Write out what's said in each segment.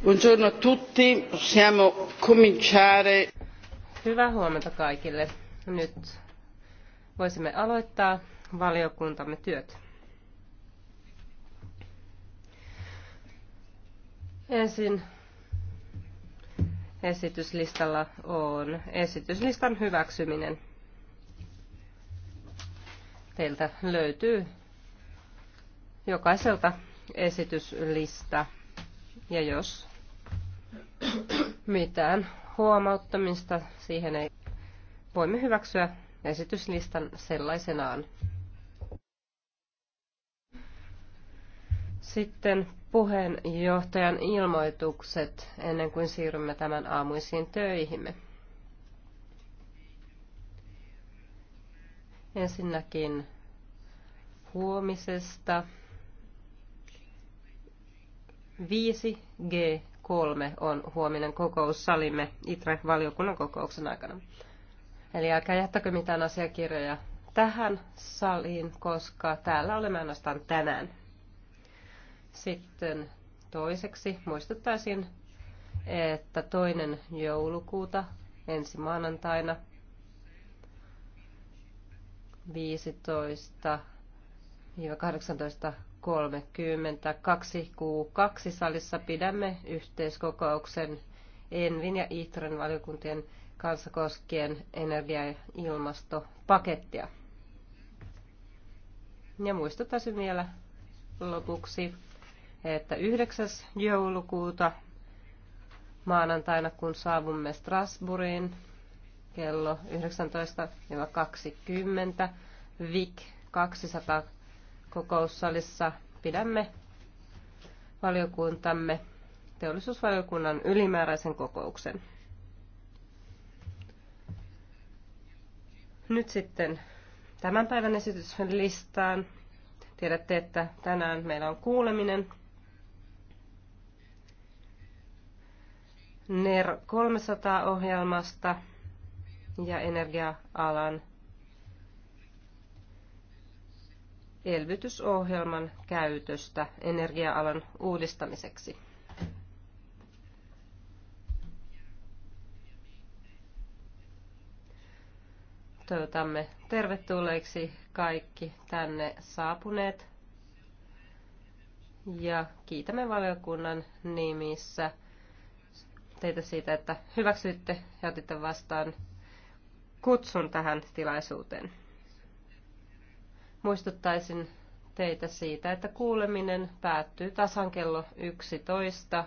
Buongiorno a tutti, possiamo cominciare. Hyvää huomenta kaikille. Nyt voisimme aloittaa valiokuntamme työt. Ensin esityslistalla on esityslistan hyväksyminen. Teiltä löytyy jokaiselta esityslista. Ja jos mitään huomauttamista siihen ei voimme hyväksyä esityslistan sellaisenaan. Sitten puheenjohtajan ilmoitukset ennen kuin siirrymme tämän aamuisiin töihimme. Ensinnäkin huomisesta 5G3 on huominen salimme ITRE-valiokunnan kokouksen aikana. Eli älkää jättäkö mitään asiakirjoja tähän saliin, koska täällä olemme ainoastaan tänään. Sitten toiseksi muistuttaisin, että toinen joulukuuta ensi maanantaina – 15-18.30 2 Q2 salissa pidämme yhteiskokouksen Envin ja Itren valiokuntien kanssa koskien energia- ja ilmastopakettia. Ja muistuttaisin vielä lopuksi, että 9. joulukuuta maanantaina, kun saavumme Strasbourgiin, kello 19-20 VIC 200 kokoussalissa pidämme valiokuntamme teollisuusvaliokunnan ylimääräisen kokouksen. Nyt sitten tämän päivän esityksen listaan. Tiedätte, että tänään meillä on kuuleminen. NER 300-ohjelmasta – ja energia-alan elvytysohjelman käytöstä energia-alan uudistamiseksi. Toivotamme tervetulleeksi kaikki tänne saapuneet ja kiitämme valiokunnan nimissä teitä siitä, että hyväksyitte ja otitte vastaan kutsun tähän tilaisuuteen. Muistuttaisin teitä siitä, että kuuleminen päättyy tasan kello 11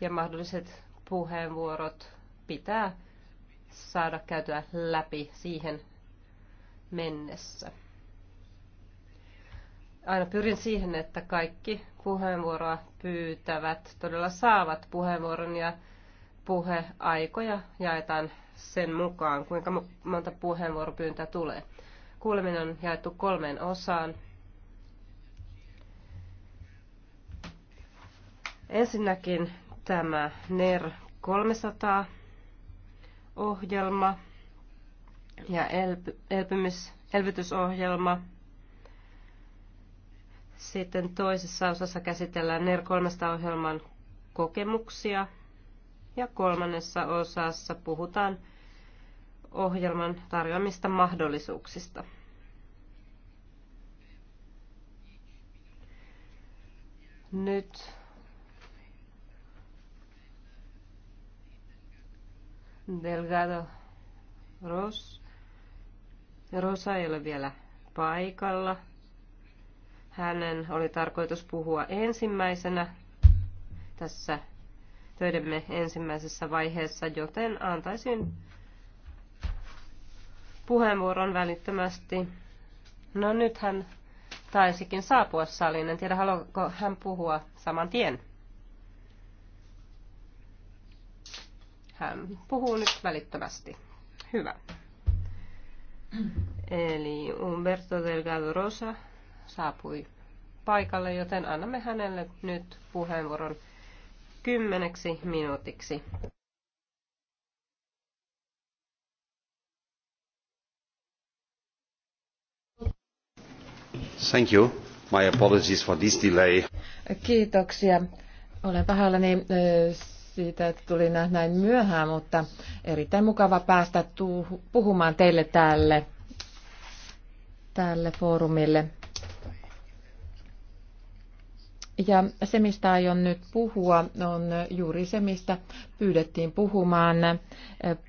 ja mahdolliset puheenvuorot pitää saada käytyä läpi siihen mennessä. Aina pyrin siihen, että kaikki puheenvuoroa pyytävät todella saavat puheenvuoron ja puheaikoja jaetaan sen mukaan, kuinka monta puheenvuoropyyntöä tulee. Kuuleminen on jaettu kolmeen osaan. Ensinnäkin tämä NER 300 ohjelma ja elpymis, elvytysohjelma. Sitten toisessa osassa käsitellään NER 300 ohjelman kokemuksia – ja kolmannessa osassa puhutaan ohjelman tarjoamista mahdollisuuksista. Nyt Delgado Ros. Rosa ei ole vielä paikalla. Hänen oli tarkoitus puhua ensimmäisenä tässä töidemme ensimmäisessä vaiheessa, joten antaisin puheenvuoron välittömästi. No nyt hän taisikin saapua saliin. En tiedä, haluaako hän puhua saman tien. Hän puhuu nyt välittömästi. Hyvä. Eli Umberto Delgado Rosa saapui paikalle, joten annamme hänelle nyt puheenvuoron kymmeneksi minuutiksi. Thank you. My apologies for this delay. Kiitoksia. Olen pahallani siitä, että tulin näin myöhään, mutta erittäin mukava päästä puhumaan teille tälle, tälle foorumille. Ja se, mistä aion nyt puhua, on juuri se, mistä pyydettiin puhumaan.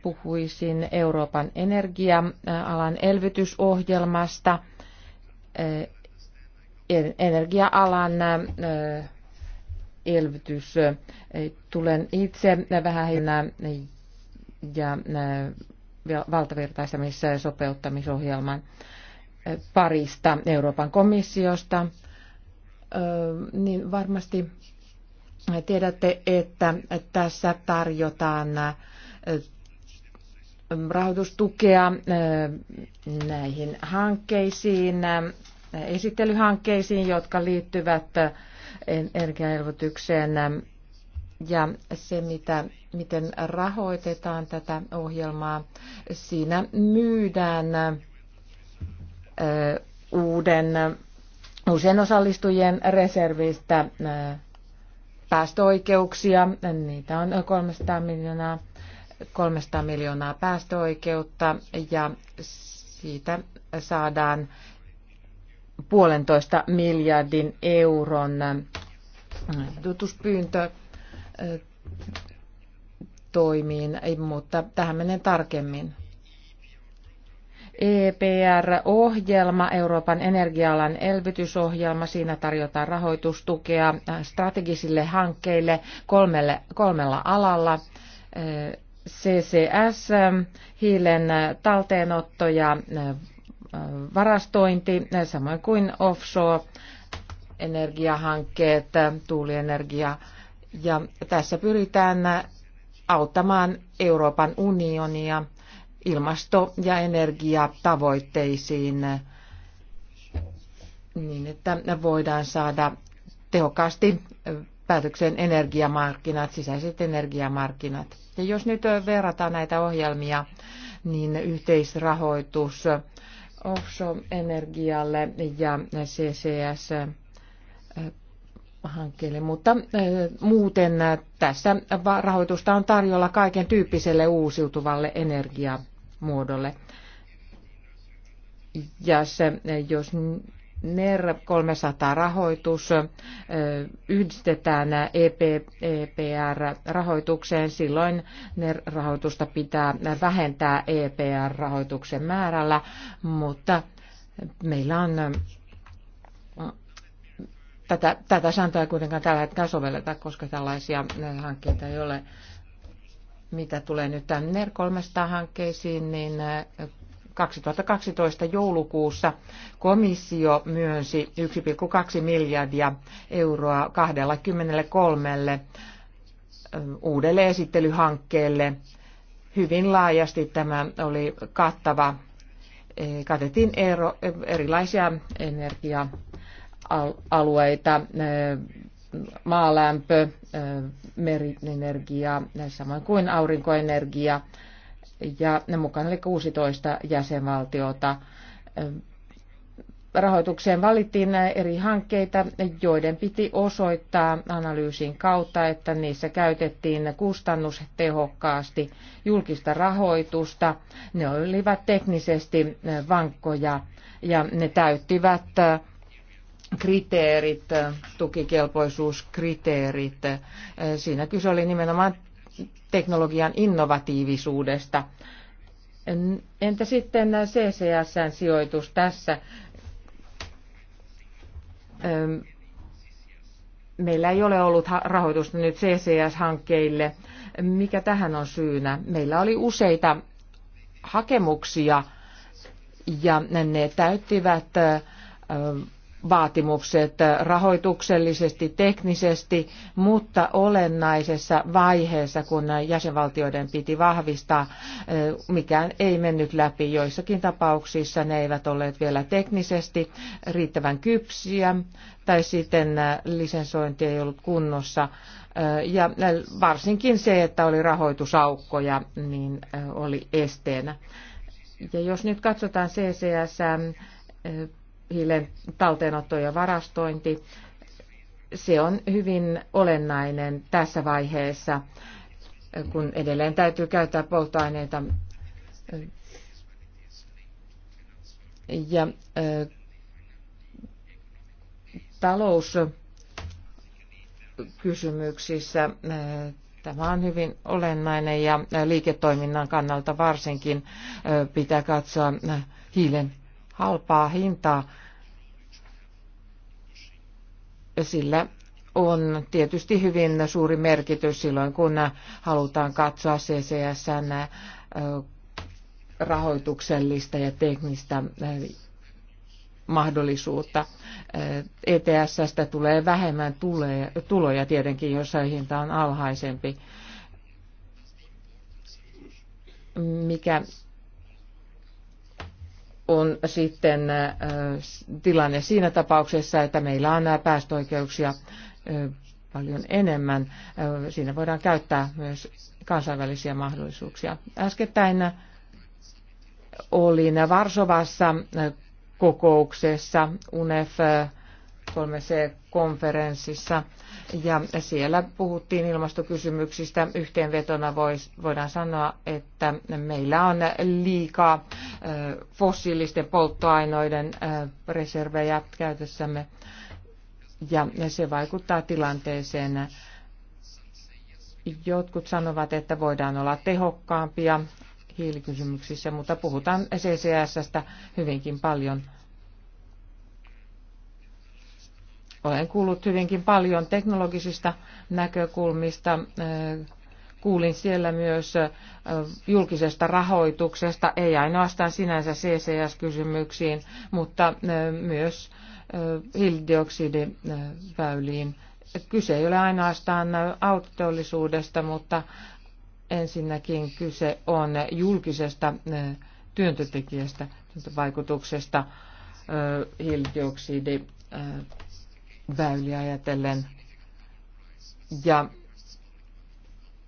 Puhuisin Euroopan energia-alan elvytysohjelmasta, e, energia-alan e, elvytys. Tulen itse vähän ja e, valtavirtaisemissa sopeuttamisohjelman parista Euroopan komissiosta niin varmasti tiedätte, että tässä tarjotaan rahoitustukea näihin hankkeisiin, esittelyhankkeisiin, jotka liittyvät energiaelvotykseen. ja se, mitä, miten rahoitetaan tätä ohjelmaa. Siinä myydään uuden usein osallistujien reservistä päästöoikeuksia. Niitä on 300 miljoonaa, 300 miljoonaa päästöoikeutta ja siitä saadaan puolentoista miljardin euron tutuspyyntö toimiin, mutta tähän menen tarkemmin. EPR-ohjelma, Euroopan energialan elvytysohjelma, siinä tarjotaan rahoitustukea strategisille hankkeille kolmelle, kolmella alalla. CCS, hiilen talteenotto ja varastointi, samoin kuin offshore-energiahankkeet, tuulienergia. Ja tässä pyritään auttamaan Euroopan unionia ilmasto- ja energiatavoitteisiin niin, että voidaan saada tehokkaasti päätöksen energiamarkkinat, sisäiset energiamarkkinat. Ja jos nyt verrataan näitä ohjelmia, niin yhteisrahoitus offshore-energialle ja CCS hankkeelle, mutta eh, muuten tässä rahoitusta on tarjolla kaiken tyyppiselle uusiutuvalle energialle muodolle. Ja se, jos NER 300 rahoitus yhdistetään EPR-rahoitukseen, e silloin NER-rahoitusta pitää vähentää EPR-rahoituksen määrällä, mutta meillä on tätä, tätä sääntöä ei kuitenkaan tällä hetkellä sovelleta, koska tällaisia hankkeita ei ole. Mitä tulee nyt ner 300 hankkeisiin, niin 2012 äh, joulukuussa komissio myönsi 1,2 miljardia euroa 23 äh, uudelle esittelyhankkeelle. Hyvin laajasti tämä oli kattava. Katettiin erilaisia energia-alueita, maalämpö, merienergia, samoin kuin aurinkoenergia ja ne mukana oli 16 jäsenvaltiota. Rahoitukseen valittiin eri hankkeita, joiden piti osoittaa analyysin kautta, että niissä käytettiin kustannustehokkaasti julkista rahoitusta. Ne olivat teknisesti vankkoja ja ne täyttivät kriteerit, tukikelpoisuuskriteerit. Siinä kyse oli nimenomaan teknologian innovatiivisuudesta. Entä sitten CCSn sijoitus tässä? Meillä ei ole ollut rahoitusta nyt CCS-hankkeille. Mikä tähän on syynä? Meillä oli useita hakemuksia ja ne täyttivät vaatimukset rahoituksellisesti, teknisesti, mutta olennaisessa vaiheessa, kun jäsenvaltioiden piti vahvistaa, eh, mikään ei mennyt läpi. Joissakin tapauksissa ne eivät olleet vielä teknisesti riittävän kypsiä tai sitten eh, lisensointi ei ollut kunnossa. Eh, ja varsinkin se, että oli rahoitusaukkoja, niin oli esteenä. Ja jos nyt katsotaan CCS hiilen talteenotto ja varastointi. Se on hyvin olennainen tässä vaiheessa, kun edelleen täytyy käyttää polttoaineita. Ja talouskysymyksissä tämä on hyvin olennainen ja liiketoiminnan kannalta varsinkin pitää katsoa hiilen halpaa hintaa. Sillä on tietysti hyvin suuri merkitys silloin, kun halutaan katsoa CCSn rahoituksellista ja teknistä mahdollisuutta. ETSstä tulee vähemmän tuloja tietenkin, jos hinta on alhaisempi. Mikä on sitten tilanne siinä tapauksessa, että meillä on nämä päästöoikeuksia paljon enemmän. Siinä voidaan käyttää myös kansainvälisiä mahdollisuuksia. Äskettäin olin Varsovassa kokouksessa UNEF 3C konferenssissa ja siellä puhuttiin ilmastokysymyksistä. Yhteenvetona voidaan sanoa, että meillä on liikaa fossiilisten polttoainoiden reservejä käytössämme ja se vaikuttaa tilanteeseen. Jotkut sanovat, että voidaan olla tehokkaampia hiilikysymyksissä, mutta puhutaan CCSstä hyvinkin paljon – Olen kuullut hyvinkin paljon teknologisista näkökulmista. Kuulin siellä myös julkisesta rahoituksesta, ei ainoastaan sinänsä CCS-kysymyksiin, mutta myös hiilidioksidiväyliin. Kyse ei ole ainoastaan autoteollisuudesta, mutta ensinnäkin kyse on julkisesta työntötekijästä, vaikutuksesta hiilidioksidi väyliä ajatellen. Ja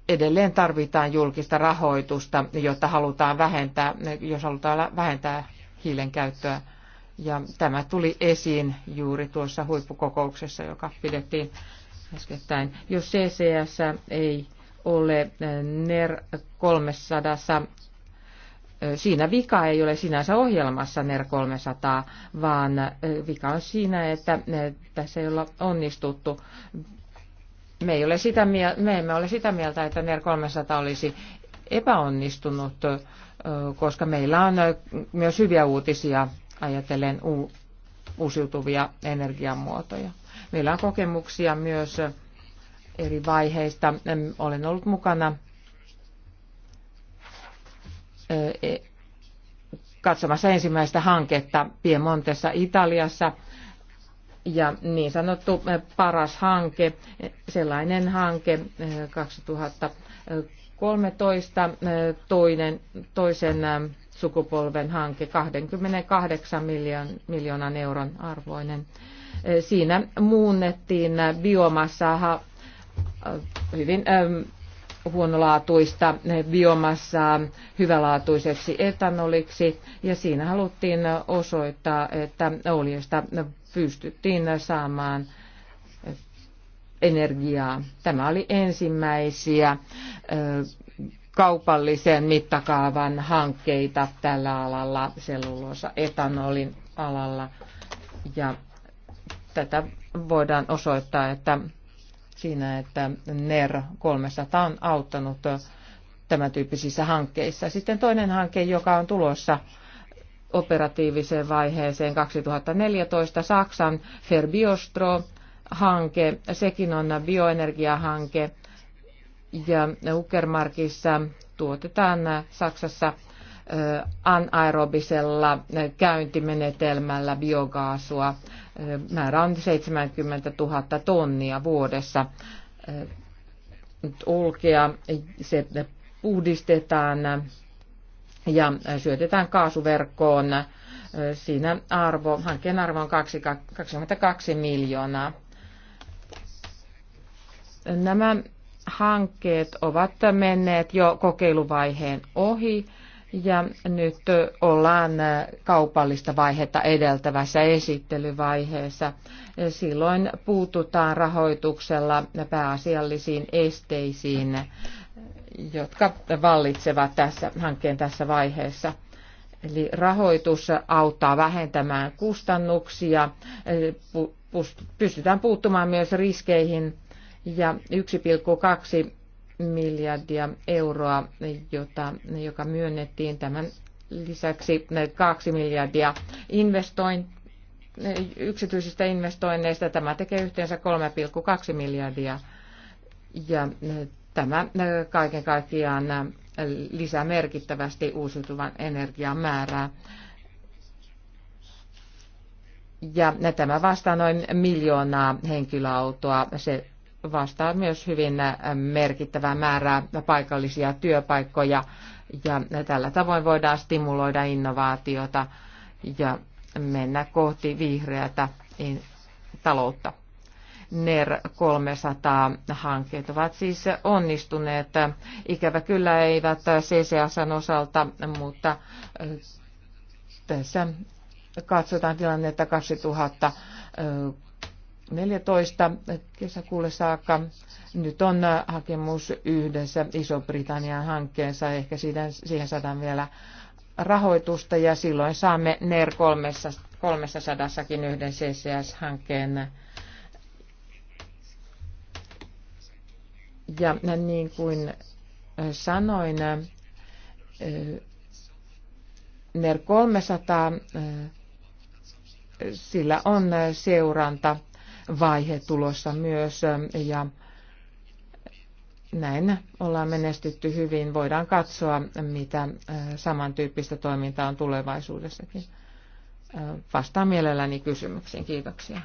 edelleen tarvitaan julkista rahoitusta, jotta halutaan vähentää, jos halutaan vähentää hiilen käyttöä. Ja tämä tuli esiin juuri tuossa huippukokouksessa, joka pidettiin äskettäin. Jos CCS ei ole eh, NER 300 siinä vika ei ole sinänsä ohjelmassa NER 300, vaan vika on siinä, että tässä ei olla onnistuttu. Me, ei ole sitä mieltä, me emme ole sitä mieltä, että NER 300 olisi epäonnistunut, koska meillä on myös hyviä uutisia ajatellen uusiutuvia energiamuotoja. Meillä on kokemuksia myös eri vaiheista. Olen ollut mukana E, katsomassa ensimmäistä hanketta Piemontessa Italiassa ja niin sanottu paras hanke, e, sellainen hanke 2013, toinen, toisen sukupolven hanke, 28 miljoonan euron arvoinen. E, siinä muunnettiin biomassaa hyvin huonolaatuista biomassaa hyvälaatuiseksi etanoliksi ja siinä haluttiin osoittaa, että oliosta pystyttiin saamaan energiaa. Tämä oli ensimmäisiä kaupallisen mittakaavan hankkeita tällä alalla, selluloosa etanolin alalla. Ja tätä voidaan osoittaa, että siinä, että NER 300 on auttanut tämän tyyppisissä hankkeissa. Sitten toinen hanke, joka on tulossa operatiiviseen vaiheeseen 2014, Saksan Ferbiostro-hanke, sekin on bioenergiahanke, ja Uckermarkissa tuotetaan Saksassa anaerobisella käyntimenetelmällä biokaasua. Määrä on 70 000 tonnia vuodessa olkea. Se puhdistetaan ja syötetään kaasuverkkoon. Siinä arvo, hankkeen arvo on 22 miljoonaa. Nämä hankkeet ovat menneet jo kokeiluvaiheen ohi ja nyt ollaan kaupallista vaihetta edeltävässä esittelyvaiheessa. Silloin puututaan rahoituksella pääasiallisiin esteisiin, jotka vallitsevat tässä hankkeen tässä vaiheessa. Eli rahoitus auttaa vähentämään kustannuksia, pystytään puuttumaan myös riskeihin ja 1,2 miljardia euroa, jota, joka myönnettiin tämän lisäksi 2 miljardia investoin, yksityisistä investoinneista. Tämä tekee yhteensä 3,2 miljardia ja tämä kaiken kaikkiaan lisää merkittävästi uusiutuvan energian määrää. Ja tämä vastaa noin miljoonaa henkilöautoa. Se vastaa myös hyvin merkittävää määrää paikallisia työpaikkoja ja tällä tavoin voidaan stimuloida innovaatiota ja mennä kohti vihreätä taloutta. NER 300 hankkeet ovat siis onnistuneet. Ikävä kyllä eivät CCSn osalta, mutta tässä katsotaan tilannetta 2000 14. kesäkuulle saakka. Nyt on äh, hakemus yhdessä Iso-Britannian hankkeensa. Ehkä siitä, siihen saadaan vielä rahoitusta ja silloin saamme NER 300 yhden CCS-hankkeen. Ja niin kuin äh, sanoin, äh, NER 300, sillä on seuranta vaihe tulossa myös eh, ja näin ollaan menestytty hyvin. Voidaan katsoa, mitä eh, samantyyppistä toimintaa on tulevaisuudessakin. Eh, vastaan mielelläni kysymyksiin. Kiitoksia.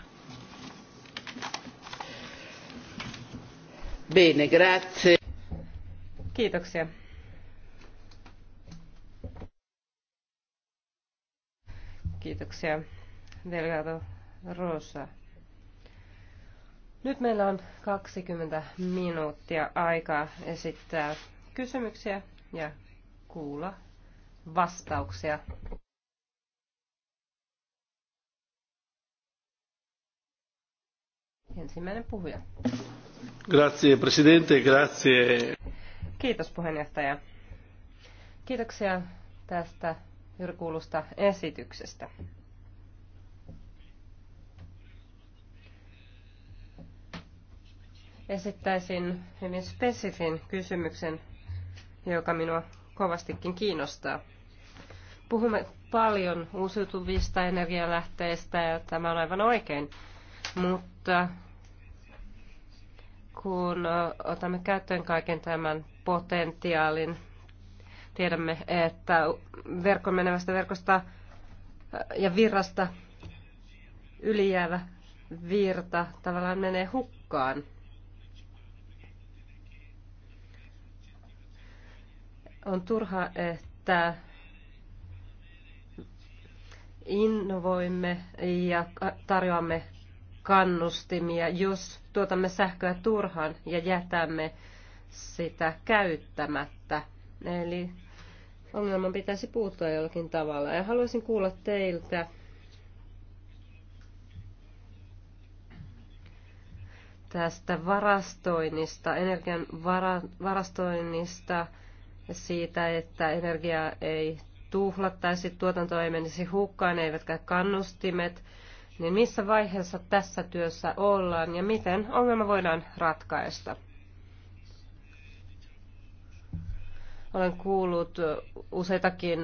Bene, grazie. Kiitoksia. Kiitoksia Delgado Rosa. Nyt meillä on 20 minuuttia aikaa esittää kysymyksiä ja kuulla vastauksia. Ensimmäinen puhuja. Grazie, presidente, grazie. Kiitos puheenjohtaja. Kiitoksia tästä yrkuulusta esityksestä. Esittäisin hyvin spesifin kysymyksen, joka minua kovastikin kiinnostaa. Puhumme paljon uusiutuvista energialähteistä ja tämä on aivan oikein, mutta kun otamme käyttöön kaiken tämän potentiaalin, tiedämme, että verkon menevästä verkosta ja virrasta ylijäävä virta tavallaan menee hukkaan. On turha, että innovoimme ja tarjoamme kannustimia, jos tuotamme sähköä turhan ja jätämme sitä käyttämättä. Eli ongelman pitäisi puuttua jollakin tavalla. Ja haluaisin kuulla teiltä, tästä varastoinnista, energian vara, varastoinnista siitä, että energiaa ei tuhlattaisi, tuotanto ei menisi hukkaan, eivätkä kannustimet, niin missä vaiheessa tässä työssä ollaan ja miten ongelma voidaan ratkaista? Olen kuullut useitakin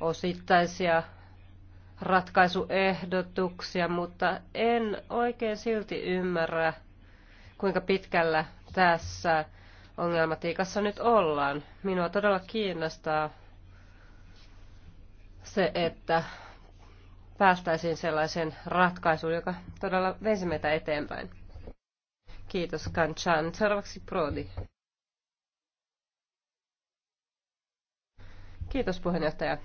osittaisia ratkaisuehdotuksia, mutta en oikein silti ymmärrä, kuinka pitkällä tässä ongelmatiikassa nyt ollaan. Minua todella kiinnostaa se, että päästäisiin sellaiseen ratkaisuun, joka todella veisi meitä eteenpäin. Kiitos Kanchan. Seuraavaksi Prodi. Kiitos puheenjohtaja.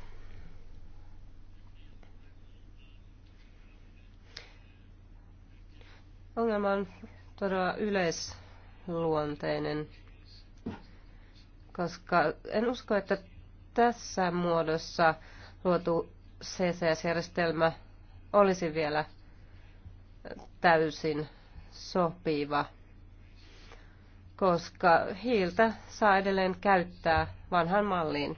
Ongelma on todella yleisluonteinen koska en usko, että tässä muodossa luotu CCS-järjestelmä olisi vielä täysin sopiva, koska hiiltä saa edelleen käyttää vanhan malliin.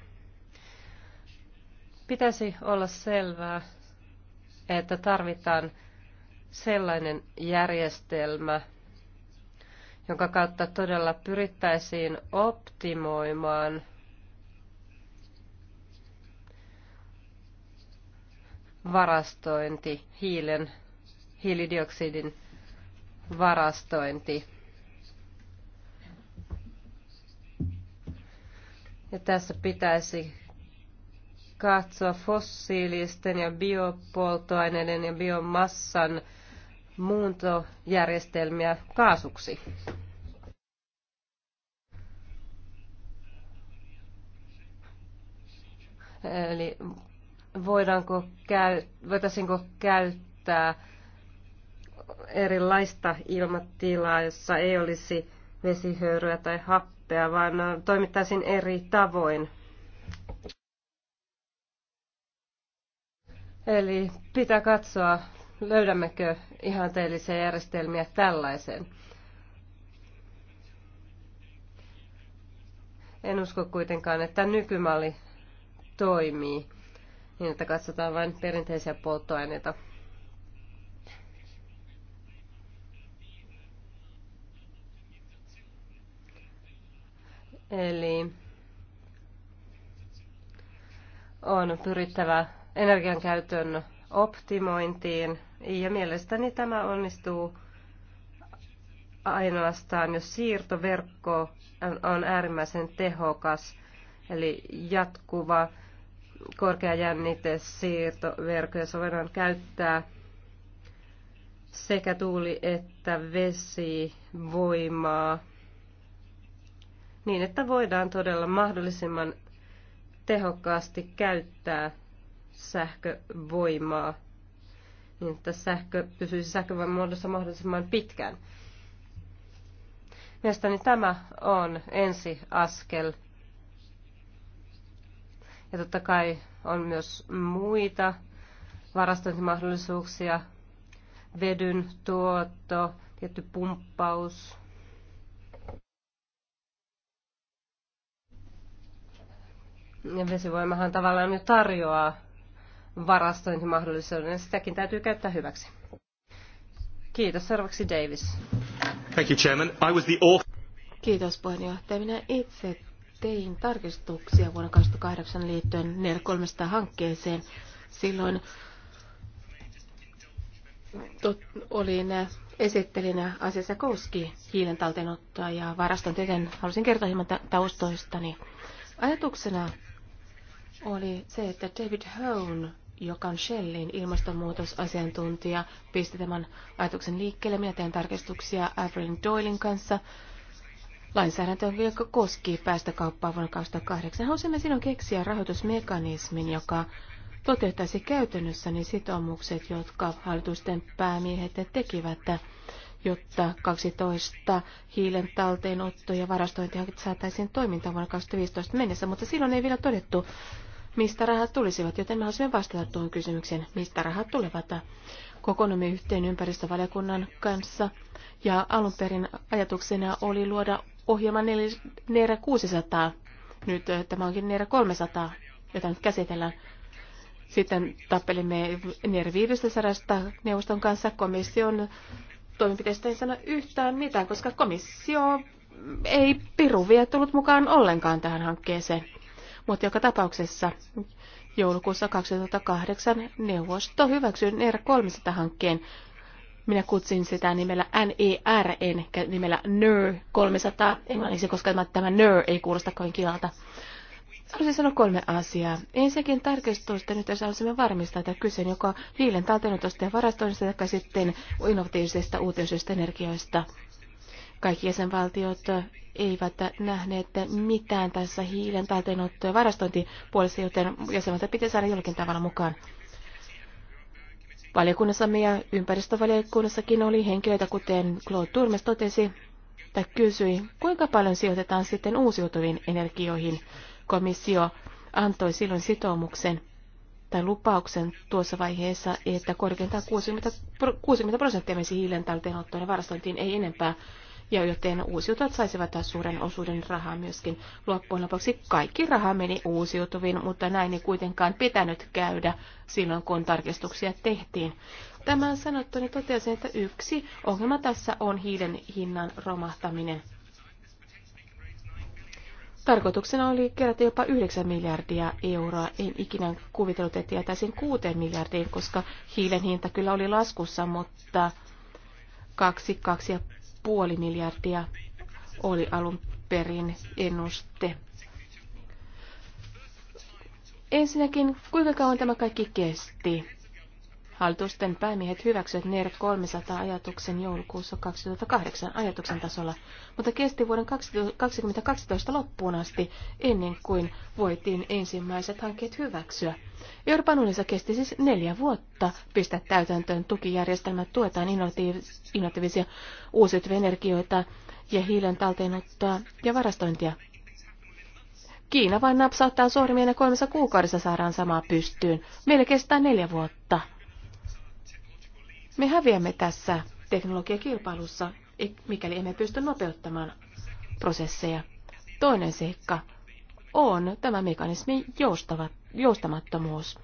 Pitäisi olla selvää, että tarvitaan sellainen järjestelmä, jonka kautta todella pyrittäisiin optimoimaan varastointi, hiilen, hiilidioksidin varastointi. Ja tässä pitäisi katsoa fossiilisten ja biopolttoaineiden ja biomassan muuntojärjestelmiä kaasuksi. Eli voidaanko käy, voitaisiinko käyttää erilaista ilmatilaa, jossa ei olisi vesihöyryä tai happea, vaan toimittaisiin eri tavoin. Eli pitää katsoa löydämmekö ihanteellisia järjestelmiä tällaiseen. En usko kuitenkaan, että nykymalli toimii niin, että katsotaan vain perinteisiä polttoaineita. Eli on pyrittävä energian käytön optimointiin ja mielestäni tämä onnistuu ainoastaan, jos siirtoverkko on äärimmäisen tehokas, eli jatkuva korkeajännite siirtoverkko, jossa voidaan käyttää sekä tuuli- että vesivoimaa niin, että voidaan todella mahdollisimman tehokkaasti käyttää sähkövoimaa niin että sähkö pysyisi sähkövoiman muodossa mahdollisimman pitkään. Mielestäni tämä on ensi askel. Ja totta kai on myös muita varastointimahdollisuuksia, vedyn tuotto, tietty pumppaus. Ja vesivoimahan tavallaan jo tarjoaa varastointimahdollisuuden. Sitäkin täytyy käyttää hyväksi. Kiitos. Seuraavaksi Davis. Thank you, Chairman. I was the author. Kiitos puheenjohtaja. Minä itse tein tarkistuksia vuonna 2008 liittyen NER 300 hankkeeseen. Silloin tot, olin esittelinä asiassa koski hiilen talteenottoa ja varaston joten halusin kertoa hieman taustoistani. Ajatuksena oli se, että David Hone joka on Shellin ilmastonmuutosasiantuntija, pisti tämän ajatuksen liikkeelle. Minä teen tarkistuksia Avril Doylin kanssa lainsäädäntöön, joka koski päästökauppaa vuonna 2008. Haluaisimme sinun keksiä rahoitusmekanismin, joka toteuttaisi käytännössä ne sitoumukset, jotka hallitusten päämiehet tekivät, jotta 12 hiilen talteenotto ja varastointihanketta saataisiin toimintaan vuonna 2015 mennessä, mutta silloin ei vielä todettu mistä rahat tulisivat, joten mä haluaisin vastata tuohon kysymykseen, mistä rahat tulevat. Kokonomi yhteen ympäristövaliokunnan kanssa ja alun perin ajatuksena oli luoda ohjelma NERA 600. Nyt eh, tämä onkin NERA 300, jota nyt käsitellään. Sitten tappelimme NERA 500 neuvoston kanssa komission toimenpiteistä ei sano yhtään mitään, koska komissio ei piru vielä tullut mukaan ollenkaan tähän hankkeeseen mutta joka tapauksessa joulukuussa 2008 neuvosto hyväksyi NER 300-hankkeen. Minä kutsin sitä nimellä NER, enkä nimellä NER 300 englanniksi, koska tämä NER ei kuulosta kovin kilalta. Haluaisin sanoa kolme asiaa. Ensinnäkin nyt, jos haluaisimme varmistaa, että kyse joko hiilen talteenotosta ja varastoinnista tai sitten innovatiivisista uutisista energioista. Kaikki jäsenvaltiot eivät nähneet mitään tässä hiilen talteenotto- ja varastointipuolessa, joten jäsenvaltio pitää saada jollakin tavalla mukaan. Valiokunnassamme ja ympäristövaliokunnassakin oli henkilöitä, kuten Claude Turmes totesi, tai kysyi, kuinka paljon sijoitetaan sitten uusiutuviin energioihin. Komissio antoi silloin sitoumuksen tai lupauksen tuossa vaiheessa, että korkeintaan 60, 60 prosenttia menisi hiilen talteenottoon ja varastointiin, ei enempää ja joten uusiutuvat saisivat taas suuren osuuden rahaa myöskin. Loppujen lopuksi kaikki raha meni uusiutuviin, mutta näin ei kuitenkaan pitänyt käydä silloin, kun tarkistuksia tehtiin. Tämän sanottuni totesin, että yksi ongelma tässä on hiilen hinnan romahtaminen. Tarkoituksena oli kerätä jopa 9 miljardia euroa. En ikinä kuvitellut, että jätäisin 6 miljardiin, koska hiilen hinta kyllä oli laskussa, mutta 2, puoli miljardia oli alun perin ennuste. Ensinnäkin, kuinka kauan tämä kaikki kesti? Hallitusten päämiehet hyväksyivät NER 300 ajatuksen joulukuussa 2008 ajatuksen tasolla, mutta kesti vuoden 2012 loppuun asti ennen kuin voitiin ensimmäiset hankkeet hyväksyä. Euroopan unionissa kesti siis neljä vuotta pistää täytäntöön tukijärjestelmät, tuetaan innovatiivisia uusiutuvia energioita ja hiilen talteenottoa ja varastointia. Kiina vain napsauttaa sormien ja kolmessa kuukaudessa saadaan samaa pystyyn. Meillä kestää neljä vuotta. Me häviämme tässä teknologiakilpailussa, e- mikäli emme pysty nopeuttamaan prosesseja. Toinen seikka on tämä mekanismin joustamattomuus.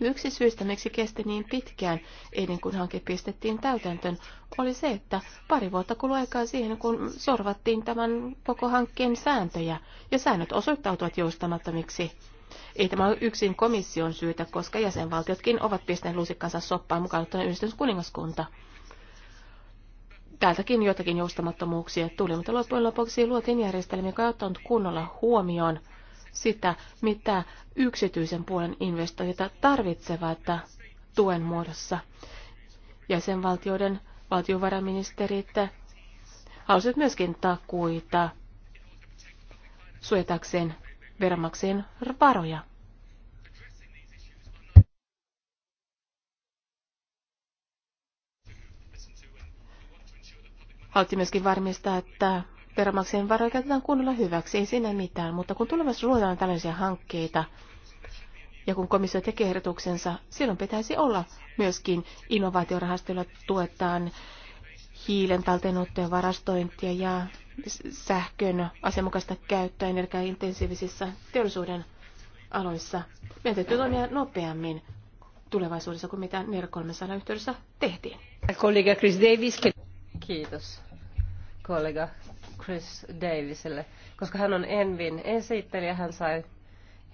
Yksi syystä, miksi kesti niin pitkään ennen kuin hanke pistettiin täytäntöön, oli se, että pari vuotta kului aikaa siihen, kun sorvattiin tämän koko hankkeen sääntöjä, ja säännöt osoittautuivat joustamattomiksi. Ei tämä ole yksin komission syytä, koska jäsenvaltiotkin ovat pistäneet lusikkansa soppaan mukaan yhdistys kuningaskunta. Täältäkin jotakin joustamattomuuksia tuli, mutta loppujen lopuksi luotiin järjestelmä, joka ei ottanut kunnolla huomioon sitä, mitä yksityisen puolen investoijat tarvitsevat tuen muodossa. Jäsenvaltioiden valtiovarainministerit halusivat myöskin takuita suojatakseen veronmaksajien varoja. Haluttiin myöskin varmistaa, että veronmaksajien varoja käytetään kunnolla hyväksi, ei siinä mitään, mutta kun tulevaisuudessa luodaan tällaisia hankkeita, ja kun komissio tekee ehdotuksensa, silloin pitäisi olla myöskin innovaatiorahastoilla tuetaan hiilen talteenottojen varastointia ja sähkön asianmukaista käyttöä energiaintensiivisissä teollisuuden aloissa. Meidän täytyy toimia nopeammin tulevaisuudessa kuin mitä NER 300 yhteydessä tehtiin. Kollega Chris Davis. Kiitos kollega Chris Davisille, koska hän on Envin esittelijä, hän sai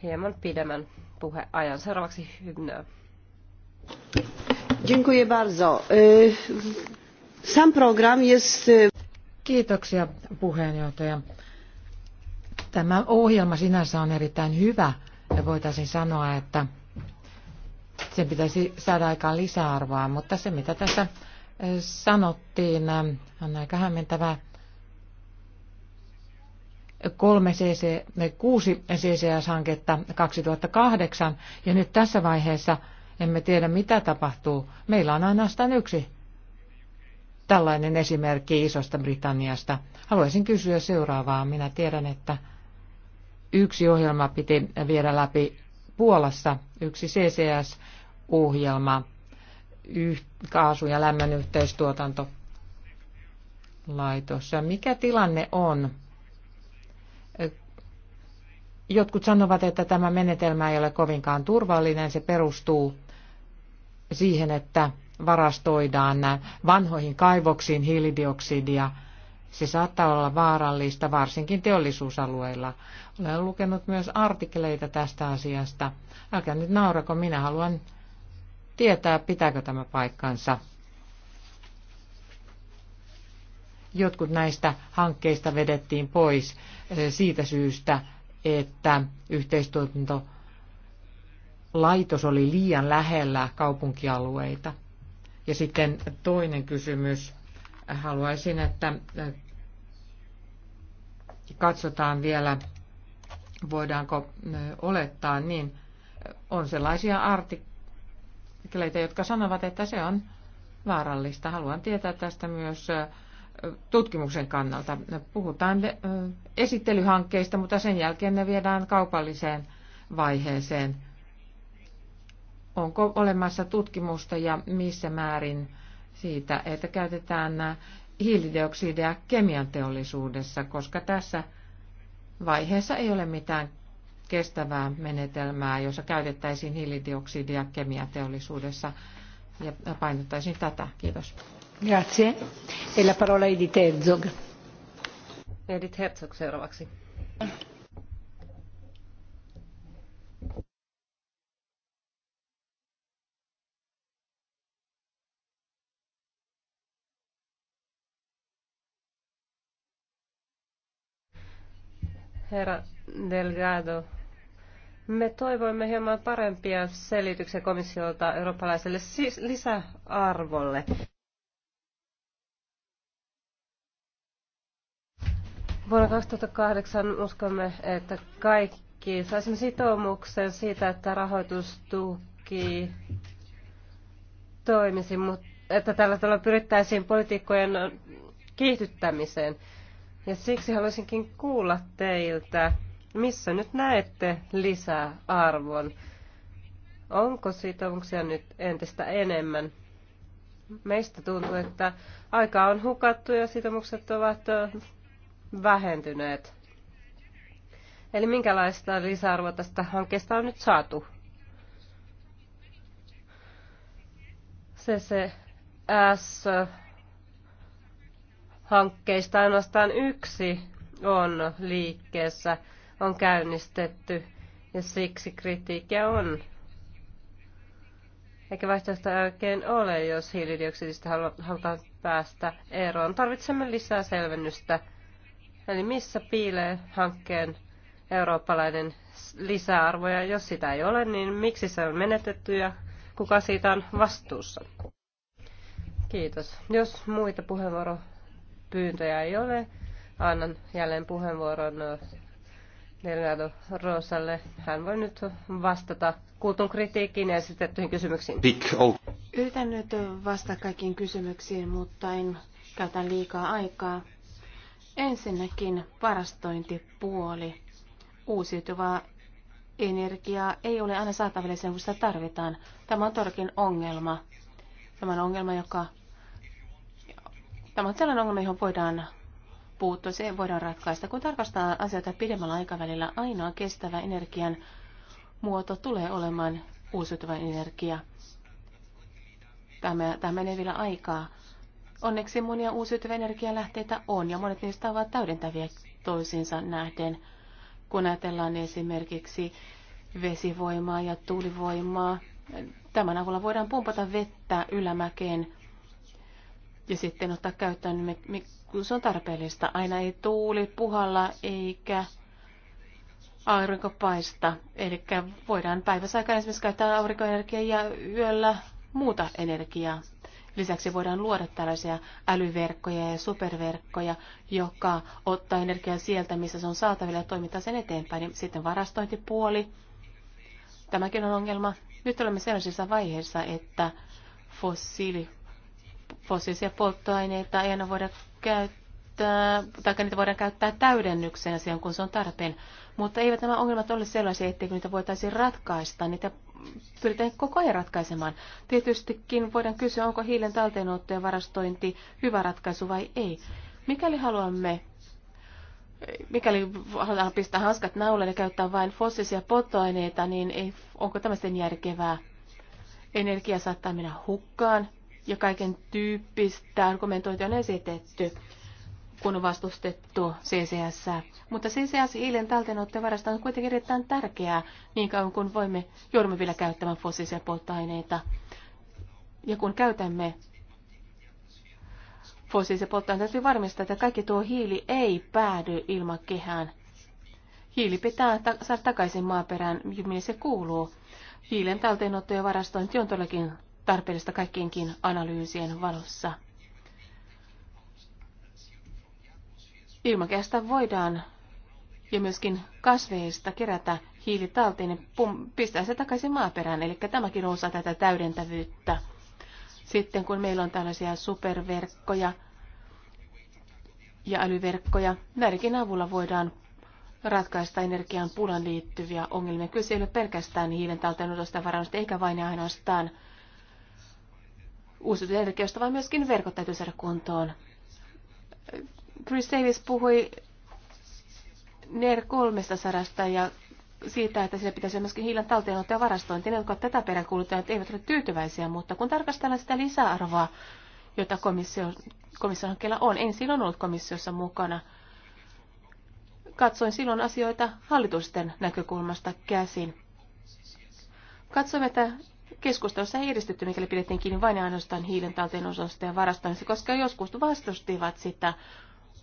hieman pidemmän puheajan. Seuraavaksi Hymnö. Dziękuję bardzo. Sam program jest... Kiitoksia puheenjohtaja. Tämä ohjelma sinänsä on erittäin hyvä ja voitaisiin sanoa, että sen pitäisi saada aikaan lisäarvoa, mutta se mitä tässä eh, sanottiin eh, on aika hämmentävä. Kolme CC, eh, kuusi CCS-hanketta 2008 ja nyt tässä vaiheessa emme tiedä mitä tapahtuu. Meillä on ainoastaan yksi tällainen esimerkki Isosta Britanniasta. Haluaisin kysyä seuraavaa. Minä tiedän, että yksi ohjelma piti viedä läpi Puolassa, yksi CCS-ohjelma, kaasu- ja lämmön yhteistuotanto laitos. Mikä tilanne on? Jotkut sanovat, että tämä menetelmä ei ole kovinkaan turvallinen. Se perustuu siihen, että varastoidaan vanhoihin kaivoksiin hiilidioksidia. Se saattaa olla vaarallista, varsinkin teollisuusalueilla. Olen lukenut myös artikkeleita tästä asiasta. Älkää nyt naurako, minä haluan tietää, pitääkö tämä paikkansa. Jotkut näistä hankkeista vedettiin pois eh, siitä syystä, että yhteistuotanto laitos oli liian lähellä kaupunkialueita. Ja sitten toinen kysymys. Haluaisin, että katsotaan vielä, voidaanko olettaa, niin on sellaisia artikkeleita, jotka sanovat, että se on vaarallista. Haluan tietää tästä myös tutkimuksen kannalta. Puhutaan esittelyhankkeista, mutta sen jälkeen ne viedään kaupalliseen vaiheeseen onko olemassa tutkimusta ja missä määrin siitä, että käytetään hiilidioksidia kemian teollisuudessa, koska tässä vaiheessa ei ole mitään kestävää menetelmää, jossa käytettäisiin hiilidioksidia teollisuudessa ja painottaisin tätä. Kiitos. Grazie. E la parola Edith Herzog. Edith Herzog seuraavaksi. Herra Delgado, me toivoimme hieman parempia selityksiä komissiolta eurooppalaiselle siis lisäarvolle. Vuonna 2008 uskomme, että kaikki saisimme sitoumuksen siitä, että rahoitustuki toimisi, mutta että tällä tavalla pyrittäisiin poliitikkojen kiihdyttämiseen. Ja siksi haluaisinkin kuulla teiltä, missä nyt näette lisää arvon. Onko sitoumuksia nyt entistä enemmän? Meistä tuntuu, että aika on hukattu ja sitoumukset ovat vähentyneet. Eli minkälaista lisäarvoa tästä hankkeesta on nyt saatu? CCS hankkeista ainoastaan yksi on liikkeessä, on käynnistetty ja siksi kritiikkiä on. Eikä vaihtoehto oikein ole, jos hiilidioksidista halutaan päästä eroon. Tarvitsemme lisää selvennystä. Eli missä piilee hankkeen eurooppalainen lisäarvo, ja jos sitä ei ole, niin miksi se on menetetty ja kuka siitä on vastuussa? Kiitos. Jos muita puheenvuoroja pyyntöjä ei ole, annan jälleen puheenvuoron äh, Delgado Rosalle. Hän voi nyt vastata kuultuun kritiikkiin ja esitettyihin kysymyksiin. Yritän nyt vastata kaikkiin kysymyksiin, mutta en käytä liikaa aikaa. Ensinnäkin varastointipuoli. Uusiutuvaa energiaa ei ole aina saatavilla sen, kun sitä tarvitaan. Tämä on todellakin ongelma. Tämä on ongelma, joka Tämä on sellainen ongelma, johon voidaan puuttua, se voidaan ratkaista. Kun tarkastaa asioita pidemmällä aikavälillä, ainoa kestävä energian muoto tulee olemaan uusiutuva energia. Tämä, tämä menee vielä aikaa. Onneksi monia uusiutuvia energialähteitä on, ja monet niistä ovat täydentäviä toisiinsa nähden. Kun ajatellaan esimerkiksi vesivoimaa ja tuulivoimaa, tämän avulla voidaan pumpata vettä ylämäkeen ja sitten ottaa käyttöön, niin kun se on tarpeellista. Aina ei tuuli puhalla eikä aurinko paista. Eli voidaan aikaan esimerkiksi käyttää aurinkoenergiaa ja yöllä muuta energiaa. Lisäksi voidaan luoda tällaisia älyverkkoja ja superverkkoja, joka ottaa energiaa sieltä, missä se on saatavilla ja toimittaa sen eteenpäin. Niin sitten varastointipuoli. Tämäkin on ongelma. Nyt olemme sellaisessa vaiheessa, että fossiili fossiilisia polttoaineita ei aina voida käyttää, tai niitä voidaan käyttää täydennyksenä siihen, kun se on tarpeen. Mutta eivät nämä ongelmat ole sellaisia, etteikö niitä voitaisiin ratkaista. Niitä pyritään koko ajan ratkaisemaan. Tietystikin voidaan kysyä, onko hiilen talteenotto ja varastointi hyvä ratkaisu vai ei. Mikäli haluamme mikäli halutaan pistää hanskat naulalle ja käyttää vain fossiilisia polttoaineita, niin ei, onko tämä järkevää? Energia saattaa mennä hukkaan ja kaiken tyyppistä argumentointia on esitetty, kun on vastustettu CCS. Mutta CCS-hiilen talteenotto varasta on kuitenkin erittäin tärkeää niin kauan kuin voimme, joudumme vielä käyttämään fossiilisia polttoaineita. Ja kun käytämme fossiilisia polttoaineita, täytyy varmistaa, että kaikki tuo hiili ei päädy ilmakehään. Hiili pitää ta- saada takaisin maaperään, minne se kuuluu. Hiilen talteenotto ja varastointi on todellakin tarpeellista kaikkienkin analyysien valossa. Ilmakehästä voidaan ja myöskin kasveista kerätä hiili talteen ja pistää se takaisin maaperään. Eli tämäkin on osa tätä täydentävyyttä. Sitten kun meillä on tällaisia superverkkoja ja älyverkkoja, näidenkin avulla voidaan ratkaista energian pulan liittyviä ongelmia. Kyse ei ole pelkästään hiilen talteenotosta varausta, eikä vain ja ainoastaan uusiutuvien energiasta, vaan myöskin verkot täytyy saada kuntoon. Chris Davis puhui NER 300 ja siitä, että sille pitäisi myöskin hiilan talteenotto ja varastointi. Ne, jotka tätä peräänkuuluttajat, eivät ole tyytyväisiä, mutta kun tarkastellaan sitä lisäarvoa, jota komissio, komission hankkeella on, en silloin ollut komissiossa mukana, katsoin silloin asioita hallitusten näkökulmasta käsin. Katsoimme, että keskustelussa ei edistytty, mikäli pidettiin kiinni vain ja ainoastaan hiilen talteen osasta ja varastamista, koska joskus vastustivat sitä.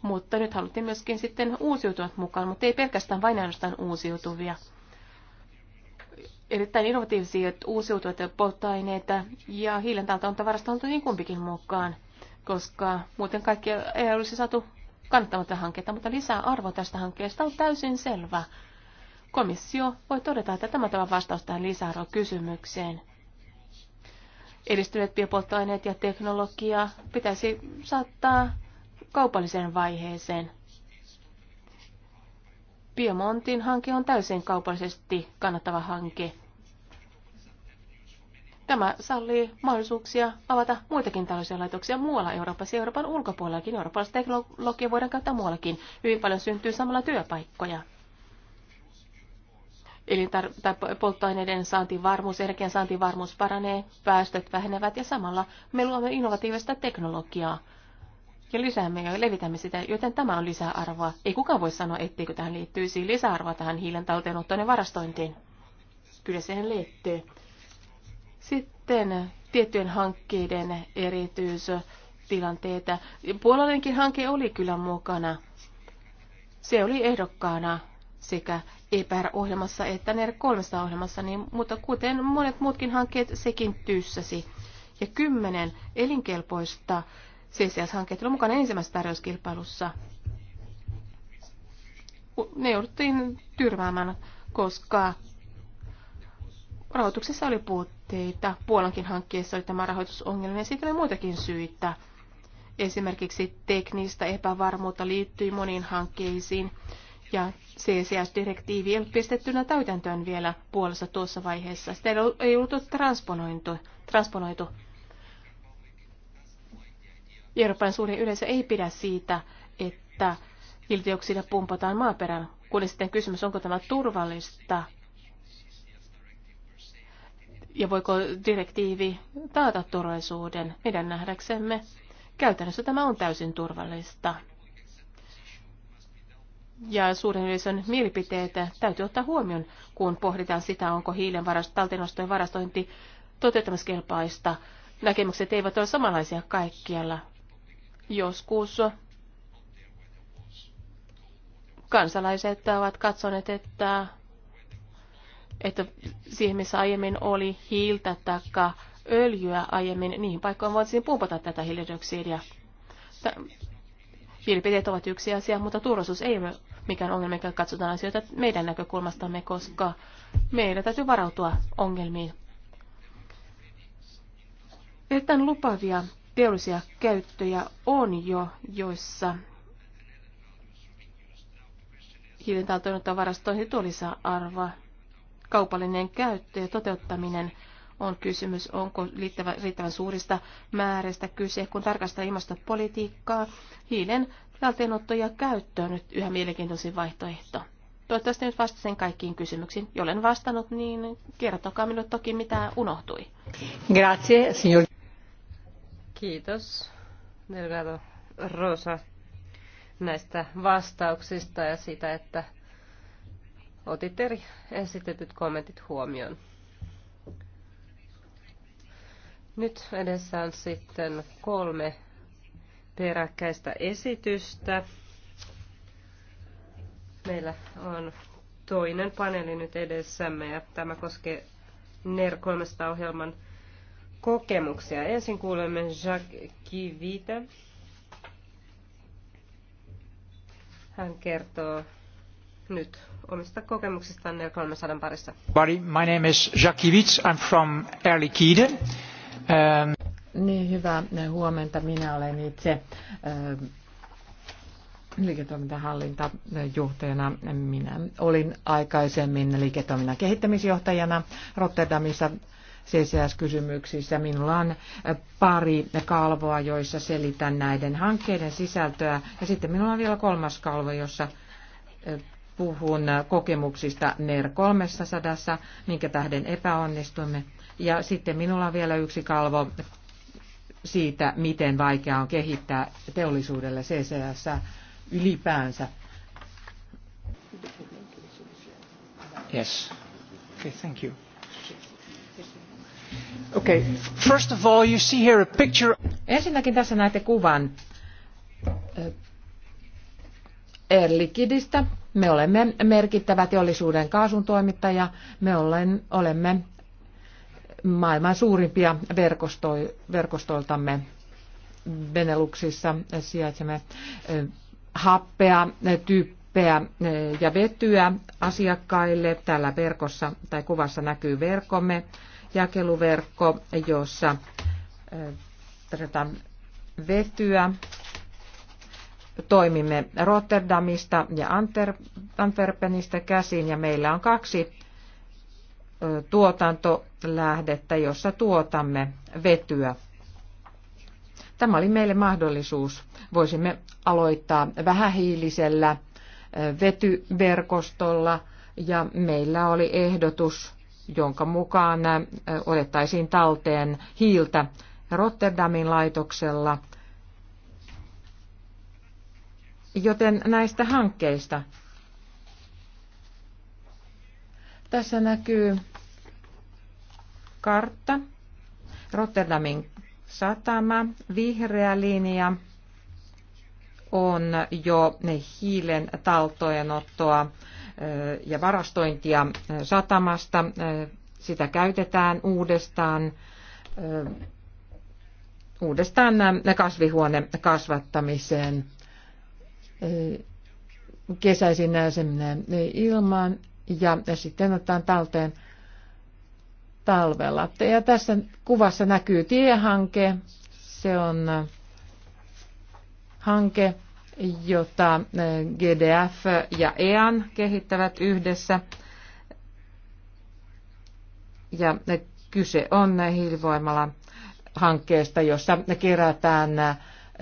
Mutta nyt haluttiin myöskin sitten uusiutuvat mukaan, mutta ei pelkästään vain ainoastaan uusiutuvia. Erittäin innovatiivisia uusiutuvat polttoaineita ja hiilen talta on varastoitu niin kumpikin mukaan, koska muuten kaikki ei olisi saatu kannattamatta hanketta, mutta lisää arvo tästä hankkeesta on täysin selvä. Komissio voi todeta, että tämä on vastaus tähän lisäarvokysymykseen edistyneet biopolttoaineet ja teknologia pitäisi saattaa kaupalliseen vaiheeseen. Biomontin hanke on täysin kaupallisesti kannattava hanke. Tämä sallii mahdollisuuksia avata muitakin tällaisia laitoksia muualla Euroopassa ja Euroopan ulkopuolellakin. Eurooppalaista teknologiaa voidaan käyttää muuallakin. Hyvin paljon syntyy samalla työpaikkoja elintar- tai polttoaineiden saantivarmuus, energian saantivarmuus paranee, päästöt vähenevät ja samalla me luomme innovatiivista teknologiaa ja lisäämme ja levitämme sitä, joten tämä on lisäarvoa. Ei kukaan voi sanoa, etteikö tähän liittyisi lisäarvoa tähän hiilen talteenottoon ja varastointiin. Kyllä siihen liittyy. Sitten tiettyjen hankkeiden erityistilanteita. puolalainenkin hanke oli kyllä mukana. Se oli ehdokkaana sekä EPR-ohjelmassa että NER 300 ohjelmassa, niin, mutta kuten monet muutkin hankkeet, sekin tyssäsi. Ja kymmenen elinkelpoista CCS-hankkeet oli mukana ensimmäisessä tarjouskilpailussa. Ne jouduttiin tyrmäämään, koska rahoituksessa oli puutteita. Puolankin hankkeessa oli tämä rahoitusongelma ja siitä oli muitakin syitä. Esimerkiksi teknistä epävarmuutta liittyi moniin hankkeisiin ja CCS-direktiivi ei ollut pistettynä täytäntöön vielä puolessa tuossa vaiheessa. Sitä ei ollut transponoitu. transponoitu. Euroopan suurin yleisö ei pidä siitä, että hiilidioksidia pumpataan maaperään, kun sitten kysymys, onko tämä turvallista ja voiko direktiivi taata turvallisuuden. Meidän nähdäksemme käytännössä tämä on täysin turvallista ja suuren yleisön mielipiteitä täytyy ottaa huomioon, kun pohditaan sitä, onko hiilen varasto, ja varastointi toteuttamiskelpaista. Näkemykset eivät ole samanlaisia kaikkialla. Joskus kansalaiset ovat katsoneet, että, että siihen, missä aiemmin oli hiiltä tai öljyä aiemmin, niihin paikkoihin voitaisiin pumpata tätä hiilidioksidia Mielipiteet ovat yksi asia, mutta turvallisuus ei ole mikään ongelma, mikä katsotaan asioita meidän näkökulmastamme, koska meidän täytyy varautua ongelmiin. Erittäin lupavia teollisia käyttöjä on jo, joissa hiilen talteenottoa varastointi tuo lisäarvoa. Kaupallinen käyttö ja toteuttaminen – on kysymys, onko riittävän, riittävän suurista määristä kyse, kun tarkastellaan ilmastopolitiikkaa, hiilen talteenotto ja käyttö on nyt yhä mielenkiintoisin vaihtoehto. Toivottavasti nyt vastasin kaikkiin kysymyksiin. Jolen vastannut, niin kertokaa minulle toki, mitä unohtui. Grazie, signor. Kiitos, Delgado Rosa, näistä vastauksista ja siitä, että otit eri esitetyt kommentit huomioon. Nyt edessä on sitten kolme peräkkäistä esitystä. Meillä on toinen paneeli nyt edessämme ja tämä koskee NER 300-ohjelman kokemuksia. Ensin kuulemme Jacques Kivite. Hän kertoo nyt omista kokemuksistaan NER 300 parissa. Buddy, my name is Jacques Kivitz. I'm from Erlikiden. Ähm, niin, hyvää huomenta. Minä olen itse ähm, liiketoimintahallintajohtajana. Minä olin aikaisemmin liiketoiminnan kehittämisjohtajana Rotterdamissa CCS-kysymyksissä. Minulla on äh, pari kalvoa, joissa selitän näiden hankkeiden sisältöä. Ja sitten minulla on vielä kolmas kalvo, jossa äh, puhun kokemuksista NER 300, minkä tähden epäonnistuimme ja sitten minulla on vielä yksi kalvo siitä, miten vaikeaa on kehittää teollisuudelle CCS ylipäänsä. Yes. Okay, thank you. Okay, first of all, you see here a picture. Ensinnäkin tässä näette kuvan Erlikidistä. Eh, Me olemme merkittävä teollisuuden kaasun toimittaja. Me olemme maailman suurimpia verkostoiltamme Beneluxissa sijaitsemme happea, typpeä ja vetyä asiakkaille. Tällä verkossa tai kuvassa näkyy verkomme, jakeluverkko, jossa tarjotaan vetyä. Toimimme Rotterdamista ja Antwerpenistä käsin ja meillä on kaksi tuotantolähdettä, jossa tuotamme vetyä. Tämä oli meille mahdollisuus. Voisimme aloittaa vähähiilisellä vetyverkostolla ja meillä oli ehdotus, jonka mukaan otettaisiin talteen hiiltä Rotterdamin laitoksella. Joten näistä hankkeista. Tässä näkyy kartta, Rotterdamin satama, vihreä linja on jo hiilen taltojenottoa ja varastointia satamasta. Sitä käytetään uudestaan uudestaan kasvihuone kasvattamiseen. Kesäisin näisemme ilmaan ja sitten otetaan talteen talvella. Ja tässä kuvassa näkyy tiehanke. Se on äh, hanke, jota äh, GDF ja EAN kehittävät yhdessä. Ja äh, kyse on hiilivoimalla hankkeesta, jossa kerätään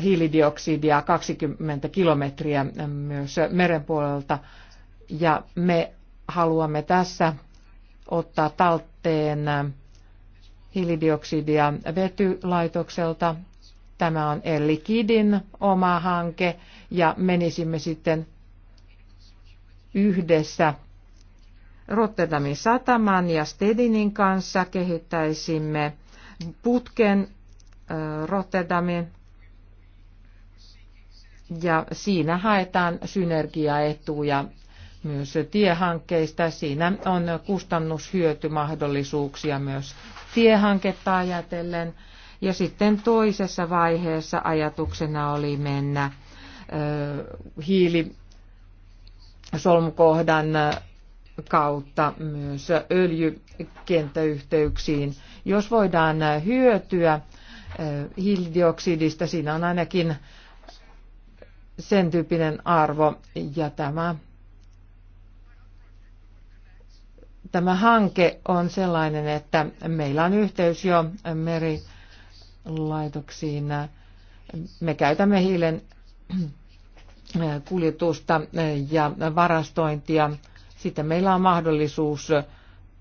hiilidioksidia 20 kilometriä myös merenpuolelta. Ja me haluamme tässä ottaa talteen hiilidioksidia vetylaitokselta. Tämä on Elli oma hanke ja menisimme sitten yhdessä Rotterdamin sataman ja Stedinin kanssa kehittäisimme putken Rotterdamin ja siinä haetaan synergiaetuja myös tiehankkeista. Siinä on kustannushyötymahdollisuuksia myös tiehanketta ajatellen. Ja sitten toisessa vaiheessa ajatuksena oli mennä hiilisolmukohdan kautta myös öljykenttäyhteyksiin. Jos voidaan hyötyä hiilidioksidista, siinä on ainakin sen tyyppinen arvo ja tämä tämä hanke on sellainen, että meillä on yhteys jo merilaitoksiin. Me käytämme hiilen kuljetusta ja varastointia. Sitten meillä on mahdollisuus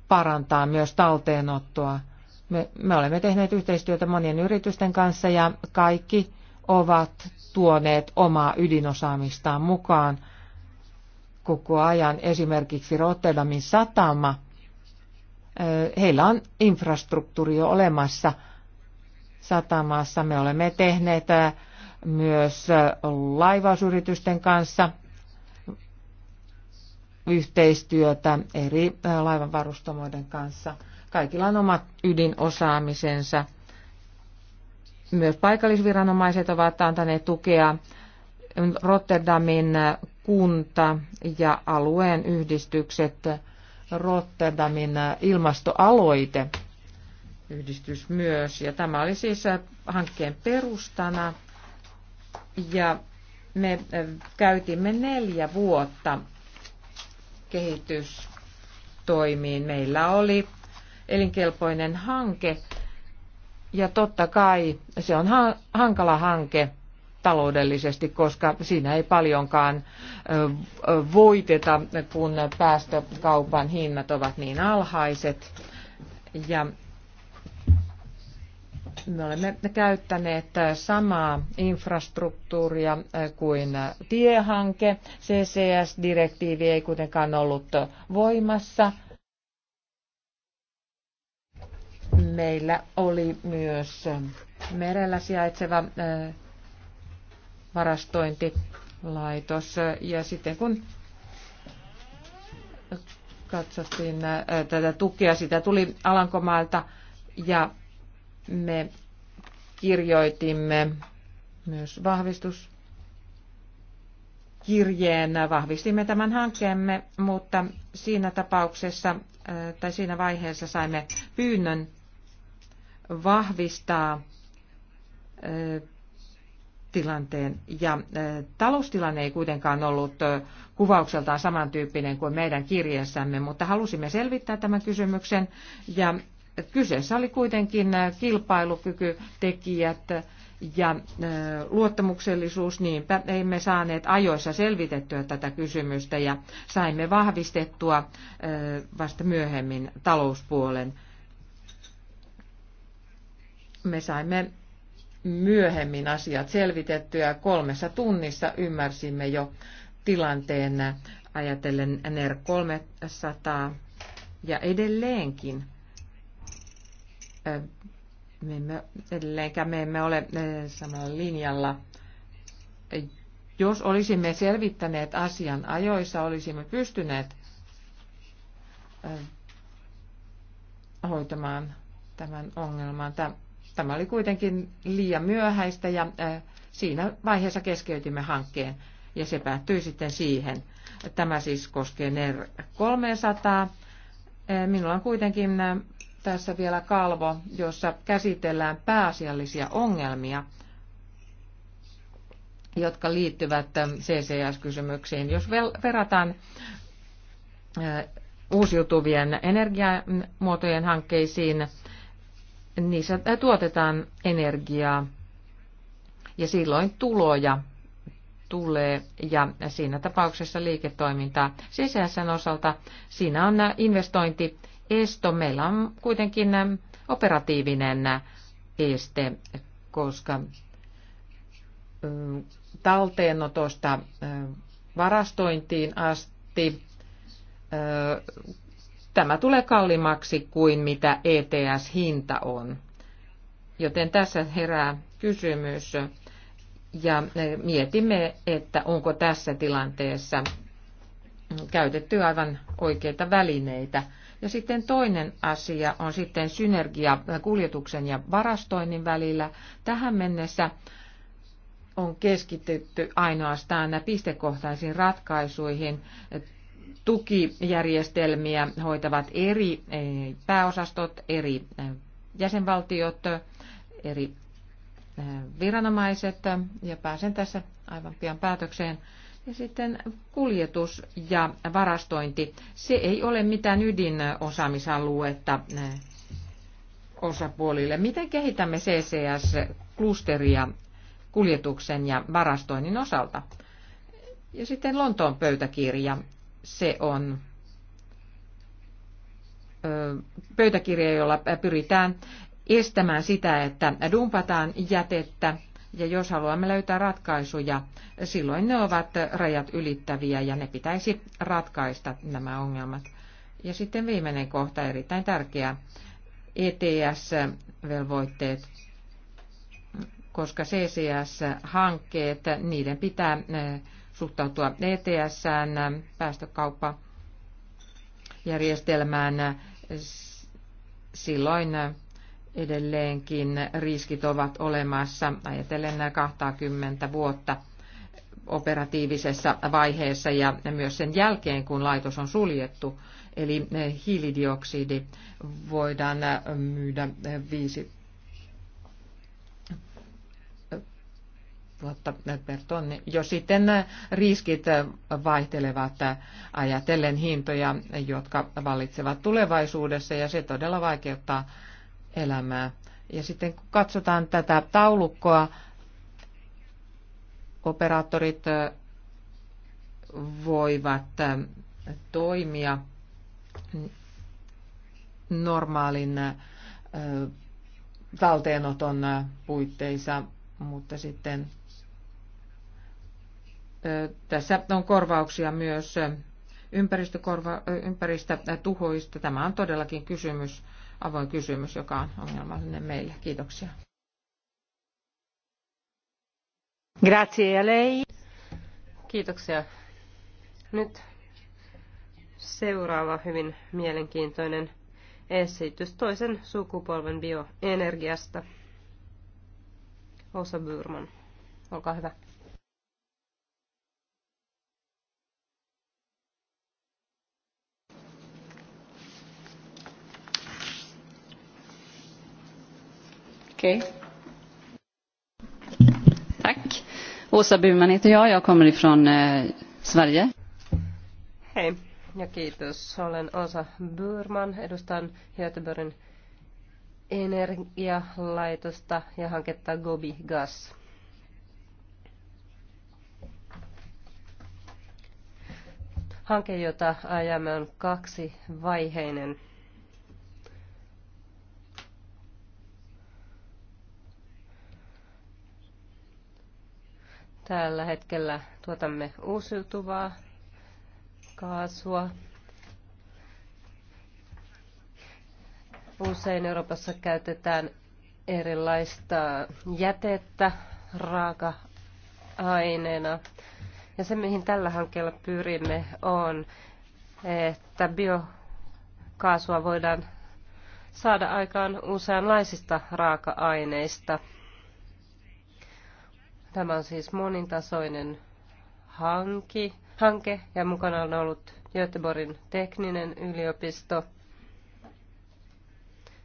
parantaa myös talteenottoa. Me, me olemme tehneet yhteistyötä monien yritysten kanssa ja kaikki ovat tuoneet omaa ydinosaamistaan mukaan – koko ajan. Esimerkiksi Rotterdamin satama, heillä on infrastruktuuri jo olemassa satamaassa. Me olemme tehneet myös laivausyritysten kanssa yhteistyötä eri laivanvarustamoiden kanssa. Kaikilla on omat ydinosaamisensa. Myös paikallisviranomaiset ovat antaneet tukea Rotterdamin kunta ja alueen yhdistykset, Rotterdamin ilmastoaloite yhdistys myös. Ja tämä oli siis äh, hankkeen perustana. Ja me äh, käytimme neljä vuotta kehitystoimiin. Meillä oli elinkelpoinen hanke ja totta kai se on hankala hanke taloudellisesti, koska siinä ei paljonkaan voiteta, kun päästökaupan hinnat ovat niin alhaiset. Ja me olemme käyttäneet samaa infrastruktuuria kuin tiehanke. CCS-direktiivi ei kuitenkaan ollut voimassa. Meillä oli myös merellä sijaitseva varastointilaitos. Ja sitten kun katsottiin äh, tätä tukea, sitä tuli Alankomailta ja me kirjoitimme myös vahvistus kirjeen vahvistimme tämän hankkeemme, mutta siinä tapauksessa äh, tai siinä vaiheessa saimme pyynnön vahvistaa äh, tilanteen. Ja äh, taloustilanne ei kuitenkaan ollut äh, kuvaukseltaan samantyyppinen kuin meidän kirjeessämme, mutta halusimme selvittää tämän kysymyksen. Ja kyseessä oli kuitenkin äh, kilpailukykytekijät ja luottamuksellisuus, niinpä emme saaneet ajoissa selvitettyä tätä kysymystä ja saimme vahvistettua vasta myöhemmin talouspuolen. Me saimme myöhemmin asiat selvitettyä. Kolmessa tunnissa ymmärsimme jo tilanteen ajatellen NR 300 ja edelleenkin me emme, edelleenkään me emme ole samalla linjalla. Jos olisimme selvittäneet asian ajoissa, olisimme pystyneet hoitamaan tämän ongelman. Tämä Tämä oli kuitenkin liian myöhäistä ja siinä vaiheessa keskeytimme hankkeen ja se päättyi sitten siihen. Tämä siis koskee NER 300. Minulla on kuitenkin tässä vielä kalvo, jossa käsitellään pääasiallisia ongelmia, jotka liittyvät CCS-kysymyksiin. Jos verrataan uusiutuvien energiamuotojen hankkeisiin, niissä äh, tuotetaan energiaa ja silloin tuloja tulee ja siinä tapauksessa liiketoimintaa. sisäisen osalta siinä on äh, investointiesto. Meillä on kuitenkin ähm, operatiivinen äh, este, koska talteenotosta varastointiin asti tämä tulee kalliimmaksi kuin mitä ETS-hinta on. Joten tässä herää kysymys ja e, mietimme, että onko tässä tilanteessa käytetty aivan oikeita välineitä. Ja sitten toinen asia on sitten synergia kuljetuksen ja varastoinnin välillä. Tähän mennessä on keskitytty ainoastaan pistekohtaisiin ratkaisuihin tukijärjestelmiä hoitavat eri eh, pääosastot, eri eh, jäsenvaltiot, eri eh, viranomaiset ja pääsen tässä aivan pian päätökseen. Ja sitten kuljetus ja varastointi. Se ei ole mitään ydinosaamisaluetta osapuolille. Miten kehitämme CCS-klusteria kuljetuksen ja varastoinnin osalta? Ja sitten Lontoon pöytäkirja se on pöytäkirja, jolla pyritään estämään sitä, että dumpataan jätettä. Ja jos haluamme löytää ratkaisuja, silloin ne ovat rajat ylittäviä ja ne pitäisi ratkaista nämä ongelmat. Ja sitten viimeinen kohta, erittäin tärkeä, ETS-velvoitteet, koska CCS-hankkeet, niiden pitää suhtautua ETS-sään, päästökauppajärjestelmään. Silloin edelleenkin riskit ovat olemassa, ajatellen 20 vuotta operatiivisessa vaiheessa ja myös sen jälkeen, kun laitos on suljettu. Eli hiilidioksidi voidaan myydä 5 000 eh, per tonni. Jo sitten eh, riskit eh, vaihtelevat ajatellen hintoja, jotka vallitsevat tulevaisuudessa ja se todella vaikeuttaa elämää. Ja sitten kun katsotaan tätä taulukkoa, operaattorit voivat toimia normaalin talteenoton puitteissa, mutta sitten tässä on korvauksia myös ympäristökorva, ympäristötuhoista. Tämä on todellakin kysymys, avoin kysymys, joka on ongelmallinen meille. Kiitoksia. Grazie lei. Kiitoksia. Nyt seuraava hyvin mielenkiintoinen esitys toisen sukupolven bioenergiasta. Osa Byrman, olkaa hyvä. Okej. Okay. Tack. Åsa Burman heter jag. Jag kommer ifrån eh, Sverige. Hej ja kiitos. Olen Osa Burman, edustan Göteborgin energialaitosta ja hanketta Gobi Gas. Hanke, jota ajamme, on kaksivaiheinen. Tällä hetkellä tuotamme uusiutuvaa kaasua. Usein Euroopassa käytetään erilaista jätettä raaka-aineena. Ja se, mihin tällä hankkeella pyrimme, on, että biokaasua voidaan saada aikaan useanlaisista raaka-aineista – Tämä on siis monintasoinen hanki, hanke ja mukana on ollut Göteborgin tekninen yliopisto,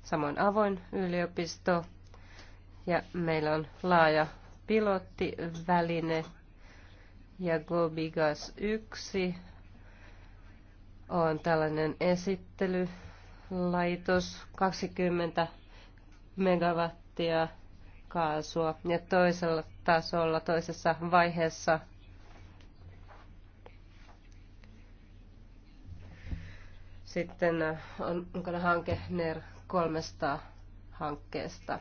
samoin avoin yliopisto ja meillä on laaja pilottiväline ja GoBigas 1 on tällainen esittelylaitos 20 megawattia kaasua ja toisella tasolla, toisessa vaiheessa sitten äh, on mukana hanke NER 300 hankkeesta.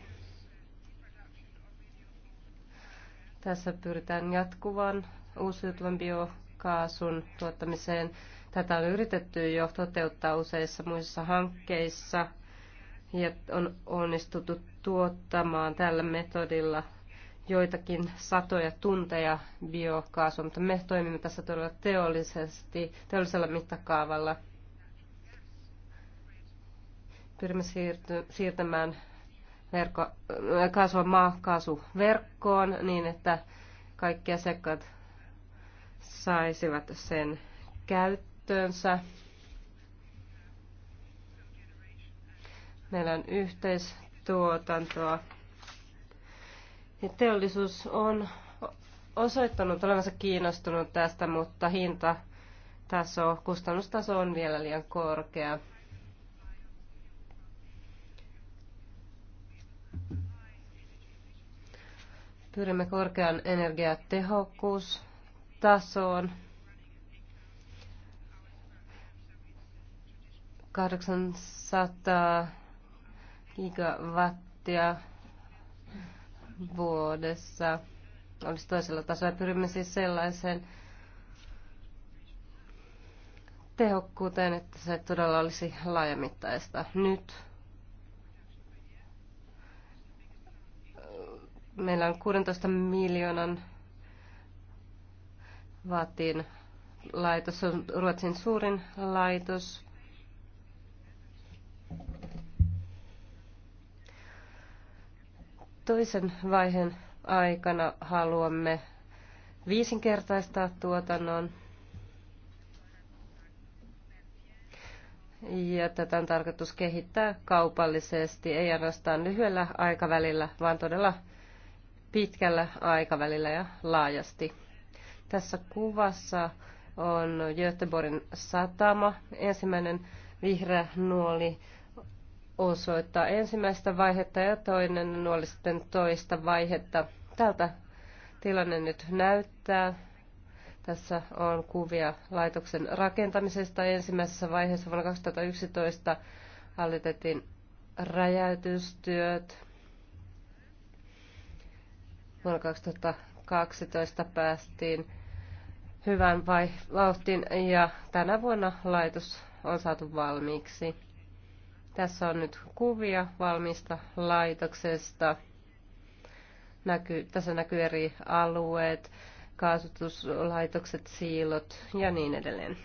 Tässä pyritään jatkuvan uusiutuvan biokaasun tuottamiseen. Tätä on yritetty jo toteuttaa useissa muissa hankkeissa – ja on onnistuttu tuottamaan tällä metodilla joitakin satoja tunteja biokaasua, mutta me toimimme tässä todella teollisesti, teollisella mittakaavalla. Pyrimme siirty, siirtämään äh, kaasua maakaasuverkkoon niin, että kaikki asiakkaat saisivat sen käyttöönsä. Meillä on yhteistuotantoa. Ja teollisuus on osoittanut olevansa kiinnostunut tästä, mutta hinta taso, kustannustaso on vielä liian korkea. Pyrimme korkean energiatehokkuustasoon. 800 gigawattia vuodessa olisi toisella tasolla. Pyrimme siis sellaiseen tehokkuuteen, että se todella olisi laajamittaista. Nyt meillä on 16 miljoonan vaatin laitos, on Ruotsin suurin laitos. Toisen vaiheen aikana haluamme viisinkertaistaa tuotannon. Ja tätä on tarkoitus kehittää kaupallisesti, ei ainoastaan lyhyellä aikavälillä, vaan todella pitkällä aikavälillä ja laajasti. Tässä kuvassa on Göteborgin satama, ensimmäinen vihreä nuoli osoittaa ensimmäistä vaihetta ja toinen nuoli sitten toista vaihetta. Tältä tilanne nyt näyttää. Tässä on kuvia laitoksen rakentamisesta. Ensimmäisessä vaiheessa vuonna 2011 hallitettiin räjäytystyöt. Vuonna 2012 päästiin hyvään vauhtiin ja tänä vuonna laitos on saatu valmiiksi. Tässä on nyt kuvia valmista laitoksesta. Näkyy, tässä näkyy eri alueet, kaasutuslaitokset, siilot ja niin edelleen.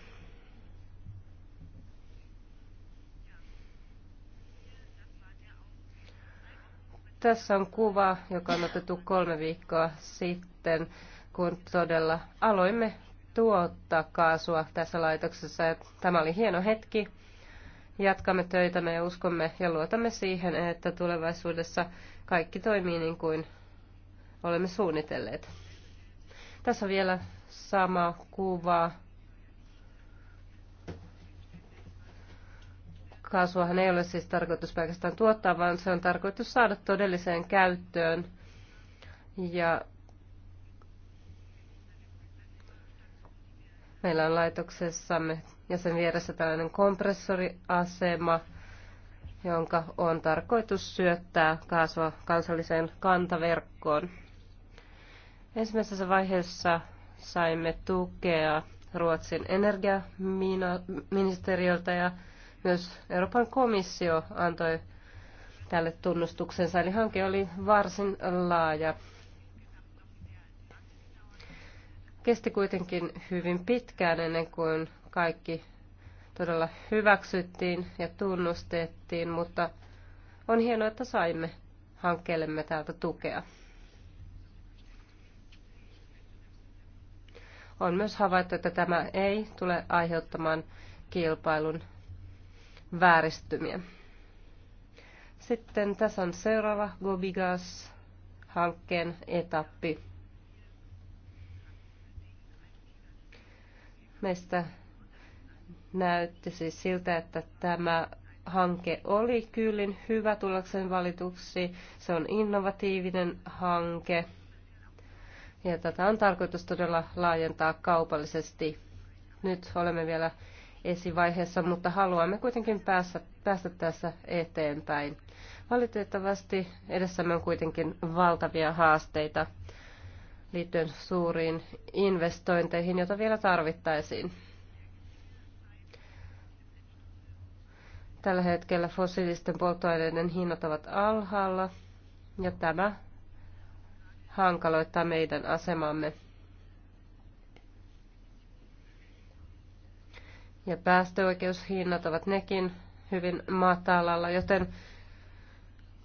Tässä on kuva, joka on otettu kolme viikkoa sitten, kun todella aloimme tuottaa kaasua tässä laitoksessa. Tämä oli hieno hetki. Jatkamme me ja uskomme ja luotamme siihen, että tulevaisuudessa kaikki toimii niin kuin olemme suunnitelleet. Tässä on vielä sama kuva. Kaasuahan ei ole siis tarkoitus pelkästään tuottaa, vaan se on tarkoitus saada todelliseen käyttöön. Ja meillä on laitoksessamme ja sen vieressä tällainen kompressoriasema, jonka on tarkoitus syöttää kaasua kansalliseen kantaverkkoon. Ensimmäisessä vaiheessa saimme tukea Ruotsin energiaministeriöltä ja myös Euroopan komissio antoi tälle tunnustuksensa, eli hanke oli varsin laaja. Kesti kuitenkin hyvin pitkään ennen kuin kaikki todella hyväksyttiin ja tunnustettiin, mutta on hienoa, että saimme hankkeellemme täältä tukea. On myös havaittu, että tämä ei tule aiheuttamaan kilpailun vääristymiä. Sitten tässä on seuraava Gobigas-hankkeen etappi. Meistä näytti siis siltä, että tämä hanke oli kyllin hyvä tullakseen valituksi. Se on innovatiivinen hanke ja tätä on tarkoitus todella laajentaa kaupallisesti. Nyt olemme vielä esivaiheessa, mutta haluamme kuitenkin päästä, päästä tässä eteenpäin. Valitettavasti edessämme on kuitenkin valtavia haasteita liittyen suuriin investointeihin, joita vielä tarvittaisiin. Tällä hetkellä fossiilisten polttoaineiden hinnat ovat alhaalla ja tämä hankaloittaa meidän asemamme. Ja päästöoikeushinnat ovat nekin hyvin matalalla, joten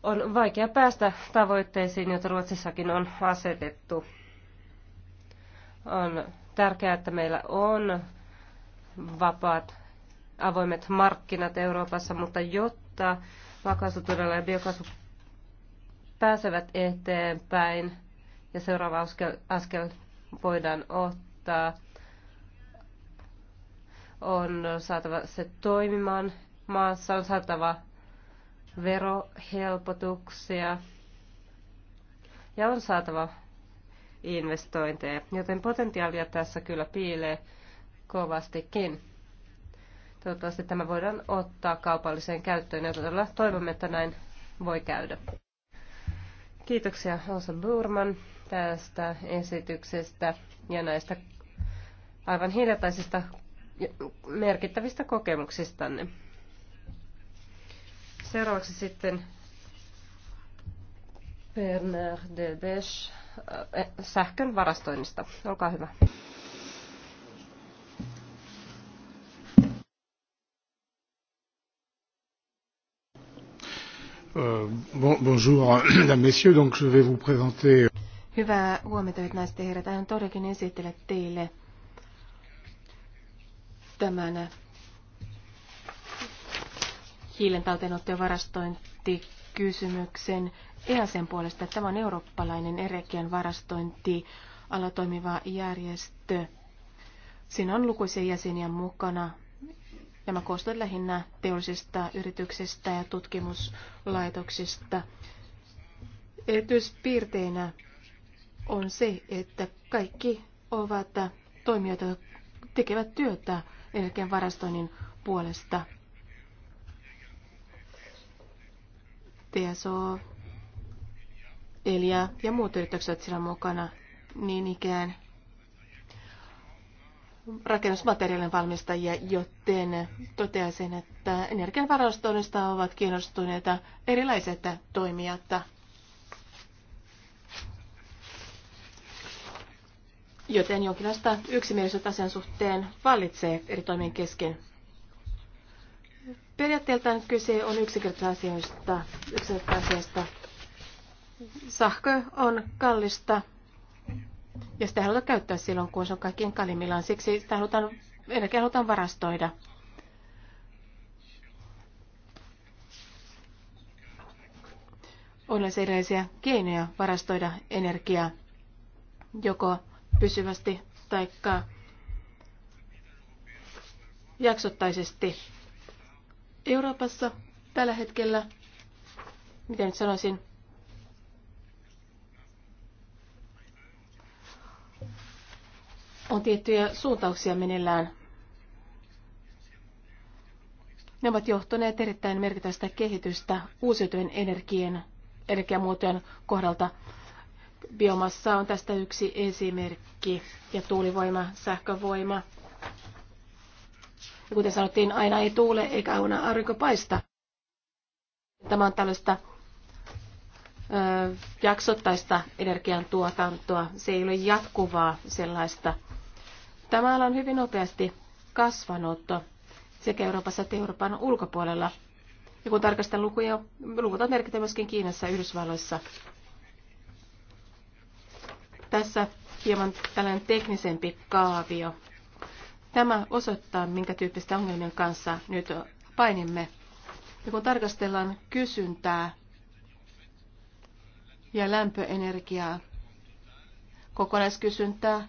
on vaikea päästä tavoitteisiin, joita Ruotsissakin on asetettu. On tärkeää, että meillä on vapaat avoimet markkinat Euroopassa, mutta jotta vakausutudella ja biokaasu pääsevät eteenpäin ja seuraava askel, askel voidaan ottaa, on saatava se toimimaan maassa, on saatava verohelpotuksia ja on saatava investointeja, joten potentiaalia tässä kyllä piilee kovastikin. Toivottavasti tämä voidaan ottaa kaupalliseen käyttöön ja todella toivomme, että näin voi käydä. Kiitoksia Osa Burman tästä esityksestä ja näistä aivan hiljattaisista merkittävistä kokemuksistanne. Seuraavaksi sitten Bernard Debesch äh, sähkön varastoinnista. Olkaa hyvä. Euh, bonjour, messieurs, donc je vais vous présenter... Euh, Hyvää huomenta, hyvät naiset ja herrat. Hän todellakin esittelee teille tämän äh, hiilen talteenotto- ja varastointikysymyksen EASen puolesta. Tämä on eurooppalainen energian ala toimiva järjestö. Siinä on lukuisia jäseniä mukana Nämä koostuvat lähinnä teollisista yrityksistä ja tutkimuslaitoksista. Erityispiirteinä on se, että kaikki ovat toimijoita, jotka tekevät työtä energian varastoinnin puolesta. TSO, Elia ja muut yritykset ovat siellä mukana niin ikään rakennusmateriaalien valmistajia, joten toteaisin, että energian varastoinnista ovat kiinnostuneita erilaiset toimijat. Joten jonkinlaista yksimielisyyttä asian suhteen vallitsee eri toimien kesken. Periaatteeltaan kyse on yksinkertaisista asioista. Sähkö on kallista ja sitä halutaan käyttää silloin, kun se on kaikkien kalimillaan. Siksi sitä halutaan, energiaa halutaan varastoida. On myös erilaisia keinoja varastoida energiaa, joko pysyvästi tai jaksottaisesti. Euroopassa tällä hetkellä, miten nyt sanoisin, on tiettyjä suuntauksia meneillään. Ne ovat johtuneet erittäin merkittävästä kehitystä uusiutuvien energian, energiamuotojen kohdalta. Biomassa on tästä yksi esimerkki ja tuulivoima, sähkövoima. Ja kuten sanottiin, aina ei tuule eikä aina aurinko paista. Tämä on tällaista ö, jaksottaista energiantuotantoa. Se ei ole jatkuvaa sellaista. Tämä ala on hyvin nopeasti kasvanut sekä Euroopassa että Euroopan ulkopuolella. Ja kun tarkastan lukuja, luvut on merkitty myöskin Kiinassa ja Yhdysvalloissa. Tässä hieman tällainen teknisempi kaavio. Tämä osoittaa, minkä tyyppistä ongelmien kanssa nyt painimme. Ja kun tarkastellaan kysyntää ja lämpöenergiaa, kokonaiskysyntää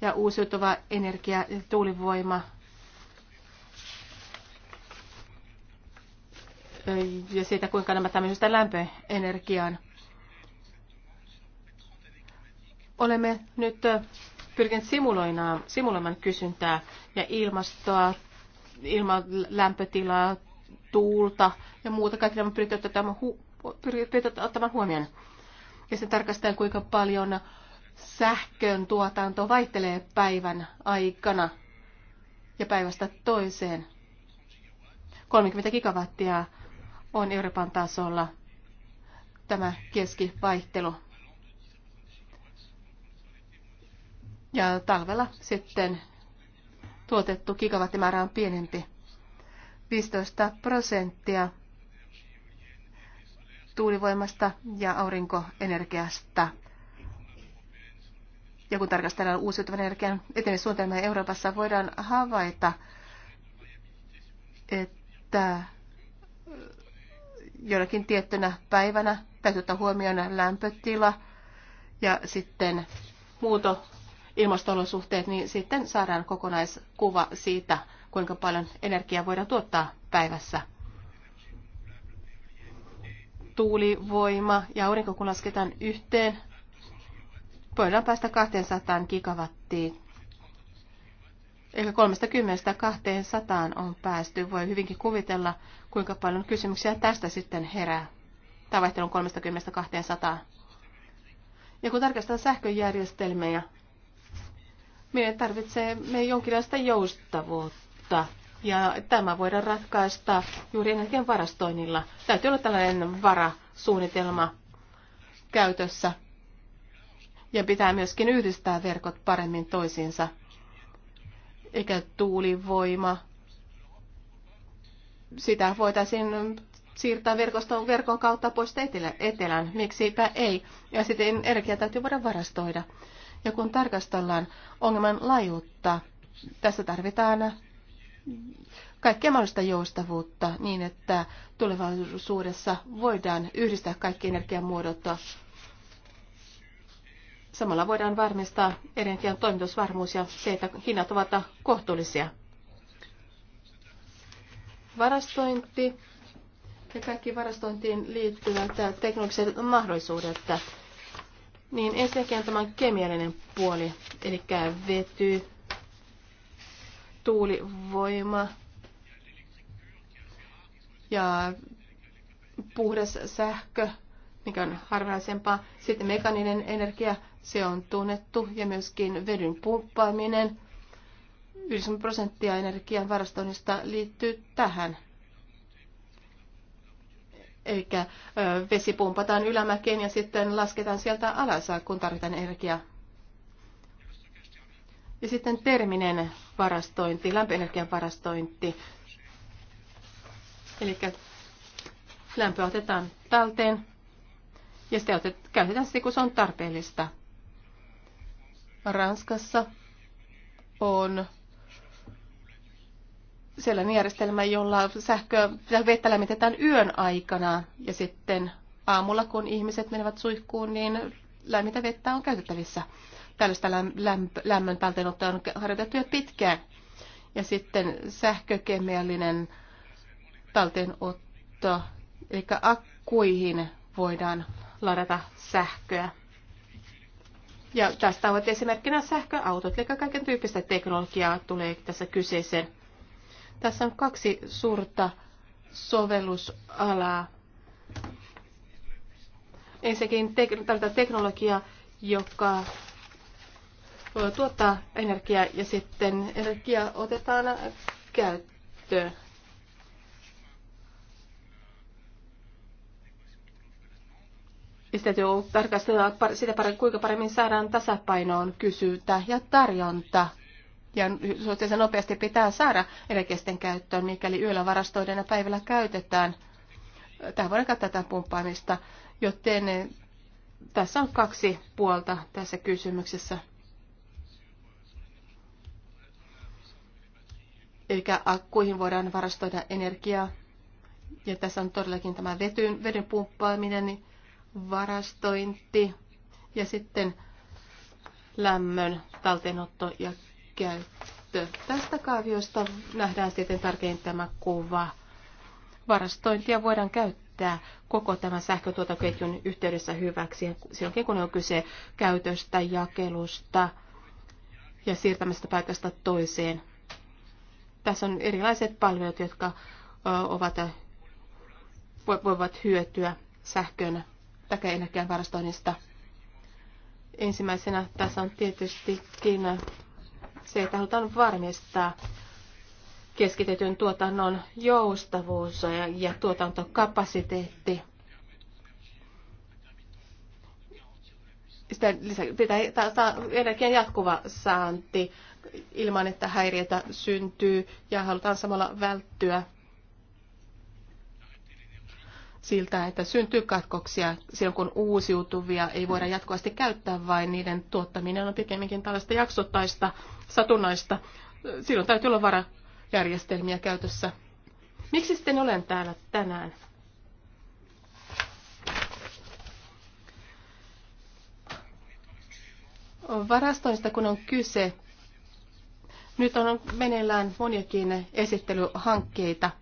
ja uusiutuva energia, tuulivoima ja siitä, kuinka nämä tämmöisestä lämpöenergiaan. Olemme nyt pyrkineet simuloimaan, simuloimaan kysyntää ja ilmastoa, ilman lämpötilaa, tuulta ja muuta. Kaikki nämä pyritään ottamaan, hu- ottamaan huomioon. Ja sitten tarkastetaan, kuinka paljon sähkön tuotanto vaihtelee päivän aikana ja päivästä toiseen. 30 gigawattia on Euroopan tasolla tämä keskivaihtelu. Ja talvella sitten tuotettu gigawattimäärä on pienempi. 15 prosenttia tuulivoimasta ja aurinkoenergiasta ja kun tarkastellaan uusiutuvan energian etenemissuunnitelmaa Euroopassa, voidaan havaita, että jollakin tiettynä päivänä täytyy ottaa huomioon lämpötila ja sitten muuto ilmastolosuhteet, niin sitten saadaan kokonaiskuva siitä, kuinka paljon energiaa voidaan tuottaa päivässä. Tuulivoima ja aurinko kun lasketaan yhteen, voidaan päästä 200 gigawattiin. Ehkä 30-200 on päästy. Voi hyvinkin kuvitella, kuinka paljon kysymyksiä tästä sitten herää. Tämä vaihtelu on 30-200. Ja kun tarkastetaan sähköjärjestelmiä, meidän me jonkinlaista joustavuutta. Ja tämä voidaan ratkaista juuri energian varastoinnilla. Täytyy olla tällainen varasuunnitelma käytössä ja pitää myöskin yhdistää verkot paremmin toisiinsa. Eikä tuulivoima. Sitä voitaisiin siirtää verkoston verkon kautta pois etelä, etelään. Miksipä ei? Ja sitten energiaa täytyy voida varastoida. Ja kun tarkastellaan ongelman laajuutta, tässä tarvitaan kaikkea mahdollista joustavuutta niin, että tulevaisuudessa voidaan yhdistää kaikki energiamuodot Samalla voidaan varmistaa energian toimitusvarmuus ja se, että hinnat ovat kohtuullisia. Varastointi ja kaikki varastointiin liittyvät teknologiset mahdollisuudet. Niin ensinnäkin tämä kemiallinen puoli, eli vety, tuulivoima ja puhdas sähkö, mikä on harvinaisempaa. Sitten mekaninen energia, se on tunnettu, ja myöskin vedyn pumppaaminen. 90 prosenttia energian varastoinnista liittyy tähän. Eli vesi pumpataan ylämäkeen ja sitten lasketaan sieltä alas, kun tarvitaan energiaa. Ja sitten terminen varastointi, lämpöenergian varastointi. Eli lämpö otetaan talteen ja sitä käytetään sitten, kun se on tarpeellista. Ranskassa on sellainen järjestelmä, jolla sähkö vettä lämmitetään yön aikana ja sitten aamulla, kun ihmiset menevät suihkuun, niin lämmintä vettä on käytettävissä. Tällaista lämmön talteenotto on harjoitettu jo pitkään. Ja sitten sähkökemiallinen talteenotto, eli akkuihin voidaan ladata sähköä. Ja tästä ovat esimerkkinä sähköautot, eli kaiken tyyppistä teknologiaa tulee tässä kyseisen. Tässä on kaksi suurta sovellusalaa. Ensinnäkin tek- teknologiaa, joka tuottaa energiaa ja sitten energia otetaan käyttöön. Sitten siis täytyy tarkastella sitä, kuinka paremmin saadaan tasapainoon kysyntä ja tarjonta. Ja suhteessa nopeasti pitää saada energiasten käyttöön, mikäli yöllä varastoiden ja päivällä käytetään. Tämä voidaan katsoa tätä pumppaamista, joten eh, tässä on kaksi puolta tässä kysymyksessä. Eli akkuihin voidaan varastoida energiaa. Ja tässä on todellakin tämä vetyn, veden pumppaaminen varastointi ja sitten lämmön talteenotto ja käyttö. Tästä kaaviosta nähdään sitten tärkein tämä kuva. Varastointia voidaan käyttää koko tämän sähkötuotantoketjun yhteydessä hyväksi, silloin kun on kyse käytöstä, jakelusta ja siirtämästä paikasta toiseen. Tässä on erilaiset palvelut, jotka ovat, voivat hyötyä sähkön tai energian varastoinnista. Ensimmäisenä tässä on tietystikin se, että halutaan varmistaa keskitetyn tuotannon joustavuus ja, ja tuotantokapasiteetti. Sitä lisä, pitää ta, energian jatkuva saanti ilman, että häiriötä syntyy ja halutaan samalla välttyä siltä, että syntyy katkoksia silloin, kun uusiutuvia ei voida jatkuvasti käyttää, vain niiden tuottaminen on pikemminkin tällaista jaksottaista, satunnaista. Silloin täytyy olla varajärjestelmiä käytössä. Miksi sitten olen täällä tänään? Varastoista kun on kyse, nyt on meneillään moniakin esittelyhankkeita –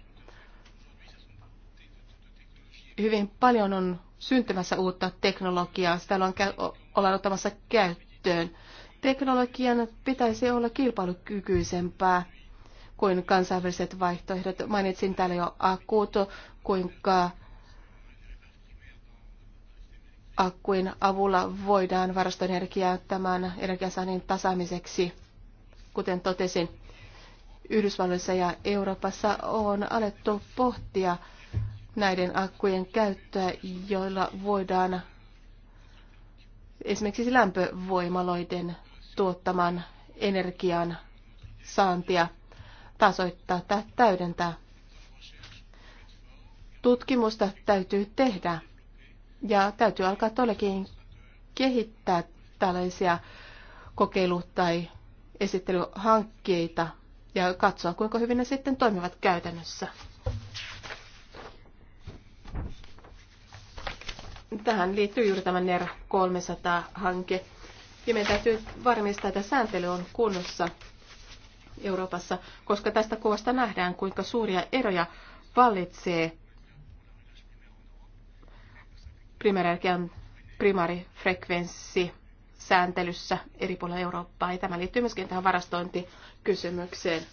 hyvin paljon on syntymässä uutta teknologiaa. Sitä ollaan, ollaan ottamassa käyttöön. Teknologian pitäisi olla kilpailukykyisempää kuin kansainväliset vaihtoehdot. Mainitsin täällä jo akut, kuinka akkuin avulla voidaan varastoida energiaa tämän energiasaannin tasaamiseksi. Kuten totesin, Yhdysvalloissa ja Euroopassa on alettu pohtia näiden akkujen käyttöä, joilla voidaan esimerkiksi lämpövoimaloiden tuottaman energian saantia tasoittaa tai täydentää. Tutkimusta täytyy tehdä ja täytyy alkaa todellakin kehittää tällaisia kokeilu- tai esittelyhankkeita ja katsoa, kuinka hyvin ne sitten toimivat käytännössä. Tähän liittyy juuri tämä NER 300-hanke. Ja meidän täytyy varmistaa, että sääntely on kunnossa Euroopassa, koska tästä kuvasta nähdään, kuinka suuria eroja vallitsee primäärienergian primaarifrekvenssi sääntelyssä eri puolilla Eurooppaa. Ja tämä liittyy myöskin tähän varastointikysymykseen.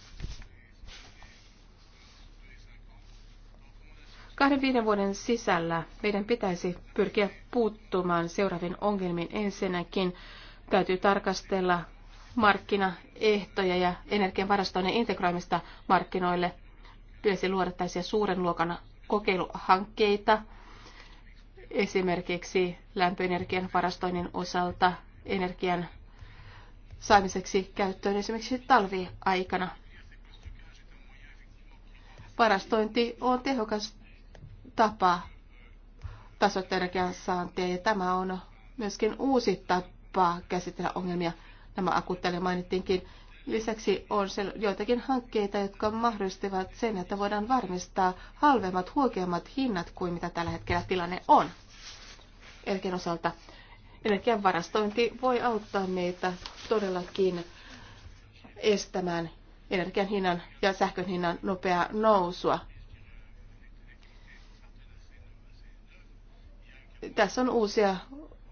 Kahden viiden vuoden sisällä meidän pitäisi pyrkiä puuttumaan seuraaviin ongelmiin. Ensinnäkin täytyy tarkastella markkinaehtoja ja energian varastoinnin integroimista markkinoille. Pitäisi luoda tällaisia suuren luokan kokeiluhankkeita, esimerkiksi lämpöenergian varastoinnin osalta energian saamiseksi käyttöön esimerkiksi talviaikana. Varastointi on tehokas tapa tasoittaa energiansaantia ja tämä on myöskin uusi tapa käsitellä ongelmia. Nämä akuutteille mainittiinkin. Lisäksi on joitakin hankkeita, jotka mahdollistavat sen, että voidaan varmistaa halvemmat, huokeammat hinnat kuin mitä tällä hetkellä tilanne on energian osalta. Energian varastointi voi auttaa meitä todellakin estämään energian hinnan ja sähkön hinnan nopeaa nousua. tässä on uusia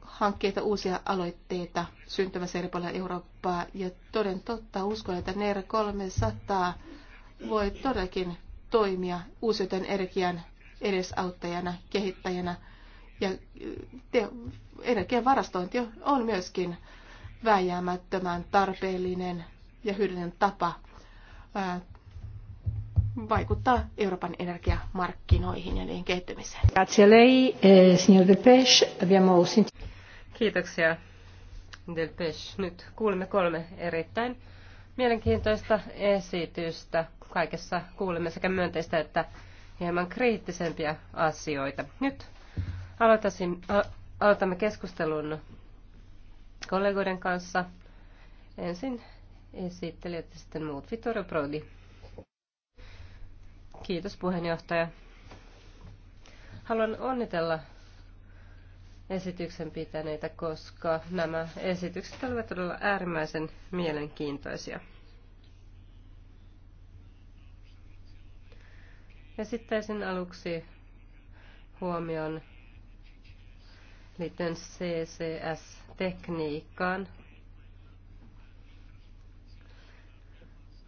hankkeita, uusia aloitteita syntymässä eri puolilla Eurooppaa. Ja toden totta uskon, että NER 300 voi todellakin toimia uusiutuvan energian edesauttajana, kehittäjänä. Ja te, energian varastointi on myöskin vääjäämättömän tarpeellinen ja hyödyllinen tapa vaikuttaa Euroopan energiamarkkinoihin ja niiden kehittymiseen. Eh, Kiitoksia, Delpech. Nyt kuulemme kolme erittäin mielenkiintoista esitystä. Kaikessa kuulemme sekä myönteistä että hieman kriittisempiä asioita. Nyt aloitamme keskustelun kollegoiden kanssa. Ensin esittelijät ja sitten muut. Vittorio Prodi. Kiitos puheenjohtaja. Haluan onnitella esityksen pitäneitä, koska nämä esitykset olivat todella äärimmäisen mielenkiintoisia. Esittäisin aluksi huomion liittyen CCS-tekniikkaan.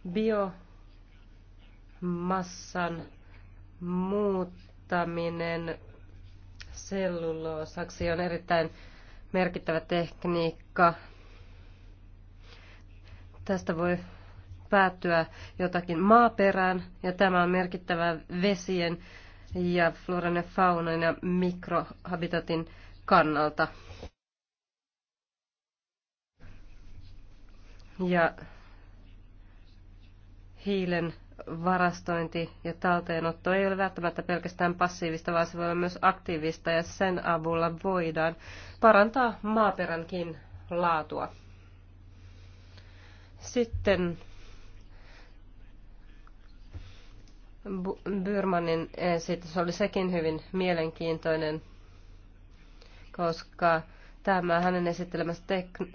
Bio massan muuttaminen selluloosaksi on erittäin merkittävä tekniikka. Tästä voi päättyä jotakin maaperään ja tämä on merkittävä vesien ja floran ja faunan ja mikrohabitatin kannalta. Ja hiilen varastointi ja talteenotto ei ole välttämättä pelkästään passiivista, vaan se voi olla myös aktiivista ja sen avulla voidaan parantaa maaperänkin laatua. Sitten Byrmanin esitys oli sekin hyvin mielenkiintoinen, koska tämä hänen esittelemänsä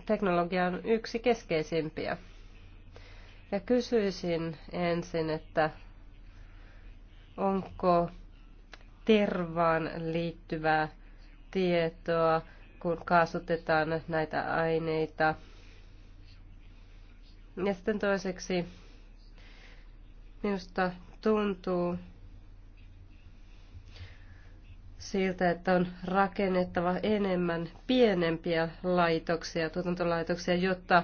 teknologia on yksi keskeisimpiä – ja kysyisin ensin, että onko tervaan liittyvää tietoa, kun kaasutetaan näitä aineita. Ja sitten toiseksi minusta tuntuu siltä, että on rakennettava enemmän pienempiä laitoksia, tuotantolaitoksia, jotta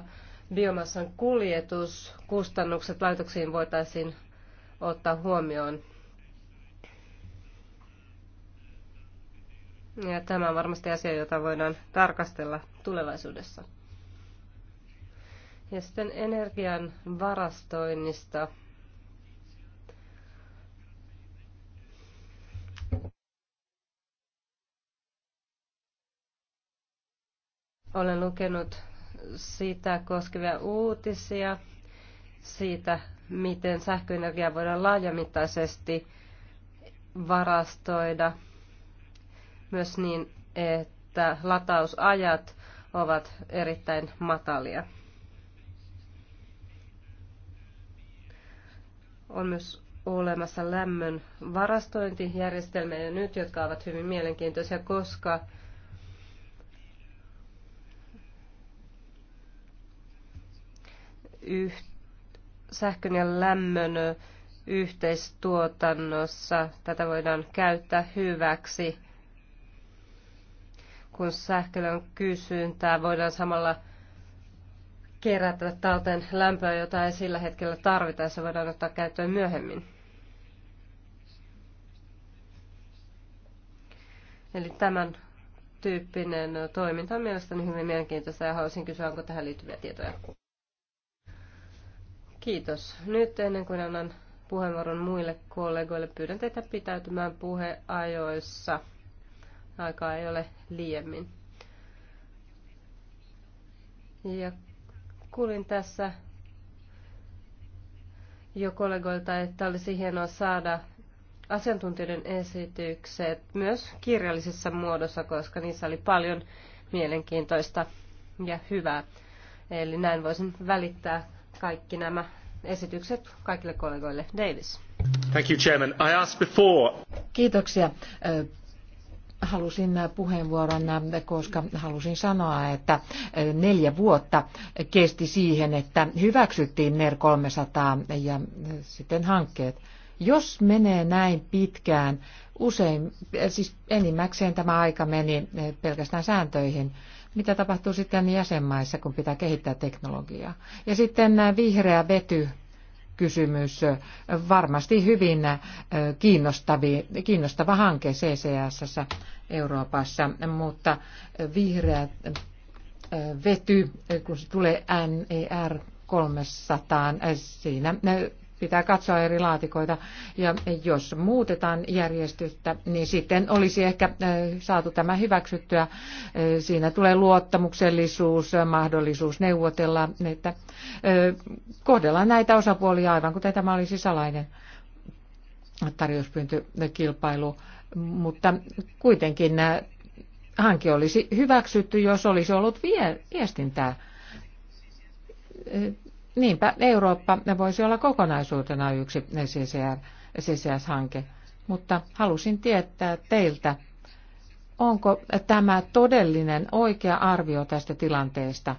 biomassan kuljetuskustannukset laitoksiin voitaisiin ottaa huomioon. Ja tämä on varmasti asia, jota voidaan tarkastella tulevaisuudessa. Ja sitten energian varastoinnista. Olen lukenut sitä koskevia uutisia siitä, miten sähköenergiaa voidaan laajamittaisesti varastoida myös niin, että latausajat ovat erittäin matalia. On myös olemassa lämmön varastointijärjestelmiä jo nyt, jotka ovat hyvin mielenkiintoisia, koska yh, sähkön ja lämmön yhteistuotannossa tätä voidaan käyttää hyväksi. Kun sähköllä on kysyntää, voidaan samalla kerätä talteen lämpöä, jota ei sillä hetkellä tarvita, ja se voidaan ottaa käyttöön myöhemmin. Eli tämän tyyppinen toiminta on mielestäni hyvin mielenkiintoista ja haluaisin kysyä, onko tähän liittyviä tietoja. Kiitos. Nyt ennen kuin annan puheenvuoron muille kollegoille, pyydän teitä pitäytymään puheajoissa. Aikaa ei ole liiemmin. Ja kuulin tässä jo kollegoilta, että olisi hienoa saada asiantuntijoiden esitykset myös kirjallisessa muodossa, koska niissä oli paljon mielenkiintoista ja hyvää. Eli näin voisin välittää kaikki nämä esitykset kaikille kollegoille. Davis. Thank you, Chairman. I asked before. Kiitoksia. Halusin puheenvuoron, koska halusin sanoa, että neljä vuotta kesti siihen, että hyväksyttiin NER 300 ja sitten hankkeet. Jos menee näin pitkään, usein, siis enimmäkseen tämä aika meni pelkästään sääntöihin, mitä tapahtuu sitten jäsenmaissa, kun pitää kehittää teknologiaa. Ja sitten vihreä vety kysymys, varmasti hyvin kiinnostavi, kiinnostava hanke CCS Euroopassa, mutta vihreä vety, kun se tulee NER 300, siinä pitää katsoa eri laatikoita. Ja jos muutetaan järjestystä, niin sitten olisi ehkä äh, saatu tämä hyväksyttyä. Äh, siinä tulee luottamuksellisuus, äh, mahdollisuus neuvotella, että kohdellaan näitä osapuolia aivan kuten tämä olisi salainen tarjouspyyntökilpailu. Mutta kuitenkin hanke olisi hyväksytty, jos olisi ollut viestintää Niinpä Eurooppa voisi olla kokonaisuutena yksi CCR, CCS-hanke, mutta halusin tietää teiltä, onko tämä todellinen oikea arvio tästä tilanteesta.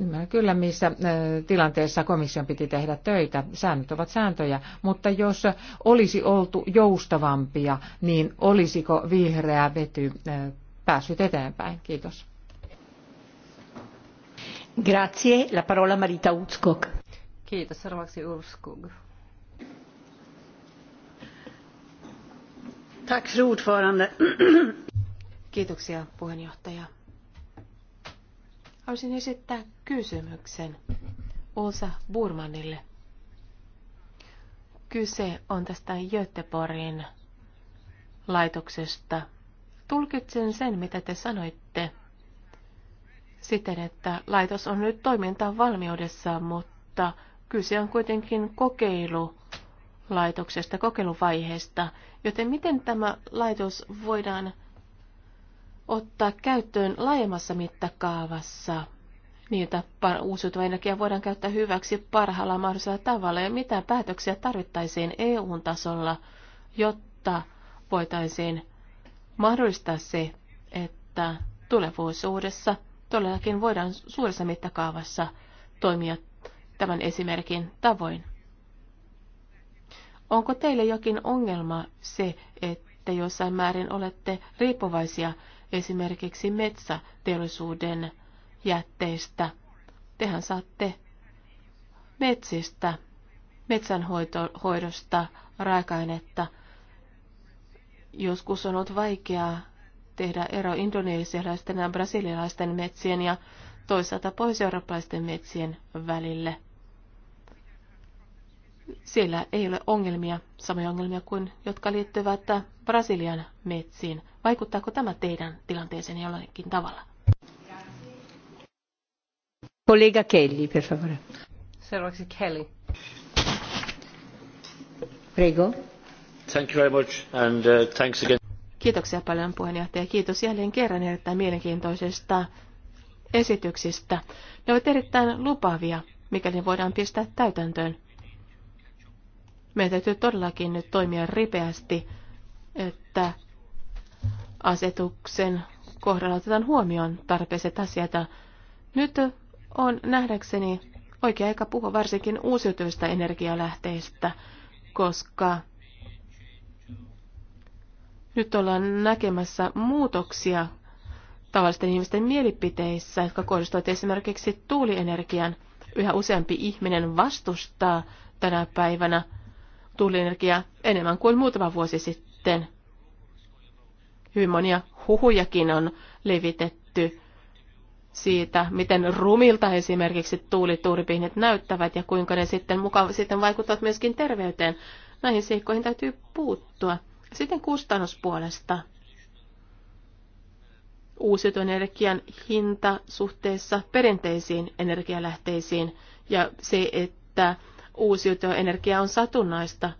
Ymmärrän kyllä, missä tilanteessa komission piti tehdä töitä. Säännöt ovat sääntöjä, mutta jos olisi oltu joustavampia, niin olisiko vihreä vety päässyt eteenpäin? Kiitos. Grazie. La Kiitos. Seuraavaksi Utskog. Tack, fru Haluaisin esittää kysymyksen Ulsa Burmanille. Kyse on tästä Göteborgin laitoksesta. Tulkitsen sen, mitä te sanoitte siten, että laitos on nyt toimintaan valmiudessa, mutta kyse on kuitenkin kokeilulaitoksesta, kokeiluvaiheesta. Joten miten tämä laitos voidaan ottaa käyttöön laajemmassa mittakaavassa? Niitä uusiutuva energia voidaan käyttää hyväksi parhaalla mahdollisella tavalla ja mitä päätöksiä tarvittaisiin EU-tasolla, jotta voitaisiin mahdollistaa se, että tulevaisuudessa todellakin voidaan suuressa mittakaavassa toimia tämän esimerkin tavoin. Onko teille jokin ongelma se, että jossain määrin olette riippuvaisia esimerkiksi metsäteollisuuden jätteistä? Tehän saatte metsistä, metsänhoidosta raaka-ainetta. Joskus on ollut vaikeaa tehdä ero indonesialaisten ja brasilialaisten metsien ja toisaalta pohjois metsien välille. Siellä ei ole ongelmia, samoja ongelmia kuin jotka liittyvät Brasilian metsiin. Vaikuttaako tämä teidän tilanteeseen jollakin tavalla? Kollega Kelly, per favore. Seuraavaksi Kelly. Prego. Thank you very much and uh, thanks again. Kiitoksia paljon puheenjohtaja. Kiitos jälleen kerran erittäin mielenkiintoisesta esityksistä. Ne ovat erittäin lupavia, mikäli ne voidaan pistää täytäntöön. Meidän täytyy todellakin nyt toimia ripeästi, että asetuksen kohdalla otetaan huomioon tarpeiset asiat. Nyt on nähdäkseni oikea aika puhua varsinkin uusiutuvista energialähteistä, koska nyt ollaan näkemässä muutoksia tavallisten ihmisten mielipiteissä, jotka kohdistuvat esimerkiksi tuulienergian. Yhä useampi ihminen vastustaa tänä päivänä tuulienergiaa enemmän kuin muutama vuosi sitten. Hyvin monia huhujakin on levitetty siitä, miten rumilta esimerkiksi tuuliturbiinit näyttävät ja kuinka ne sitten, mukaan, sitten vaikuttavat myöskin terveyteen. Näihin seikkoihin täytyy puuttua. Sitten kustannuspuolesta. Uusiutuvan energian hinta suhteessa perinteisiin energialähteisiin ja se, että uusiutuva energia on satunnaista,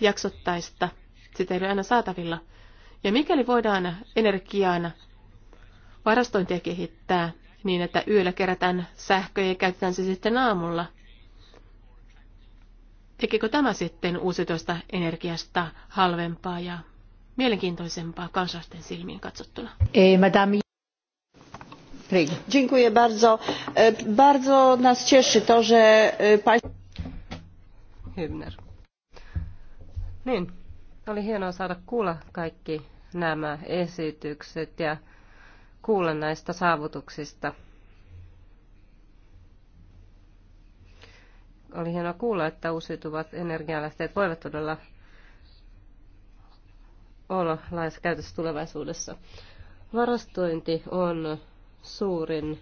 jaksottaista, sitä ei ole aina saatavilla. Ja mikäli voidaan energiaan varastointia kehittää niin, että yöllä kerätään sähköä ja käytetään se sitten aamulla – Tekikö tämä sitten uusiutuista energiasta halvempaa ja mielenkiintoisempaa kansalaisten silmiin katsottuna? Ei, eh, madame. Dziękuję bardzo. E, bardzo nas cieszy to, że e, państwo... Niin, oli hienoa saada kuulla kaikki nämä esitykset ja kuulla näistä saavutuksista. oli hienoa kuulla, että uusiutuvat energialähteet voivat todella olla laajassa käytössä tulevaisuudessa. Varastointi on suurin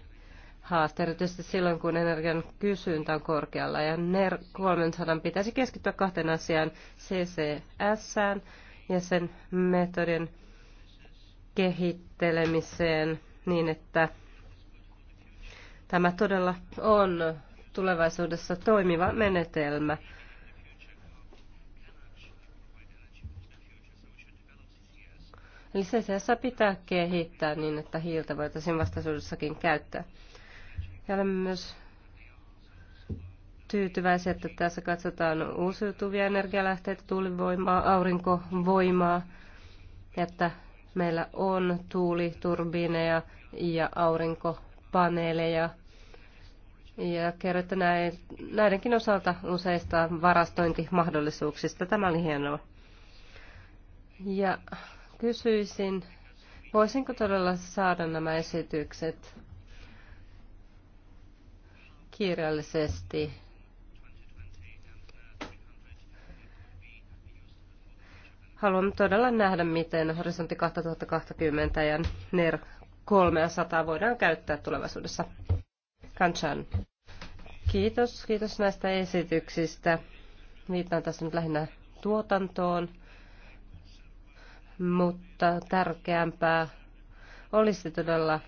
haaste, erityisesti silloin, kun energian kysyntä on korkealla. Ja NER 300 pitäisi keskittyä kahteen asiaan, CCS ja sen metodin kehittelemiseen niin, että tämä todella on tulevaisuudessa toimiva menetelmä. Eli CCS pitää kehittää niin, että hiiltä voitaisiin vastaisuudessakin käyttää. Ja olemme myös tyytyväisiä, että tässä katsotaan uusiutuvia energialähteitä, tuulivoimaa, aurinkovoimaa, että meillä on tuuliturbiineja ja aurinkopaneeleja – ja kerroitte näidenkin osalta useista varastointimahdollisuuksista. Tämä oli hienoa. Ja kysyisin, voisinko todella saada nämä esitykset kirjallisesti? Haluamme todella nähdä, miten horisontti 2020 ja NER 300 voidaan käyttää tulevaisuudessa. Kanchan. Kiitos, kiitos näistä esityksistä. Viittaan tässä nyt lähinnä tuotantoon, mutta tärkeämpää olisi todella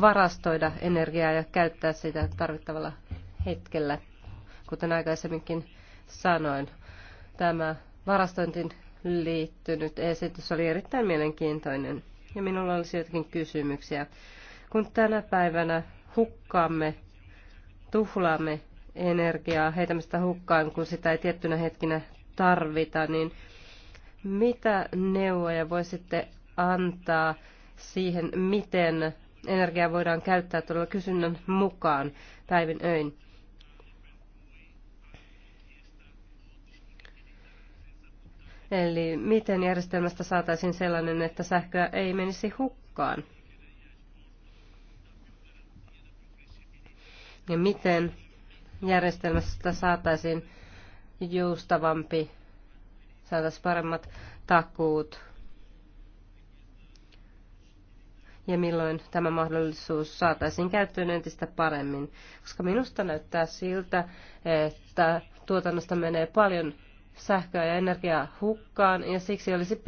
varastoida energiaa ja käyttää sitä tarvittavalla hetkellä. Kuten aikaisemminkin sanoin, tämä varastointiin liittynyt esitys oli erittäin mielenkiintoinen ja minulla olisi jotakin kysymyksiä. Kun tänä päivänä hukkaamme, tuhlaamme energiaa, heitämme sitä hukkaan, kun sitä ei tiettynä hetkinä tarvita, niin mitä neuvoja voisitte antaa siihen, miten energiaa voidaan käyttää todella kysynnän mukaan päivin öin? Eli miten järjestelmästä saataisiin sellainen, että sähköä ei menisi hukkaan? ja miten järjestelmästä saataisiin joustavampi, saataisiin paremmat takuut ja milloin tämä mahdollisuus saataisiin käyttöön entistä paremmin. Koska minusta näyttää siltä, että tuotannosta menee paljon sähköä ja energiaa hukkaan ja siksi olisi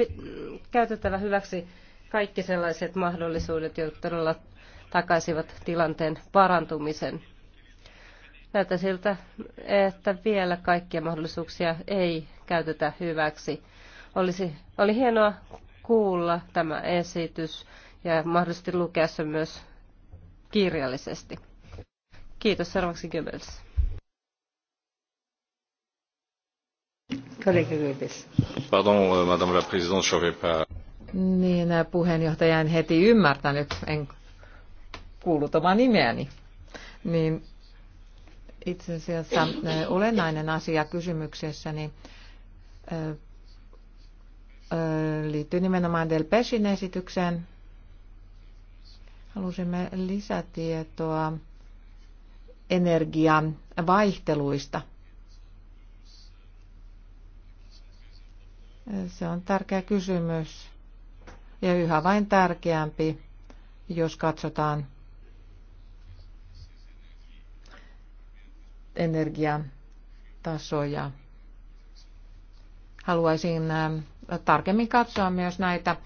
käytettävä hyväksi kaikki sellaiset mahdollisuudet, jotka todella takaisivat tilanteen parantumisen. Näyttää siltä, että vielä kaikkia mahdollisuuksia ei käytetä hyväksi. Olisi, oli hienoa kuulla tämä esitys ja mahdollisesti lukea se myös kirjallisesti. Kiitos seuraavaksi Goebbels. Kollega Pardon, euh, madame la présidente, je pas... Niin, äh, puheenjohtaja en heti ymmärtänyt, en kuullut omaa nimeäni. Niin itse asiassa olennainen asia kysymyksessäni niin liittyy nimenomaan Del Pesin esitykseen. Halusimme lisätietoa energian vaihteluista. Se on tärkeä kysymys ja yhä vain tärkeämpi, jos katsotaan energiatasoja. Haluaisin äh, tarkemmin katsoa myös näitä äh,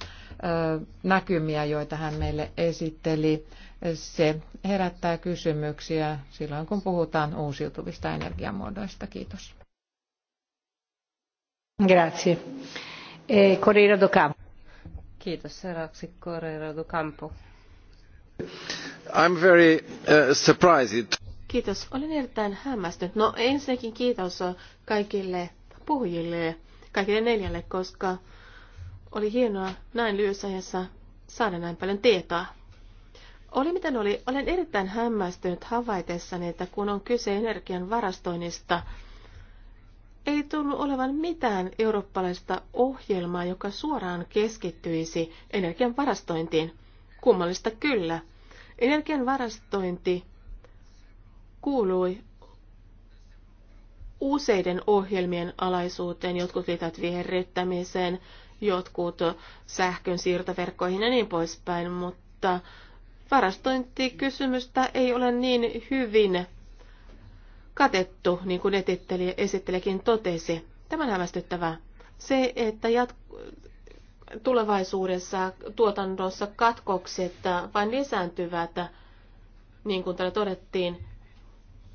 näkymiä, joita hän meille esitteli. Se herättää kysymyksiä silloin, kun puhutaan uusiutuvista energiamuodoista. Kiitos. Grazie. E, Correira do Campo. Kiitos. Seuraavaksi Correira do Campo. I'm very uh, surprised. Kiitos. Olen erittäin hämmästynyt. No ensinnäkin kiitos kaikille puhujille, kaikille neljälle, koska oli hienoa näin lyhyessä ajassa saada näin paljon tietoa. Oli miten oli, olen erittäin hämmästynyt havaitessani, että kun on kyse energian varastoinnista, ei tunnu olevan mitään eurooppalaista ohjelmaa, joka suoraan keskittyisi energian varastointiin. Kummallista kyllä. Energian varastointi kuului useiden ohjelmien alaisuuteen, jotkut liittyvät viherryttämiseen, jotkut sähkön siirtoverkkoihin ja niin poispäin, mutta varastointikysymystä ei ole niin hyvin katettu, niin kuin esittelijäkin totesi. Tämä on hämmästyttävää. Se, että tulevaisuudessa tuotannossa katkokset vain lisääntyvät, niin kuin täällä todettiin,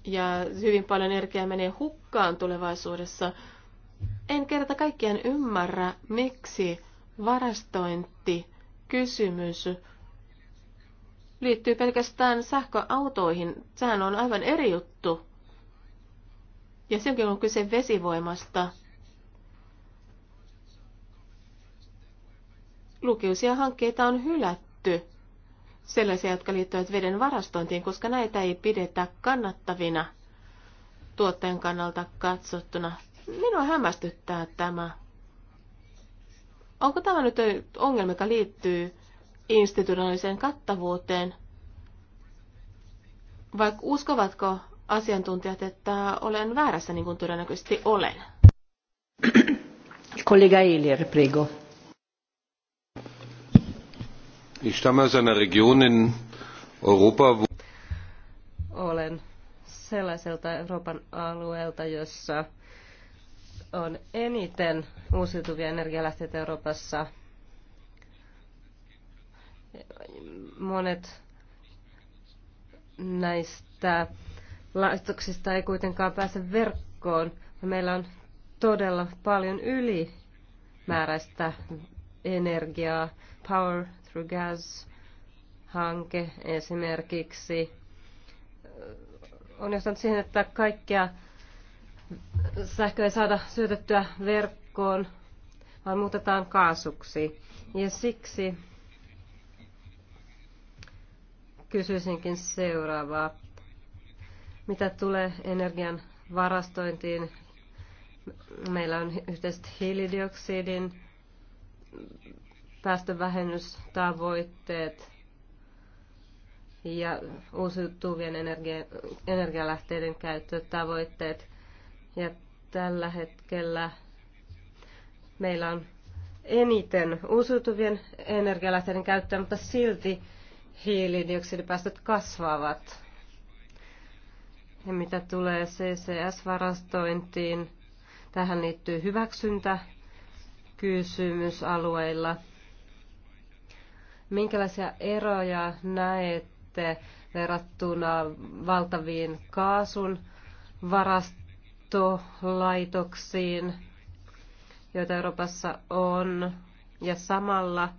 ja hyvin paljon energiaa menee hukkaan tulevaisuudessa. En kerta kaikkiaan ymmärrä, miksi varastointi kysymys liittyy pelkästään sähköautoihin. Sehän on aivan eri juttu. Ja senkin on kyse vesivoimasta. Lukeusia hankkeita on hylätty sellaisia, jotka liittyvät veden varastointiin, koska näitä ei pidetä kannattavina tuotteen kannalta katsottuna. Minua hämmästyttää tämä. Onko tämä nyt ongelma, joka liittyy institutionaaliseen kattavuuteen? Vai uskovatko asiantuntijat, että olen väärässä, niin kuin todennäköisesti olen? Kollega Eiler, prego. Ich stamme aus einer Region in Europa, wo Olen sellaiselta Euroopan alueelta, jossa on eniten uusiutuvia energialähteitä Euroopassa. Monet näistä laitoksista ei kuitenkaan pääse verkkoon. Meillä on todella paljon ylimääräistä energiaa, power Through Gas-hanke esimerkiksi äh, on johtanut siihen, että kaikkea sähköä ei saada syötettyä verkkoon, vaan muutetaan kaasuksi. Ja siksi kysyisinkin seuraavaa. Mitä tulee energian varastointiin? Meillä on yhteiset hiilidioksidin päästövähennystavoitteet ja uusiutuvien energia- energialähteiden käyttötavoitteet. Ja tällä hetkellä meillä on eniten uusiutuvien energialähteiden käyttöä, mutta silti hiilidioksidipäästöt kasvavat. Ja mitä tulee CCS-varastointiin, tähän liittyy hyväksyntä kysymysalueilla – Minkälaisia eroja näette verrattuna valtaviin kaasun varastolaitoksiin, joita Euroopassa on, ja samalla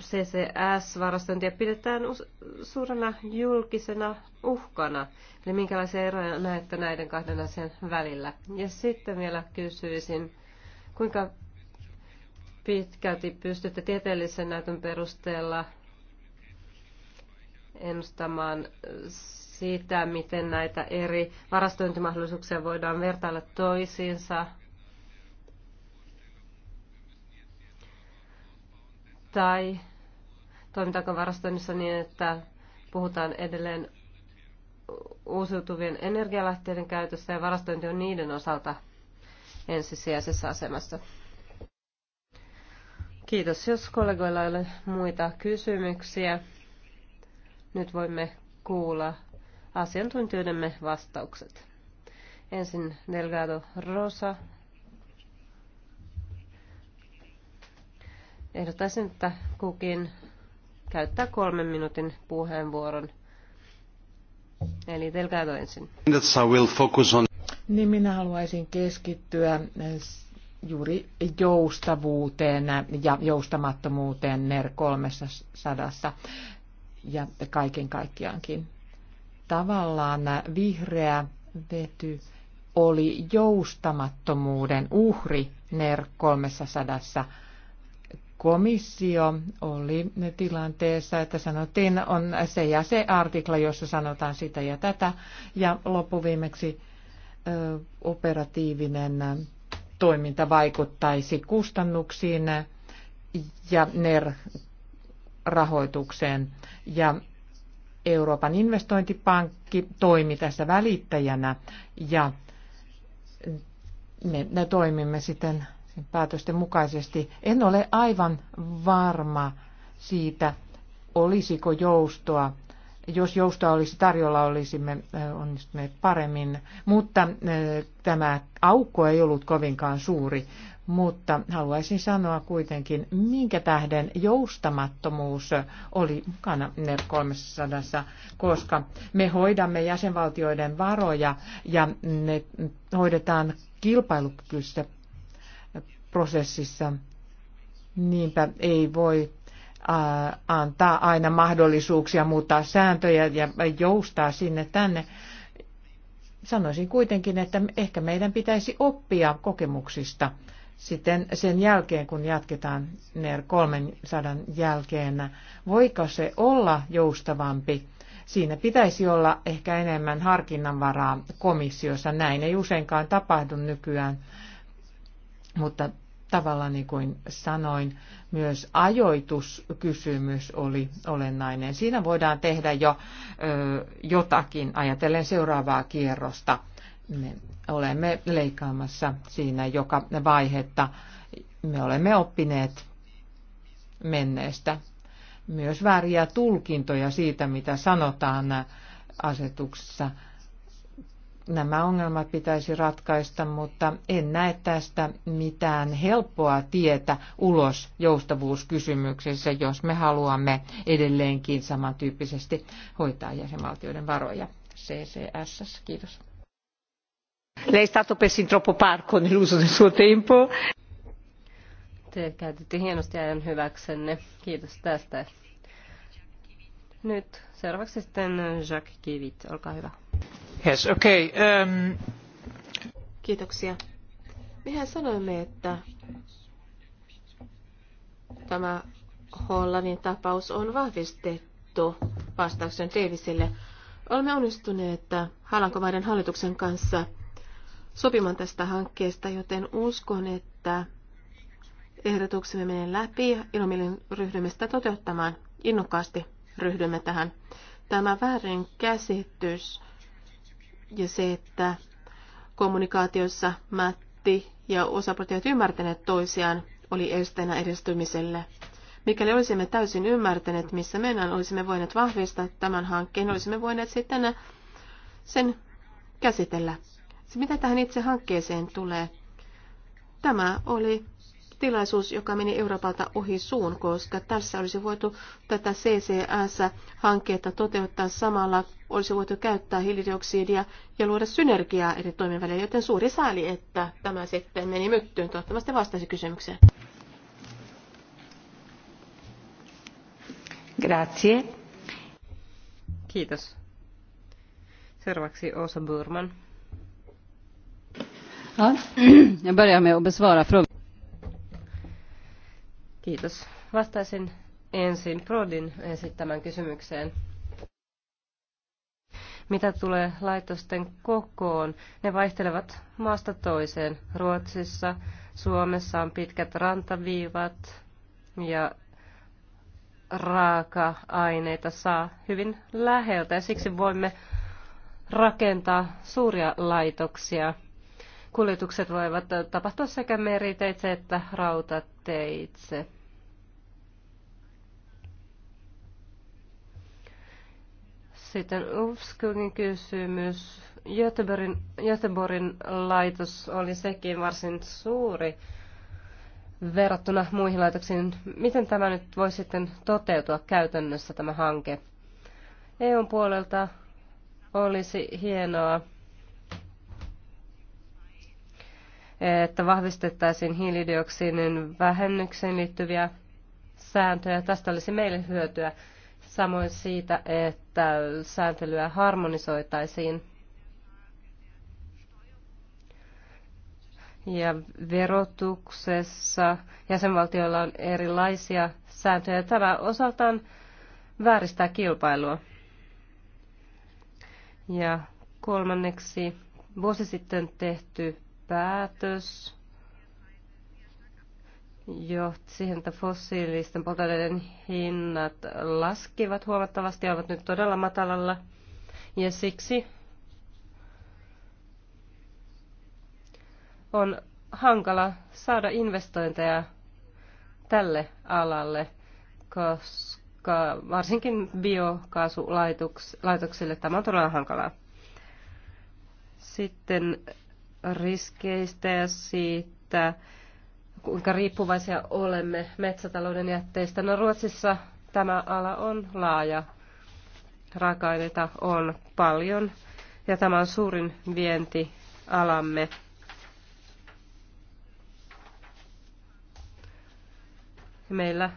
CCS-varastointia pidetään suurena julkisena uhkana. Eli minkälaisia eroja näette näiden kahden asian välillä? Ja sitten vielä kysyisin, kuinka pitkälti pystytte tieteellisen näytön perusteella ennustamaan sitä, miten näitä eri varastointimahdollisuuksia voidaan vertailla toisiinsa. Tai toimitaanko varastoinnissa niin, että puhutaan edelleen uusiutuvien energialähteiden käytöstä ja varastointi on niiden osalta ensisijaisessa asemassa. Kiitos. Jos kollegoilla ei ole muita kysymyksiä, nyt voimme kuulla asiantuntijoidemme vastaukset. Ensin Delgado Rosa. Ehdottaisin, että kukin käyttää kolmen minuutin puheenvuoron. Eli Delgado ensin. Niin minä haluaisin keskittyä juuri joustavuuteen ja joustamattomuuteen NER 300 ja kaiken kaikkiaankin. Tavallaan vihreä vety oli joustamattomuuden uhri NER 300. Komissio oli tilanteessa, että sanottiin, on se ja se artikla, jossa sanotaan sitä ja tätä, ja loppuviimeksi ö, operatiivinen toiminta vaikuttaisi kustannuksiin ja NER-rahoitukseen. Ja Euroopan investointipankki toimi tässä välittäjänä ja me, me toimimme sitten päätösten mukaisesti. En ole aivan varma siitä, olisiko joustoa jos joustoa olisi tarjolla, olisimme onnistuneet paremmin. Mutta tämä aukko ei ollut kovinkaan suuri. Mutta haluaisin sanoa kuitenkin, minkä tähden joustamattomuus oli mukana NER 300, koska me hoidamme jäsenvaltioiden varoja ja ne hoidetaan kilpailukykyisessä prosessissa. Niinpä ei voi antaa aina mahdollisuuksia muuttaa sääntöjä ja joustaa sinne tänne. Sanoisin kuitenkin, että ehkä meidän pitäisi oppia kokemuksista sitten sen jälkeen, kun jatketaan NER 300 jälkeen. Voiko se olla joustavampi? Siinä pitäisi olla ehkä enemmän harkinnanvaraa komissiossa. Näin ei useinkaan tapahdu nykyään, mutta tavalla niin kuin sanoin, myös ajoituskysymys oli olennainen. Siinä voidaan tehdä jo ö, jotakin, ajatellen seuraavaa kierrosta. Me olemme leikkaamassa siinä joka vaihetta. Me olemme oppineet menneestä myös vääriä tulkintoja siitä, mitä sanotaan asetuksessa nämä ongelmat pitäisi ratkaista, mutta en näe tästä mitään helppoa tietä ulos joustavuuskysymyksessä, jos me haluamme edelleenkin samantyyppisesti hoitaa jäsenvaltioiden varoja CCS. Kiitos. Lei stato persin troppo parco nell'uso del suo tempo. Te käytitte hienosti ajan hyväksenne. Kiitos tästä. Nyt seuraavaksi sitten Jacques Kivit, olkaa hyvä. Yes, okay. Um... Kiitoksia. Mehän sanoimme, että tämä Hollannin tapaus on vahvistettu vastauksen Davisille. Olemme onnistuneet Halankomaiden hallituksen kanssa sopimaan tästä hankkeesta, joten uskon, että ehdotuksemme menee läpi ja ilomielin ryhdymme sitä toteuttamaan. Innokkaasti ryhdymme tähän. Tämä väärinkäsitys ja se, että kommunikaatiossa Matti ja osapuolet eivät ymmärtäneet toisiaan, oli esteenä edistymiselle. Mikäli olisimme täysin ymmärtäneet, missä mennään, olisimme voineet vahvistaa tämän hankkeen, olisimme voineet sitten äh, sen käsitellä. Se, mitä tähän itse hankkeeseen tulee, tämä oli tilaisuus, joka meni Euroopalta ohi suun, koska tässä olisi voitu tätä CCS-hankkeetta toteuttaa samalla, olisi voitu käyttää hiilidioksidia ja luoda synergiaa eri toimien välillä, joten suuri sääli, että tämä sitten meni myttyyn. Toivottavasti vastasi kysymykseen. Grazie. Kiitos. Seuraavaksi Osa Burman. Ja, jag börjar med att besvara frågan. Kiitos. Vastaisin ensin Prodin esittämään kysymykseen. Mitä tulee laitosten kokoon, ne vaihtelevat maasta toiseen. Ruotsissa, Suomessa on pitkät rantaviivat ja raaka-aineita saa hyvin läheltä ja siksi voimme rakentaa suuria laitoksia. Kuljetukset voivat tapahtua sekä meriteitse että rautat teitse. Sitten Ufskungin kysymys. Göteborgin, Göteborgin laitos oli sekin varsin suuri verrattuna muihin laitoksiin. Miten tämä nyt voi sitten toteutua käytännössä tämä hanke? EUn puolelta olisi hienoa, että vahvistettaisiin hiilidioksidin vähennykseen liittyviä sääntöjä. Tästä olisi meille hyötyä. Samoin siitä, että sääntelyä harmonisoitaisiin. Ja verotuksessa jäsenvaltioilla on erilaisia sääntöjä. Tämä osaltaan vääristää kilpailua. Ja kolmanneksi vuosi sitten tehty päätös johti siihen, että fossiilisten polttoaineiden hinnat laskivat huomattavasti ja ovat nyt todella matalalla. Ja siksi on hankala saada investointeja tälle alalle, koska varsinkin biokaasulaitoksille tämä on todella hankalaa. Sitten riskeistä ja siitä, kuinka riippuvaisia olemme metsätalouden jätteistä. No Ruotsissa tämä ala on laaja. Raaka-aineita on paljon ja tämä on suurin vientialamme. Meillä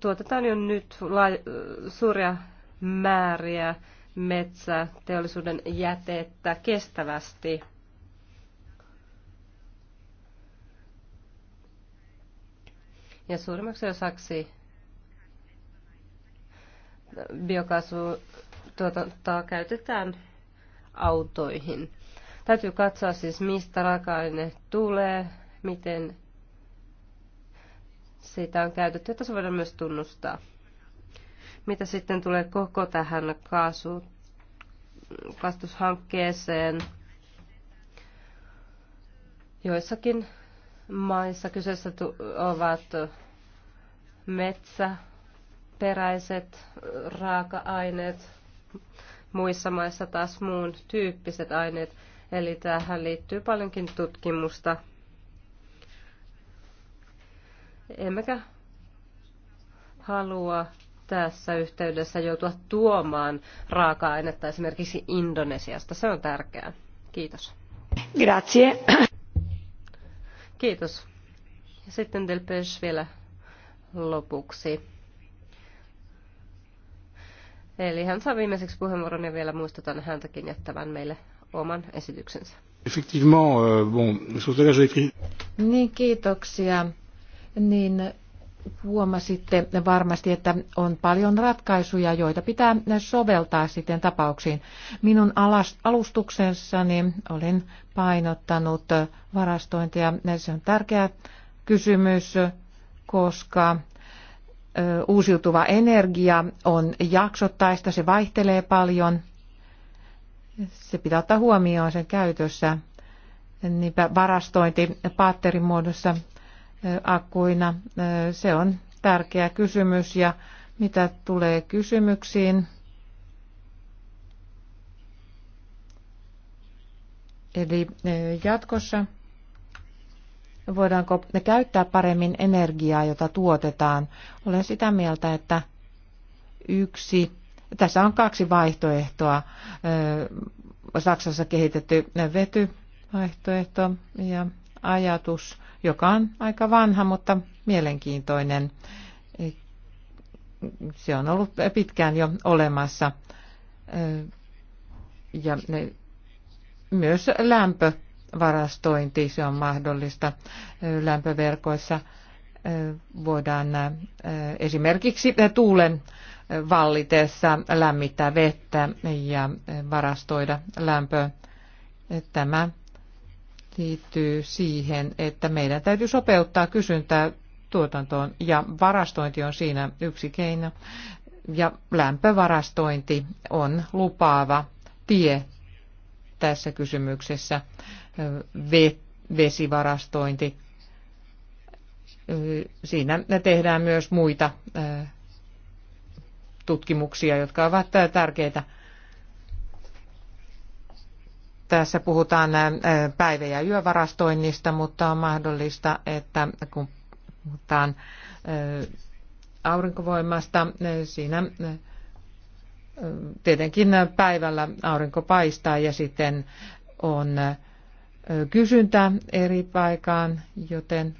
tuotetaan jo nyt suuria määriä metsäteollisuuden jätettä kestävästi. Ja suurimmaksi osaksi biokaasutuotantoa käytetään autoihin. Täytyy katsoa siis, mistä raaka-aine tulee, miten sitä on käytetty, että se voidaan myös tunnustaa. Mitä sitten tulee koko tähän kaasu, kastushankkeeseen, joissakin maissa kyseessä ovat metsäperäiset raaka-aineet, muissa maissa taas muun tyyppiset aineet. Eli tähän liittyy paljonkin tutkimusta. Emmekä halua tässä yhteydessä joutua tuomaan raaka-ainetta esimerkiksi Indonesiasta. Se on tärkeää. Kiitos. Grazie. Kiitos. Ja sitten Delpes vielä lopuksi. Eli hän saa viimeiseksi puheenvuoron ja vielä muistutan häntäkin jättävän meille oman esityksensä. Effectivement, euh, bon, Niin, kiitoksia. Niin huomasitte varmasti, että on paljon ratkaisuja, joita pitää soveltaa sitten tapauksiin. Minun alustuksessani olen painottanut varastointia. Se on tärkeä kysymys, koska uusiutuva energia on jaksottaista, se vaihtelee paljon. Se pitää ottaa huomioon sen käytössä. Niinpä varastointi patterin muodossa akkuina. Se on tärkeä kysymys ja mitä tulee kysymyksiin, Eli jatkossa voidaanko ne käyttää paremmin energiaa, jota tuotetaan. Olen sitä mieltä, että yksi, tässä on kaksi vaihtoehtoa. Saksassa kehitetty vetyvaihtoehto ja ajatus joka on aika vanha, mutta mielenkiintoinen. Se on ollut pitkään jo olemassa. Ja myös lämpövarastointi, se on mahdollista lämpöverkoissa. E, voidaan e, esimerkiksi tuulen vallitessa lämmittää vettä ja varastoida lämpöä. Tämä liittyy siihen, että meidän täytyy sopeuttaa kysyntää tuotantoon ja varastointi on siinä yksi keino. Ja lämpövarastointi on lupaava tie tässä kysymyksessä. Vesivarastointi. Siinä tehdään myös muita tutkimuksia, jotka ovat tärkeitä tässä puhutaan päivä- ja yövarastoinnista, mutta on mahdollista, että kun puhutaan aurinkovoimasta, siinä tietenkin päivällä aurinko paistaa ja sitten on kysyntä eri paikaan, joten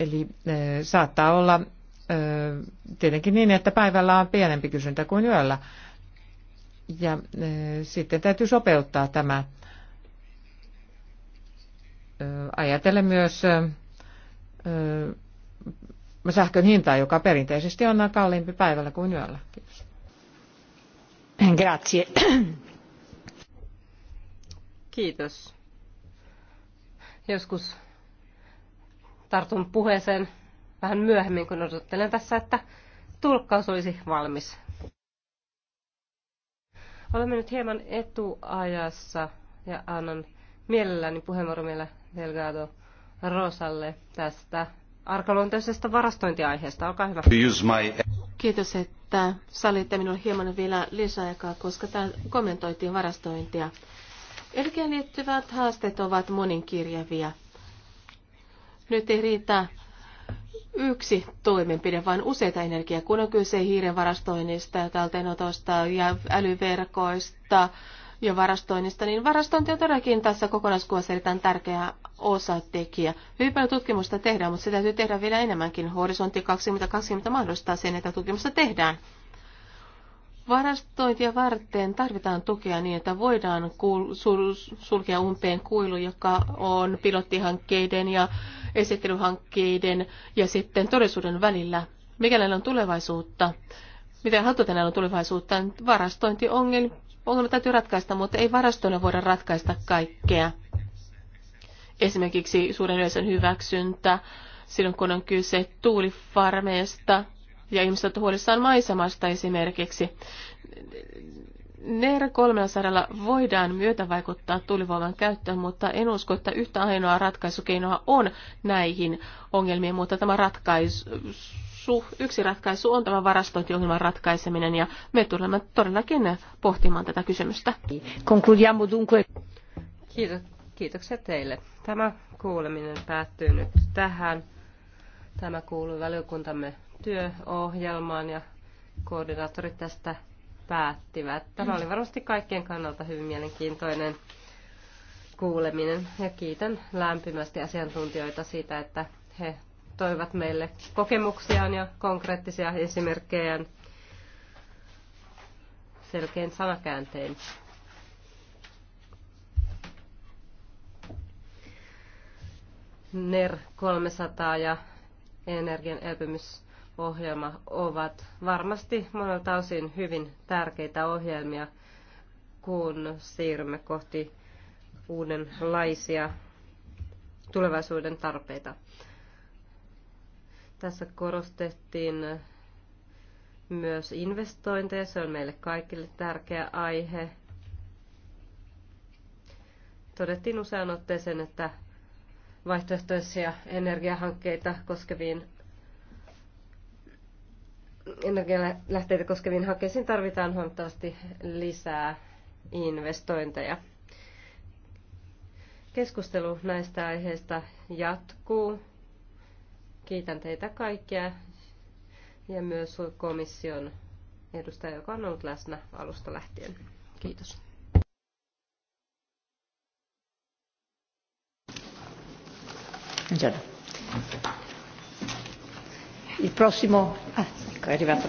eli saattaa olla tietenkin niin, että päivällä on pienempi kysyntä kuin yöllä ja sitten täytyy sopeuttaa tämä. Ajatellen myös sähkön hintaa, joka perinteisesti on kalliimpi päivällä kuin yöllä. Kiitos. Grazie. Kiitos. Joskus tartun puheeseen vähän myöhemmin, kun odottelen tässä, että tulkkaus olisi valmis Olemme nyt hieman etuajassa ja annan mielelläni puheenvuoron vielä Delgado Rosalle tästä arkaluontoisesta varastointiaiheesta. Olkaa hyvä. Kiitos, että salitte minulle hieman vielä lisäaikaa, koska täällä kommentoitiin varastointia. Elkeen liittyvät haasteet ovat moninkirjavia. Nyt ei riitä yksi toimenpide, vaan useita energiaa, kun on kyse hiiren varastoinnista, talteenotosta ja älyverkoista ja varastoinnista, niin varastointi on todellakin tässä kokonaiskuvassa erittäin tärkeä osatekijä. Hyvin paljon tutkimusta tehdään, mutta se täytyy tehdä vielä enemmänkin. Horisontti 2020 mahdollistaa sen, että tutkimusta tehdään. Varastointia varten tarvitaan tukea niin, että voidaan sulkea umpeen kuilu, joka on pilottihankkeiden ja esittelyhankkeiden ja sitten todellisuuden välillä. Mikä näillä on tulevaisuutta? Mitä haluatte näillä on tulevaisuutta? Varastointiongelma täytyy ratkaista, mutta ei varastoilla voida ratkaista kaikkea. Esimerkiksi suuren yleisön hyväksyntä, silloin kun on kyse tuulifarmeista – ja ihmiset ovat huolissaan maisemasta esimerkiksi. Neera 300 voidaan vaikuttaa tulivoiman käyttöön, mutta en usko, että yhtä ainoa ratkaisukeinoa on näihin ongelmiin, mutta tämä ratkaisu, yksi ratkaisu on tämä varastointiongelman ratkaiseminen ja me tulemme todellakin pohtimaan tätä kysymystä. Kiitos, kiitoksia teille. Tämä kuuleminen päättyy nyt tähän. Tämä kuuluu valiokuntamme työohjelmaan ja koordinaattorit tästä päättivät. Tämä oli varmasti kaikkien kannalta hyvin mielenkiintoinen kuuleminen ja kiitän lämpimästi asiantuntijoita siitä, että he toivat meille kokemuksiaan ja konkreettisia esimerkkejä selkein sanakääntein. NER 300 ja energian elpymys ohjelma ovat varmasti monelta osin hyvin tärkeitä ohjelmia, kun siirrymme kohti uudenlaisia tulevaisuuden tarpeita. Tässä korostettiin myös investointeja, se on meille kaikille tärkeä aihe. Todettiin usean otteeseen, että vaihtoehtoisia energiahankkeita koskeviin energialähteitä koskeviin hakeisiin tarvitaan huomattavasti lisää investointeja. Keskustelu näistä aiheista jatkuu. Kiitän teitä kaikkia ja myös komission edustaja, joka on ollut läsnä alusta lähtien. Kiitos. Il prossimo... Ah è arrivata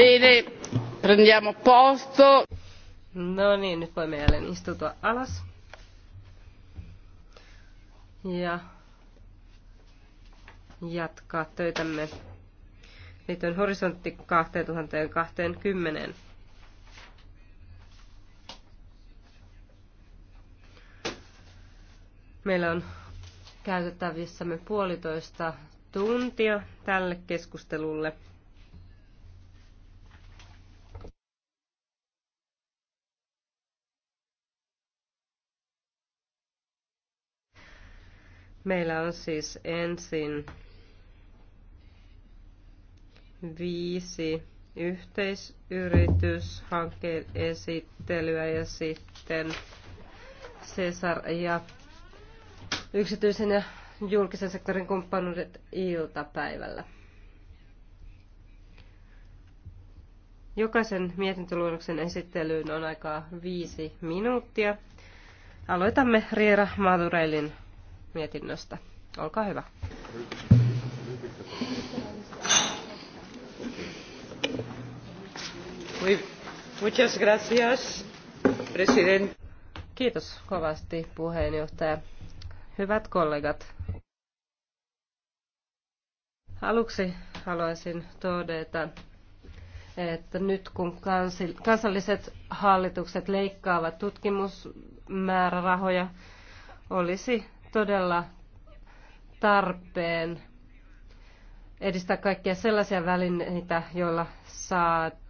Bene, prendiamo posto. No niin, nyt voimme jälleen istutua alas. Ja jatkaa töitämme liittyen horisontti 2020. Meillä on käytettävissämme puolitoista tuntia tälle keskustelulle. Meillä on siis ensin viisi yhteisyrityshankkeen esittelyä ja sitten Cesar ja yksityisen ja julkisen sektorin kumppanuudet iltapäivällä. Jokaisen mietintöluonnoksen esittelyyn on aikaa viisi minuuttia. Aloitamme Riera Madurelin mietinnöstä. Olkaa hyvä. Muchas gracias, Kiitos kovasti puheenjohtaja. Hyvät kollegat, aluksi haluaisin todeta, että nyt kun kansalliset hallitukset leikkaavat tutkimusmäärärahoja, olisi todella tarpeen edistää kaikkia sellaisia välineitä, joilla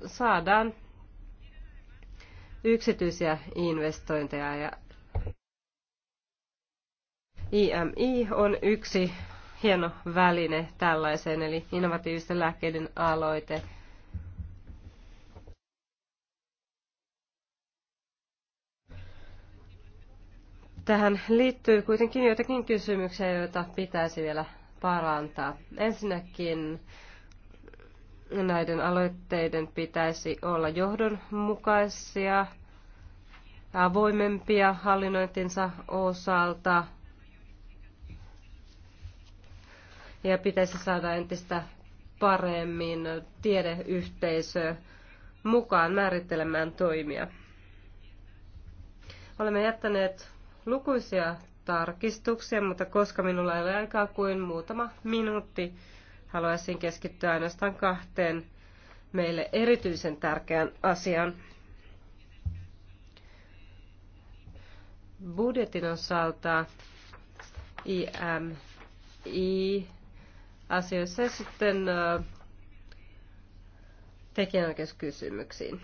saadaan yksityisiä investointeja. Ja IMI on yksi hieno väline tällaiseen, eli innovatiivisten lääkkeiden aloite. Tähän liittyy kuitenkin joitakin kysymyksiä, joita pitäisi vielä parantaa. Ensinnäkin näiden aloitteiden pitäisi olla johdonmukaisia, avoimempia hallinnointinsa osalta ja pitäisi saada entistä paremmin tiedeyhteisö mukaan määrittelemään toimia. Olemme jättäneet lukuisia tarkistuksia, mutta koska minulla ei ole aikaa kuin muutama minuutti, haluaisin keskittyä ainoastaan kahteen meille erityisen tärkeään asian Budjetin osalta IMI asioissa ja sitten tekijänoikeuskysymyksiin.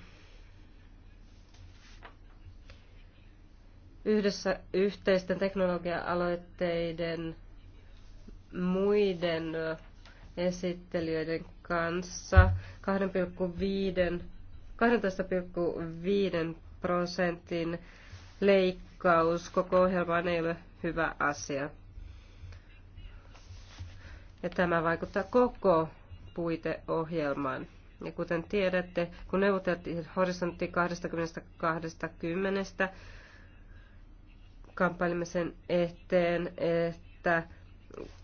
yhdessä yhteisten teknologia-aloitteiden muiden esittelijöiden kanssa 2,5 12,5 prosentin leikkaus koko ohjelmaan ei ole hyvä asia. Ja tämä vaikuttaa koko puiteohjelmaan. Ja kuten tiedätte, kun neuvoteltiin horisontti 2020, kamppailemisen eteen, että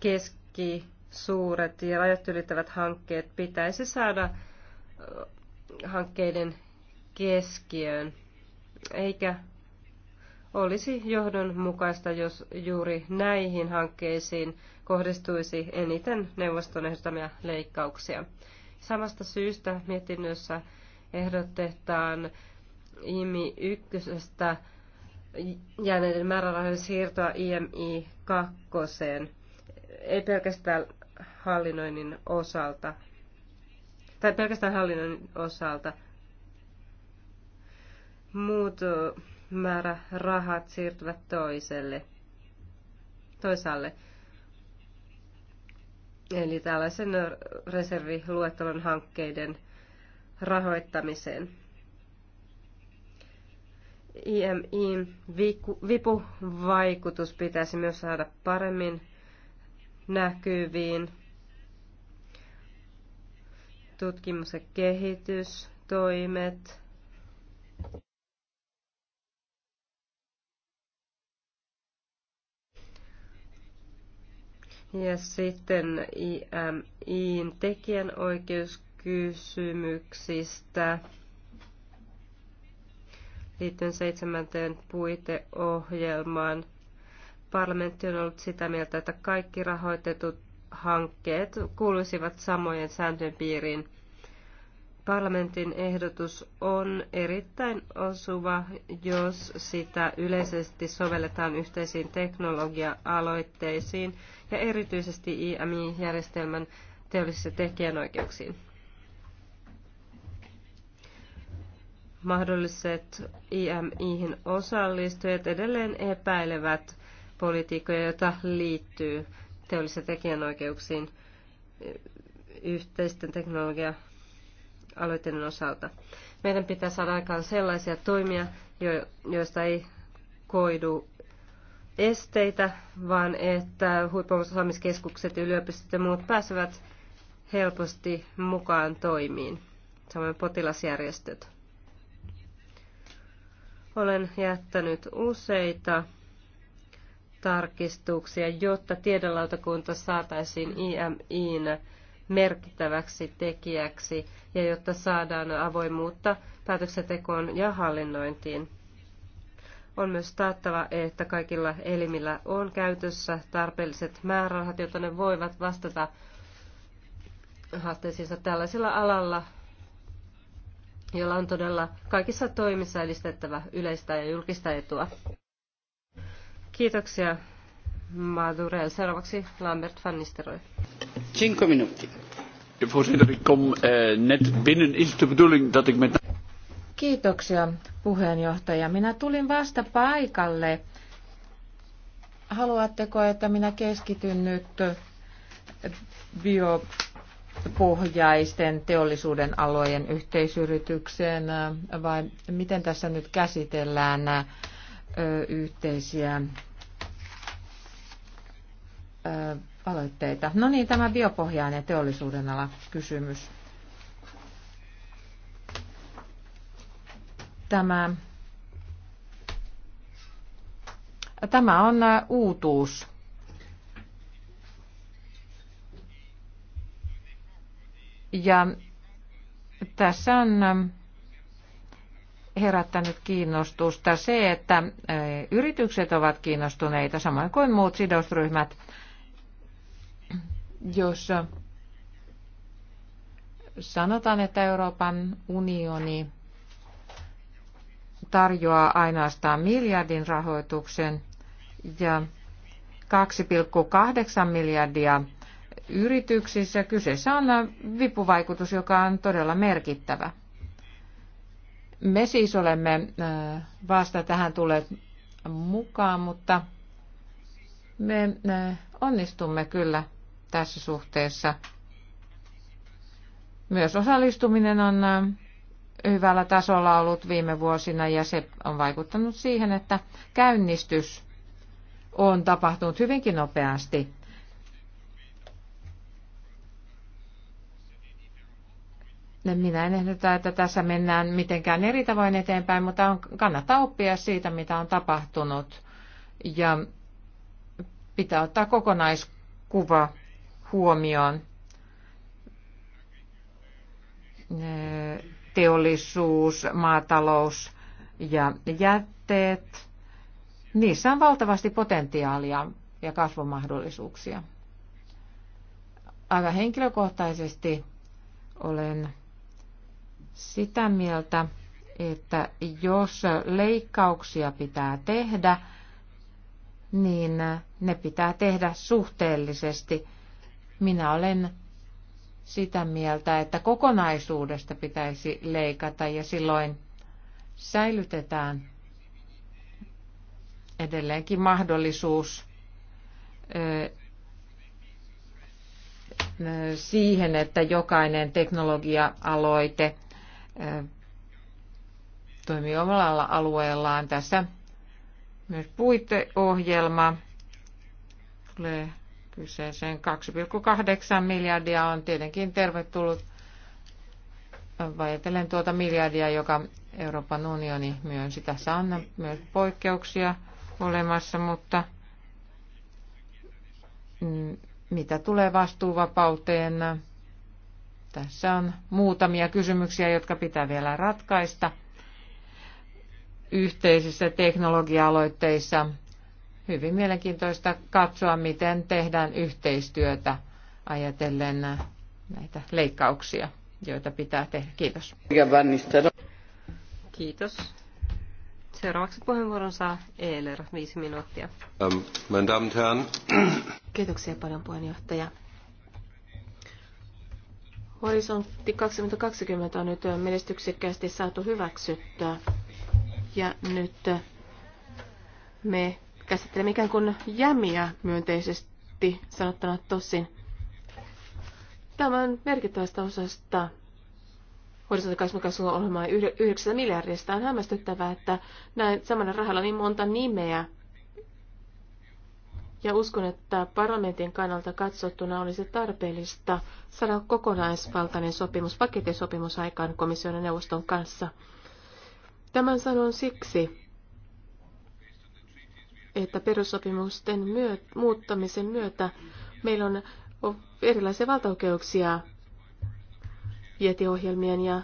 keski suuret ja rajat ylittävät hankkeet pitäisi saada hankkeiden keskiöön, eikä olisi johdonmukaista, jos juuri näihin hankkeisiin kohdistuisi eniten neuvoston ehdottamia leikkauksia. Samasta syystä mietinnössä ehdotetaan IMI ykkösestä jääneiden määrärahojen siirtoa IMI 2, ei pelkästään hallinnoinnin osalta, tai pelkästään hallinnoinnin osalta. Muut määrärahat siirtyvät toiselle, toisaalle. Eli tällaisen reserviluettelon hankkeiden rahoittamiseen. IMIin vipuvaikutus pitäisi myös saada paremmin näkyviin. Tutkimus- ja kehitystoimet. Ja sitten IMIin tekijänoikeuskysymyksistä liittyen seitsemänteen puiteohjelmaan. Parlamentti on ollut sitä mieltä, että kaikki rahoitetut hankkeet kuuluisivat samojen sääntöjen piiriin. Parlamentin ehdotus on erittäin osuva, jos sitä yleisesti sovelletaan yhteisiin teknologia-aloitteisiin ja erityisesti IMI-järjestelmän teollisissa tekijänoikeuksiin. mahdolliset IMIhin osallistujat edelleen epäilevät politiikkoja, joita liittyy teollis- tekijänoikeuksiin yhteisten teknologia aloitteiden osalta. Meidän pitää saada aikaan sellaisia toimia, joista ei koidu esteitä, vaan että huippuosaamiskeskukset, yliopistot ja muut pääsevät helposti mukaan toimiin, samoin potilasjärjestöt. Olen jättänyt useita tarkistuksia, jotta tiedelautakunta saataisiin IMIin merkittäväksi tekijäksi ja jotta saadaan avoimuutta päätöksentekoon ja hallinnointiin. On myös taattava, että kaikilla elimillä on käytössä tarpeelliset määrärahat, jotta ne voivat vastata haasteisiinsa tällaisella alalla jolla on todella kaikissa toimissa edistettävä yleistä ja julkista etua. Kiitoksia Madurel. Seuraavaksi Lambert van Nistelrooy. Cinque minuuttia. Voorzitter, ik kom eh, net binnen. Is de bedoeling dat ik met... Kiitoksia puheenjohtaja. Minä tulin vasta paikalle. Haluatteko, että minä keskityn nyt bio pohjaisten teollisuuden alojen yhteisyritykseen, vai miten tässä nyt käsitellään yhteisiä aloitteita? No niin, tämä biopohjainen teollisuuden ala kysymys. Tämä, tämä on uutuus Ja tässä on ähm, herättänyt kiinnostusta se, että äh, yritykset ovat kiinnostuneita, samoin kuin muut sidosryhmät, jos äh, sanotaan, että Euroopan unioni tarjoaa ainoastaan miljardin rahoituksen ja 2,8 miljardia yrityksissä kyseessä on vipuvaikutus, joka on todella merkittävä. Me siis olemme vasta tähän tulleet mukaan, mutta me onnistumme kyllä tässä suhteessa. Myös osallistuminen on hyvällä tasolla ollut viime vuosina ja se on vaikuttanut siihen, että käynnistys on tapahtunut hyvinkin nopeasti Minä en ehdota, että tässä mennään mitenkään eri tavoin eteenpäin, mutta on, kannattaa oppia siitä, mitä on tapahtunut. Ja pitää ottaa kokonaiskuva huomioon. Teollisuus, maatalous ja jätteet. Niissä on valtavasti potentiaalia ja kasvumahdollisuuksia. Aivan henkilökohtaisesti olen sitä mieltä, että jos leikkauksia pitää tehdä, niin ne pitää tehdä suhteellisesti. Minä olen sitä mieltä, että kokonaisuudesta pitäisi leikata ja silloin säilytetään edelleenkin mahdollisuus siihen, että jokainen teknologia-aloite – toimii omalla alueellaan. Tässä myös puiteohjelma tulee kyseeseen. 2,8 miljardia on tietenkin tervetullut vajatellen tuota miljardia, joka Euroopan unioni myönsi. Tässä on myös poikkeuksia olemassa, mutta mitä tulee vastuuvapauteen, tässä on muutamia kysymyksiä, jotka pitää vielä ratkaista yhteisissä teknologia-aloitteissa. Hyvin mielenkiintoista katsoa, miten tehdään yhteistyötä ajatellen näitä leikkauksia, joita pitää tehdä. Kiitos. Kiitos. Seuraavaksi puheenvuoron saa Eeler, viisi minuuttia. Ähm, Kiitoksia paljon puheenjohtaja. Horisontti 2020 on nyt menestyksekkäästi saatu hyväksyttyä. Ja nyt me käsittelemme ikään kuin jämiä myönteisesti sanottuna tosin. Tämän merkittävästä osasta horisontti 2020 ohjelmaa 9 miljardista on hämmästyttävää, että näin samana rahalla niin monta nimeä ja uskon, että parlamentin kannalta katsottuna olisi tarpeellista saada kokonaisvaltainen sopimus, pakettisopimus aikaan komission ja neuvoston kanssa. Tämän sanon siksi, että perussopimusten myöt, muuttamisen myötä meillä on erilaisia valtaoikeuksia vietiohjelmien ja,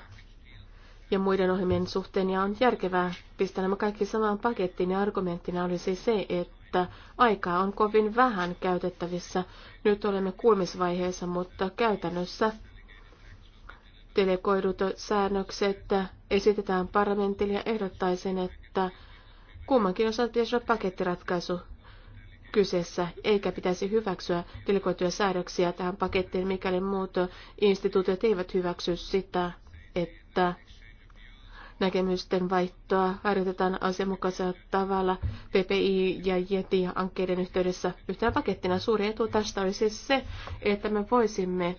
ja muiden ohjelmien suhteen, ja on järkevää pistää nämä kaikki samaan pakettiin, ja argumenttina olisi se, että että aikaa on kovin vähän käytettävissä. Nyt olemme kuumisvaiheessa, mutta käytännössä delegoidut säännökset esitetään parlamentille ja ehdottaisin, että kummankin osalta pitäisi olla pakettiratkaisu kyseessä, eikä pitäisi hyväksyä delegoituja säädöksiä tähän pakettiin, mikäli muut instituutiot eivät hyväksy sitä, että näkemysten vaihtoa harjoitetaan asianmukaisella tavalla PPI- ja JETI-hankkeiden yhteydessä yhtenä pakettina. Suuri etu tästä olisi siis se, että me voisimme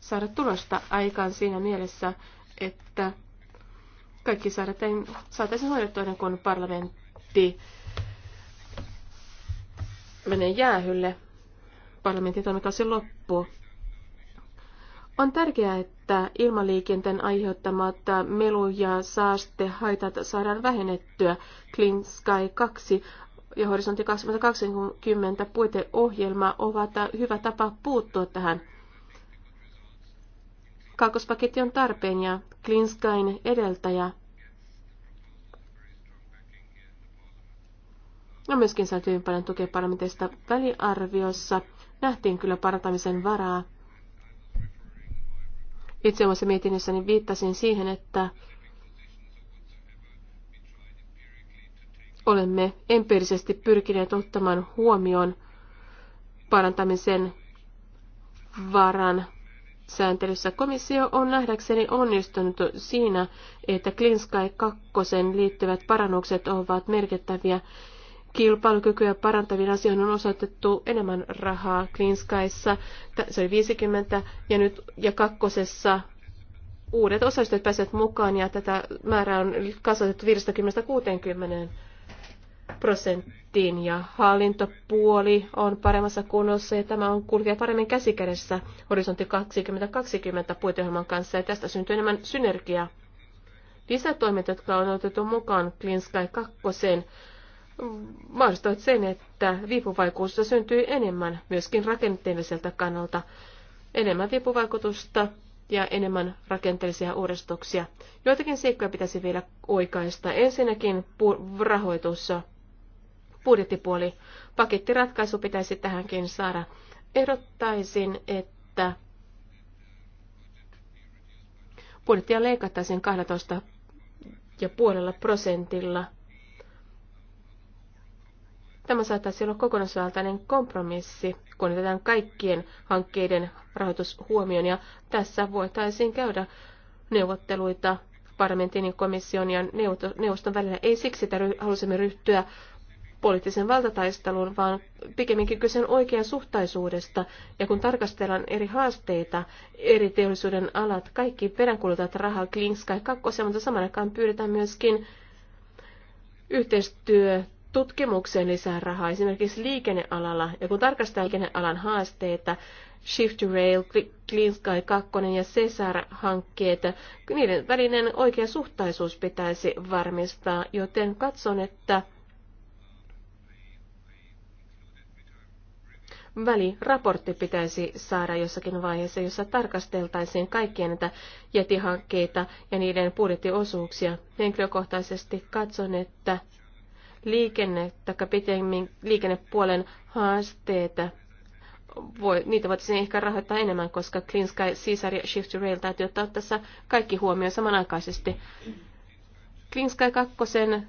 saada tulosta aikaan siinä mielessä, että kaikki saataisiin hoidettua ennen kuin parlamentti menee jäähylle. Parlamentin toimikausi loppuu. On tärkeää, että ilmaliikenteen aiheuttamat melu- ja saastehaitat saadaan vähennettyä. Clean Sky 2 ja Horisontti 2020 puiteohjelma ovat hyvä tapa puuttua tähän. Kaakospaketti on tarpeen ja Clean Skyn edeltäjä ja myöskin saatiin paljon tukea parlamentista väliarviossa. Nähtiin kyllä parantamisen varaa. Itse omassa mietinnössäni viittasin siihen, että olemme empiirisesti pyrkineet ottamaan huomioon parantamisen varan sääntelyssä. Komissio on nähdäkseni onnistunut siinä, että Clean Sky 2 liittyvät parannukset ovat merkittäviä kilpailukykyä parantaviin asioihin on osoitettu enemmän rahaa Clean Skyssa. Se oli 50 ja nyt ja kakkosessa uudet osallistujat pääsevät mukaan ja tätä määrää on kasvatettu 50-60 prosenttiin ja hallintopuoli on paremmassa kunnossa ja tämä on kulkee paremmin käsikädessä horisontti 2020 puiteohjelman kanssa ja tästä syntyy enemmän synergiaa. Lisätoimet, jotka on otettu mukaan Clean Sky 2, mahdollistavat sen, että viipuvaikutusta syntyy enemmän myöskin rakenteelliselta kannalta, enemmän viipuvaikutusta ja enemmän rakenteellisia uudistuksia. Joitakin seikkoja pitäisi vielä oikaista. Ensinnäkin pu- rahoitus, budjettipuoli, pakettiratkaisu pitäisi tähänkin saada. Ehdottaisin, että budjettia leikattaisiin 12 ja puolella prosentilla – Tämä saattaisi olla kokonaisvaltainen kompromissi, kun otetaan kaikkien hankkeiden rahoitus huomioon, ja tässä voitaisiin käydä neuvotteluita parlamentin, komission ja neuvoston välillä. Ei siksi, että halusimme ryhtyä poliittisen valtataisteluun, vaan pikemminkin kyse on oikeasuhtaisuudesta. Ja kun tarkastellaan eri haasteita, eri teollisuuden alat, kaikki peräänkuulutat rahaa, Klinska ja kakkosia, mutta samaan aikaan pyydetään myöskin yhteistyö tutkimukseen lisää rahaa esimerkiksi liikennealalla. Ja kun tarkastaa liikennealan haasteita, Shift to Rail, Clean Sky 2 ja CESAR-hankkeet, niiden välinen oikea suhtaisuus pitäisi varmistaa, joten katson, että väliraportti pitäisi saada jossakin vaiheessa, jossa tarkasteltaisiin kaikkia näitä jätihankkeita ja niiden budjettiosuuksia. Henkilökohtaisesti katson, että liikenne- tai pitemmin liikennepuolen haasteita voi, niitä voitaisiin ehkä rahoittaa enemmän, koska Clean Sky, Caesar ja Shift to Rail täytyy ottaa tässä kaikki huomioon samanaikaisesti. Clean Sky 2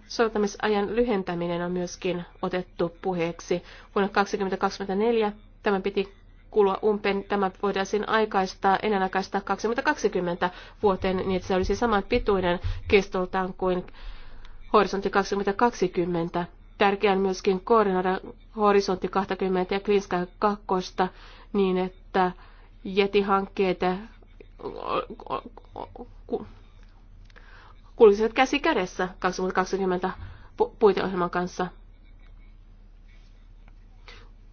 soveltamisajan lyhentäminen on myöskin otettu puheeksi. Vuonna 2024 tämä piti kulua umpeen. Tämä voidaan aikaistaa, enää aikaistaa 2020 vuoteen, niin että se olisi saman pituinen kestoltaan kuin Horisontti 2020. Tärkeää on myöskin koordinoida Horisontti 20 ja Klinska 2 niin, että jetihankkeet kulkisivat käsi kädessä 2020 puiteohjelman kanssa.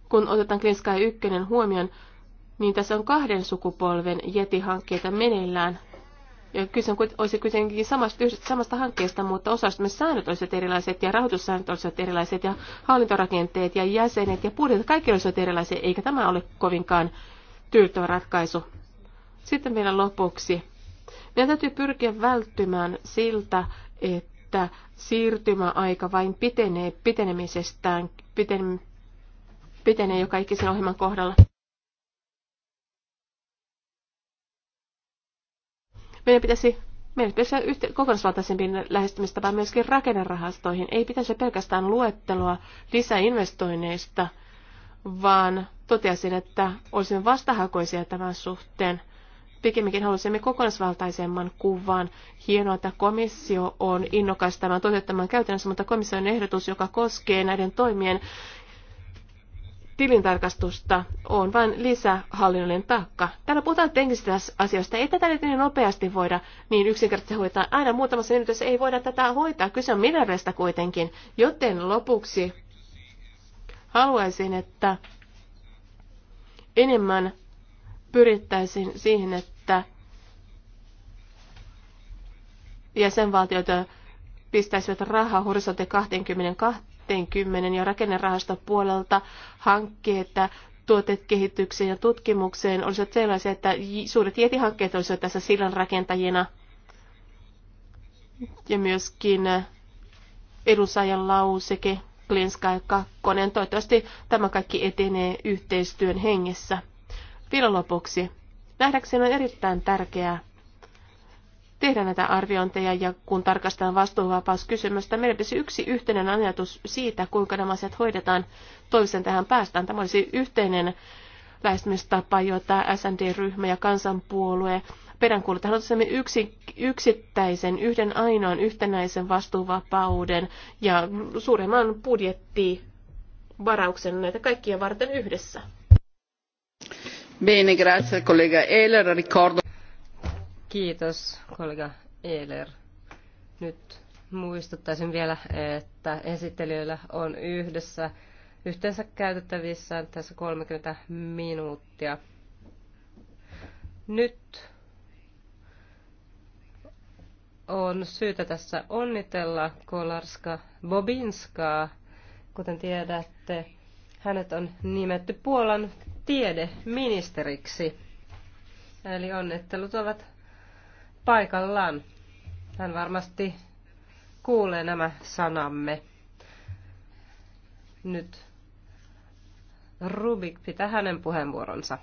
Kun otetaan Clean Sky 1 huomioon, niin tässä on kahden sukupolven jetihankkeita meneillään Kyse on, olisi kuitenkin samasta, samasta hankkeesta, mutta säännöt olisivat erilaiset ja rahoitussäännöt olisivat erilaiset ja hallintorakenteet ja jäsenet ja budjetit, kaikki olisivat erilaisia, eikä tämä ole kovinkaan tyydyttävä ratkaisu. Sitten vielä lopuksi. Meidän täytyy pyrkiä välttymään siltä, että siirtymäaika vain pitenee pitenemisestään, pitenee jo kaikki sen ohjelman kohdalla. Meidän pitäisi meidän pitäisi yhtä, kokonaisvaltaisempiin lähestymistapaan myöskin rakennerahastoihin. Ei pitäisi pelkästään luettelua lisäinvestoinneista, vaan toteasin, että olisimme vastahakoisia tämän suhteen. Pikemminkin haluaisimme kokonaisvaltaisemman kuvan. Hienoa, että komissio on innokas tämän toteuttamaan käytännössä, mutta komission ehdotus, joka koskee näiden toimien tilintarkastusta on vain lisähallinnollinen taakka. Täällä puhutaan teknisistä asioista. Ei tätä niin nopeasti voida niin yksinkertaisesti hoitaa. Aina muutamassa minuutissa ei voida tätä hoitaa. Kyse on miljardeista kuitenkin. Joten lopuksi haluaisin, että enemmän pyrittäisiin siihen, että jäsenvaltiot pistäisivät rahaa horisontti 22 20 ja rakennerahastopuolelta hankkeita tuotekehitykseen ja tutkimukseen olisivat sellaisia, että suuret jätihankkeet olisivat tässä sillan rakentajina ja myöskin edunsaajan lauseke Klinska ja Kakkonen. Toivottavasti tämä kaikki etenee yhteistyön hengessä. Vielä lopuksi. Nähdäkseni on erittäin tärkeää, tehdä näitä arviointeja ja kun tarkastetaan vastuuvapauskysymystä, meillä olisi yksi yhteinen ajatus siitä, kuinka nämä asiat hoidetaan. Toisen tähän päästään. Tämä olisi yhteinen lähestymistapa, jota SND-ryhmä ja kansanpuolue peräänkuulutaan. Otamme yksi, yksittäisen, yhden ainoan yhtenäisen vastuuvapauden ja suuremman budjettivarauksen näitä kaikkia varten yhdessä. Bene, grazie collega Ricordo... Kiitos, kollega Eeler. Nyt muistuttaisin vielä, että esittelijöillä on yhdessä yhteensä käytettävissään tässä 30 minuuttia. Nyt on syytä tässä onnitella Kolarska Bobinskaa. Kuten tiedätte, hänet on nimetty Puolan tiedeministeriksi. Eli onnittelut ovat paikallaan. Hän varmasti kuulee nämä sanamme. Nyt Rubik pitää hänen puheenvuoronsa.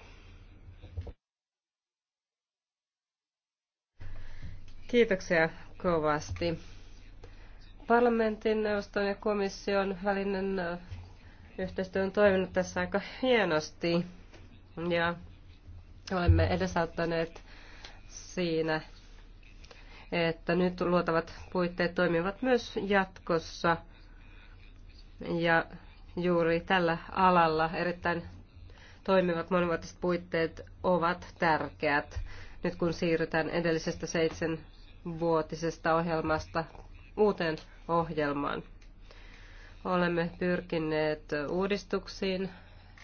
Kiitoksia kovasti. Parlamentin, neuvoston ja komission välinen yhteistyö on toiminut tässä aika hienosti ja olemme edesauttaneet siinä että nyt luotavat puitteet toimivat myös jatkossa. Ja juuri tällä alalla erittäin toimivat monivuotiset puitteet ovat tärkeät. Nyt kun siirrytään edellisestä seitsemänvuotisesta ohjelmasta uuteen ohjelmaan. Olemme pyrkineet uudistuksiin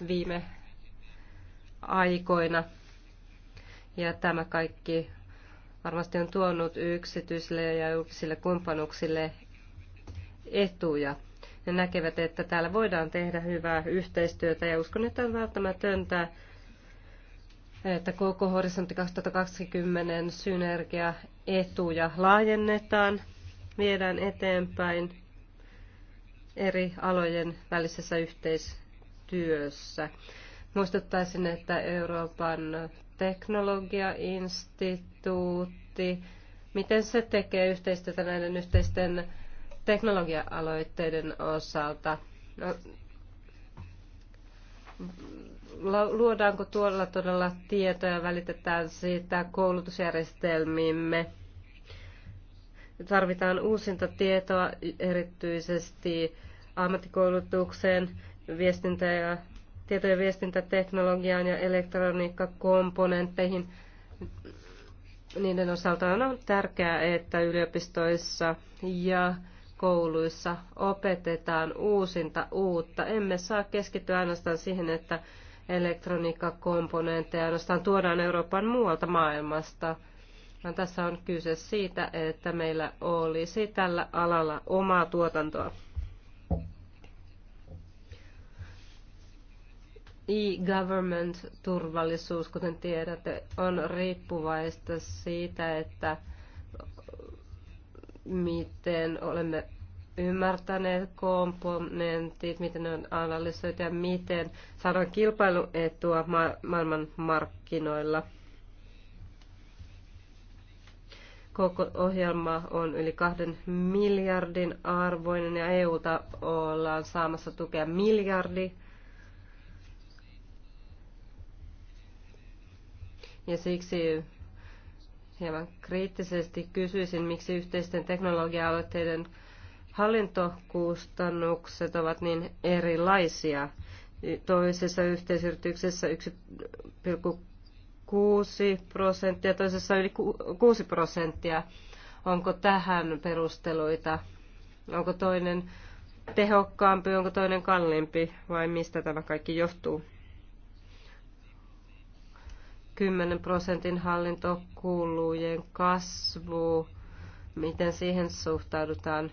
viime aikoina ja tämä kaikki varmasti on tuonut yksityisille ja julkisille kumppanuksille etuja. Ne näkevät, että täällä voidaan tehdä hyvää yhteistyötä ja uskon, että on välttämätöntä, että koko horisontti 2020 synergia etuja laajennetaan, viedään eteenpäin eri alojen välisessä yhteistyössä. Muistuttaisin, että Euroopan teknologiainstituutti, miten se tekee yhteistyötä näiden yhteisten teknologia-aloitteiden osalta? No, luodaanko tuolla todella tietoja, välitetään siitä koulutusjärjestelmiimme? Tarvitaan uusinta tietoa erityisesti ammattikoulutukseen, viestintä- ja tieto- ja viestintäteknologiaan ja elektroniikkakomponentteihin. Niiden osalta on tärkeää, että yliopistoissa ja kouluissa opetetaan uusinta uutta. Emme saa keskittyä ainoastaan siihen, että elektroniikkakomponentteja ainoastaan tuodaan Euroopan muualta maailmasta, vaan tässä on kyse siitä, että meillä olisi tällä alalla omaa tuotantoa. e-government-turvallisuus, kuten tiedätte, on riippuvaista siitä, että miten olemme ymmärtäneet komponentit, miten ne on analysoitu ja miten saadaan kilpailuetua ma- maailman markkinoilla. Koko ohjelma on yli kahden miljardin arvoinen ja EUta ollaan saamassa tukea miljardi Ja siksi hieman kriittisesti kysyisin, miksi yhteisten teknologia-aloitteiden hallintokustannukset ovat niin erilaisia. Toisessa yhteisyrityksessä 1,6 prosenttia, toisessa yli 6 prosenttia. Onko tähän perusteluita? Onko toinen tehokkaampi, onko toinen kalliimpi vai mistä tämä kaikki johtuu? 10 prosentin hallintokulujen kasvu, miten siihen suhtaudutaan.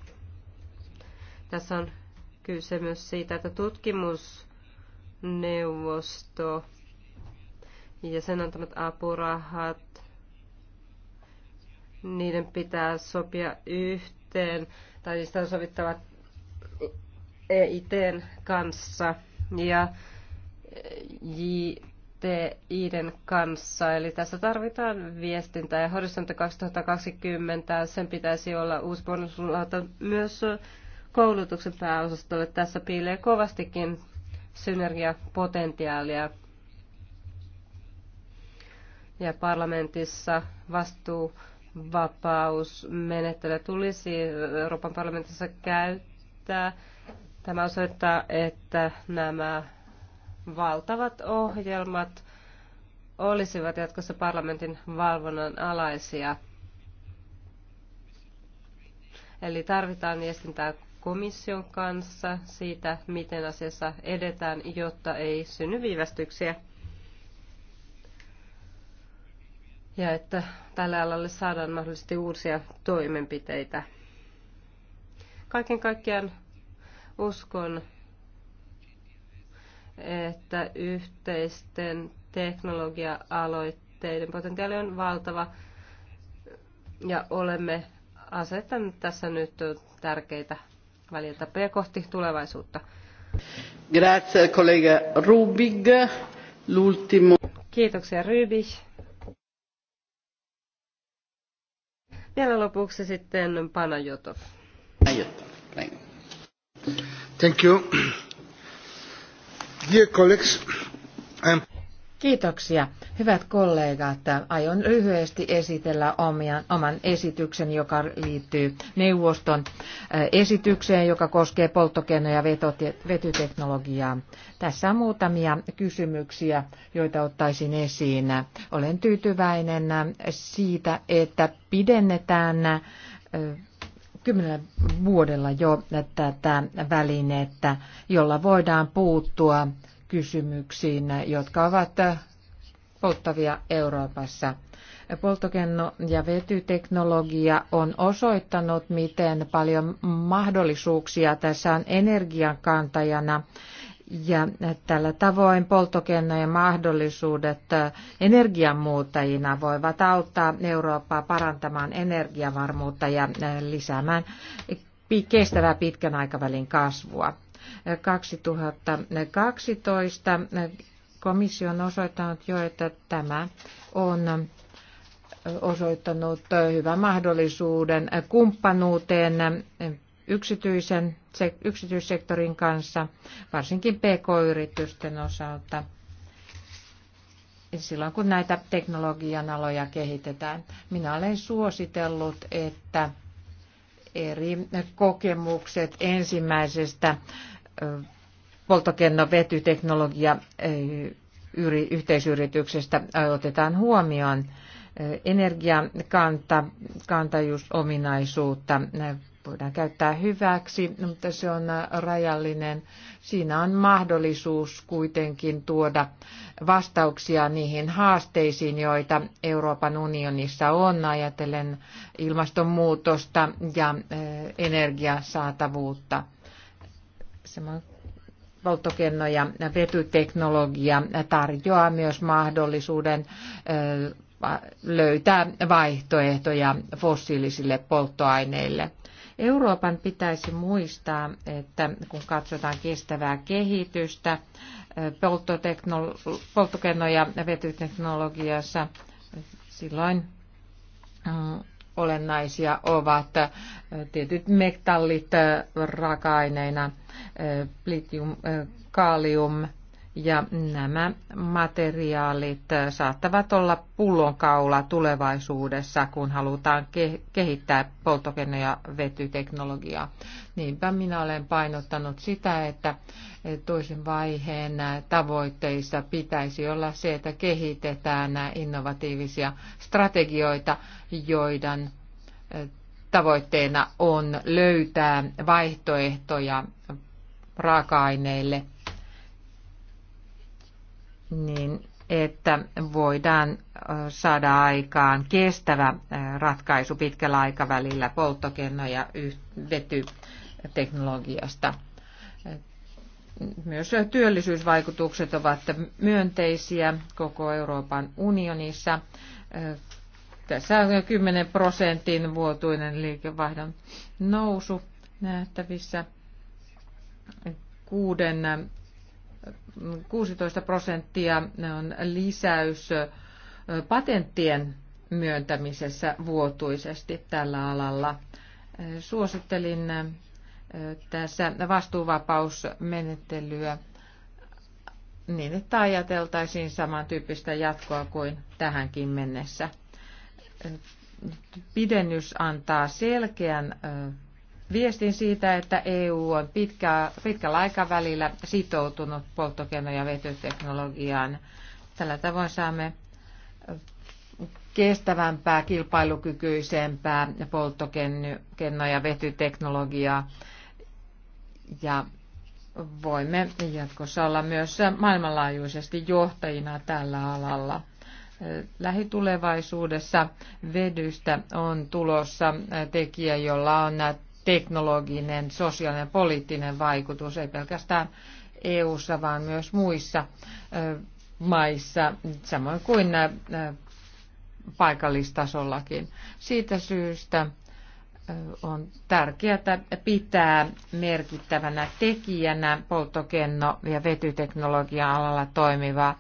Tässä on kyse myös siitä, että tutkimusneuvosto ja sen antamat apurahat, niiden pitää sopia yhteen, tai niistä on sovittava EITn kanssa. Ja STIden kanssa. Eli tässä tarvitaan viestintää ja horisontti 2020, sen pitäisi olla uusi bonuslauta myös koulutuksen pääosastolle. Tässä piilee kovastikin synergiapotentiaalia. Ja parlamentissa vastuuvapausmenettelyä tulisi Euroopan parlamentissa käyttää. Tämä osoittaa, että nämä valtavat ohjelmat olisivat jatkossa parlamentin valvonnan alaisia. Eli tarvitaan viestintää komission kanssa siitä, miten asiassa edetään, jotta ei synny viivästyksiä. Ja että tällä alalle saadaan mahdollisesti uusia toimenpiteitä. Kaiken kaikkiaan uskon, että yhteisten teknologia-aloitteiden potentiaali on valtava ja olemme asettaneet tässä nyt tärkeitä välitapoja kohti tulevaisuutta. Grazie, kollega Rubig. Kiitoksia, Rubig. Vielä lopuksi sitten Panajotov. Panajotov, Thank you. Kiitoksia. Hyvät kollegat, aion lyhyesti esitellä omia, oman esityksen, joka liittyy neuvoston äh, esitykseen, joka koskee polttokeinoja ja vetyteknologiaa. Tässä on muutamia kysymyksiä, joita ottaisin esiin. Olen tyytyväinen siitä, että pidennetään äh, kymmenellä vuodella jo tätä välinettä, jolla voidaan puuttua kysymyksiin, jotka ovat polttavia Euroopassa. Poltokenno- ja vetyteknologia on osoittanut, miten paljon mahdollisuuksia tässä on energiankantajana kantajana ja tällä tavoin polttokennojen mahdollisuudet äh, energiamuuttajina voivat auttaa Eurooppaa parantamaan energiavarmuutta ja äh, lisäämään kestävää pitkän aikavälin kasvua. 2012 äh, komissio on osoittanut jo, että tämä on osoittanut hyvän mahdollisuuden kumppanuuteen yksityisen yksityissektorin kanssa, varsinkin pk-yritysten osalta silloin kun näitä teknologian aloja kehitetään. Minä olen suositellut, että eri kokemukset ensimmäisestä vetyteknologia yhteisyrityksestä otetaan huomioon energiakantajuusominaisuutta, voidaan käyttää hyväksi, no, mutta se on äh, rajallinen. Siinä on mahdollisuus kuitenkin tuoda vastauksia niihin haasteisiin, joita Euroopan unionissa on, ajatellen ilmastonmuutosta ja äh, energiasaatavuutta. Samoin polttokenno- ja vetyteknologia tarjoaa myös mahdollisuuden äh, löytää vaihtoehtoja fossiilisille polttoaineille. Euroopan pitäisi muistaa, että kun katsotaan kestävää kehitystä polttokenno- ja vetyteknologiassa, silloin olennaisia ovat tietyt metallit raaka-aineina, litium, kalium, ja nämä materiaalit saattavat olla pullonkaula tulevaisuudessa, kun halutaan kehittää polttokenne- ja vetyteknologiaa. Niinpä minä olen painottanut sitä, että toisen vaiheen tavoitteissa pitäisi olla se, että kehitetään innovatiivisia strategioita, joiden tavoitteena on löytää vaihtoehtoja raaka-aineille – niin että voidaan saada aikaan kestävä ratkaisu pitkällä aikavälillä polttokenno- ja vetyteknologiasta. Myös työllisyysvaikutukset ovat myönteisiä koko Euroopan unionissa. Tässä on 10 prosentin vuotuinen liikevaihdon nousu nähtävissä kuuden 16 prosenttia on lisäys patenttien myöntämisessä vuotuisesti tällä alalla. Suosittelin tässä vastuuvapausmenettelyä niin, että ajateltaisiin samantyyppistä jatkoa kuin tähänkin mennessä. Pidennys antaa selkeän viestin siitä, että EU on pitkä, pitkällä aikavälillä sitoutunut polttokeino- ja vetyteknologiaan. Tällä tavoin saamme kestävämpää, kilpailukykyisempää polttokenno- ja vetyteknologiaa. Ja voimme jatkossa olla myös maailmanlaajuisesti johtajina tällä alalla. Lähitulevaisuudessa vedystä on tulossa tekijä, jolla on teknologinen, sosiaalinen, poliittinen vaikutus, ei pelkästään EU-ssa, vaan myös muissa maissa, samoin kuin paikallistasollakin. Siitä syystä on tärkeää pitää merkittävänä tekijänä polttokenno- ja vetyteknologian alalla toimivaa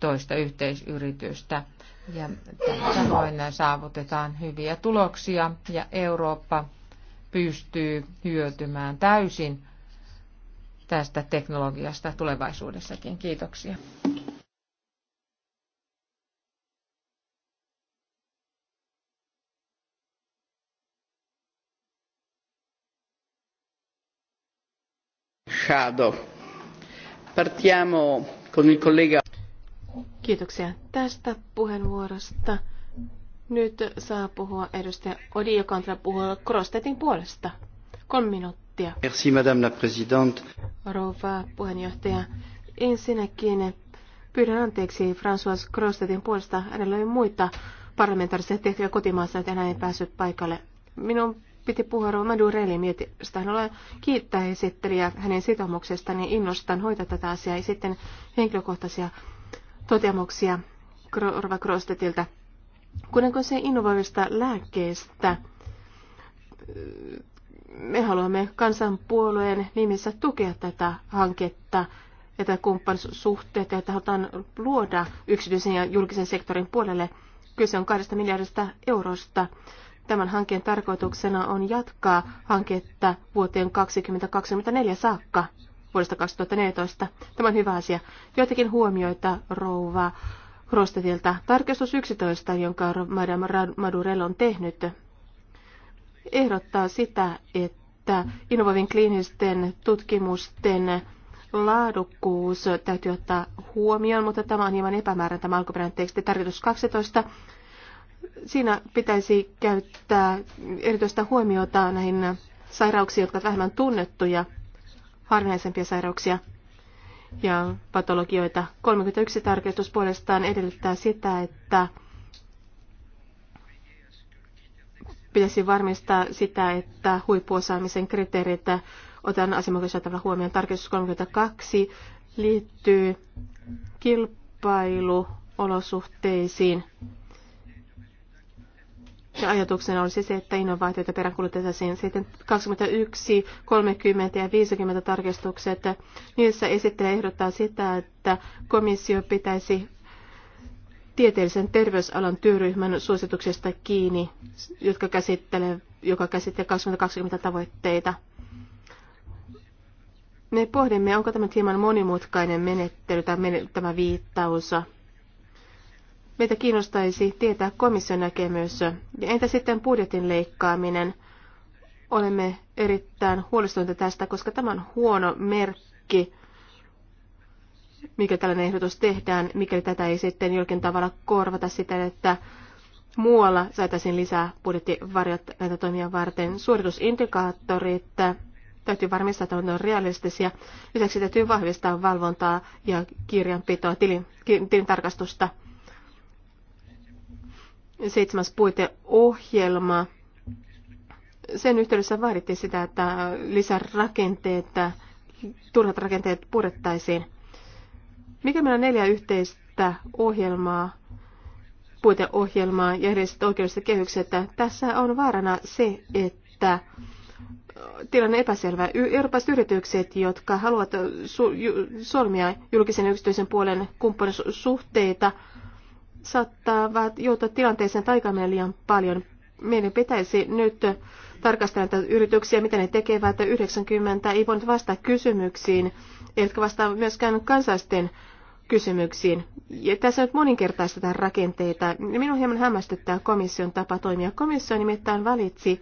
toista yhteisyritystä. Ja tämän saavutetaan hyviä tuloksia ja Eurooppa pystyy hyötymään täysin tästä teknologiasta tulevaisuudessakin. Kiitoksia. Shadow. Partiamo con il collega. Kiitoksia tästä puheenvuorosta. Nyt saa puhua edustaja Odi, joka on puhua Krostetin puolesta. Kolme minuuttia. Merci, madame la présidente. Rouva puheenjohtaja, ensinnäkin pyydän anteeksi François Krostetin puolesta. Hänellä oli muita parlamentaarisia tehtäviä kotimaassa, että hän ei päässyt paikalle. Minun piti puhua Rouva Madurelli mietistä. Hän olen kiittää esittelijä hänen sitoumuksestaan niin innostan hoitaa tätä asiaa ja sitten henkilökohtaisia toteamuksia Rouva Krostetilta. Kun se innovoivista lääkkeestä, me haluamme kansanpuolueen nimissä tukea tätä hanketta ja tätä kumppanisuhteita, että halutaan luoda yksityisen ja julkisen sektorin puolelle. Kyse on kahdesta miljardista eurosta. Tämän hankkeen tarkoituksena on jatkaa hanketta vuoteen 2024 saakka vuodesta 2014. Tämä on hyvä asia. Joitakin huomioita, rouva Rostetilta. Tarkistus 11, jonka Madame Madurell on tehnyt, ehdottaa sitä, että innovoivien kliinisten tutkimusten laadukkuus täytyy ottaa huomioon, mutta tämä on hieman epämääräinen tämä alkuperäinen teksti. Tarkistus 12. Siinä pitäisi käyttää erityistä huomiota näihin sairauksiin, jotka ovat vähemmän tunnettuja, harvinaisempia sairauksia ja patologioita. 31 tarkistus puolestaan edellyttää sitä, että pitäisi varmistaa sitä, että huippuosaamisen kriteereitä otetaan asianmukaisella tavalla huomioon. Tarkistus 32 liittyy kilpailuolosuhteisiin. Ja ajatuksena olisi se, että innovaatioita peräänkuulutettaisiin sitten 21, 30 ja 50 tarkistukset. Niissä esittelee ehdottaa sitä, että komissio pitäisi tieteellisen terveysalan työryhmän suosituksesta kiinni, jotka käsittelee, joka käsittelee 2020 tavoitteita. Me pohdimme, onko tämä hieman monimutkainen menettely tai tämä viittaus Meitä kiinnostaisi tietää komission näkemys. Entä sitten budjetin leikkaaminen? Olemme erittäin huolestuneita tästä, koska tämä on huono merkki, mikä tällainen ehdotus tehdään, mikäli tätä ei sitten jollakin tavalla korvata sitä, että muualla saataisiin lisää budjettivarjot näitä toimia varten. Suoritusindikaattorit täytyy varmistaa, että ne on realistisia. Lisäksi täytyy vahvistaa valvontaa ja kirjanpitoa, tilin, tilin seitsemäs puiteohjelma, sen yhteydessä vaadittiin sitä, että lisärakenteet, turhat rakenteet purettaisiin. Mikä meillä on neljä yhteistä ohjelmaa, puiteohjelmaa ja edelliset oikeudelliset kehykset, tässä on vaarana se, että tilanne epäselvä. Euroopan yritykset, jotka haluavat solmia julkisen ja yksityisen puolen kumppanisuhteita, suhteita saattavat joutua tilanteeseen, että liian paljon. Meidän pitäisi nyt tarkastella näitä yrityksiä, mitä ne tekevät. 90 ei voinut vastata kysymyksiin, eivätkä vastaa myöskään kansalaisten kysymyksiin. Ja tässä nyt moninkertaistetaan rakenteita. Minun hieman hämmästyttää komission tapa toimia. Komissio nimittäin valitsi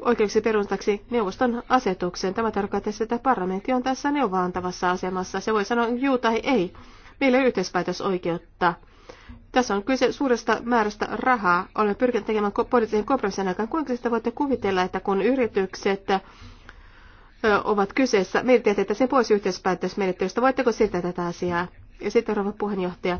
oikeuksien perustaksi neuvoston asetukseen. Tämä tarkoittaa, että parlamentti on tässä neuvoantavassa asemassa. Se voi sanoa juu tai ei. Meillä on yhteispäätösoikeutta. Tässä on kyse suuresta määrästä rahaa. Olemme pyrkineet tekemään poliittisen kompromissin aikaan. Kuinka sitä voitte kuvitella, että kun yritykset ovat kyseessä, meidän että se pois yhteispäätösmenettelystä. Voitteko siirtää tätä asiaa? Ja sitten rouva puheenjohtaja,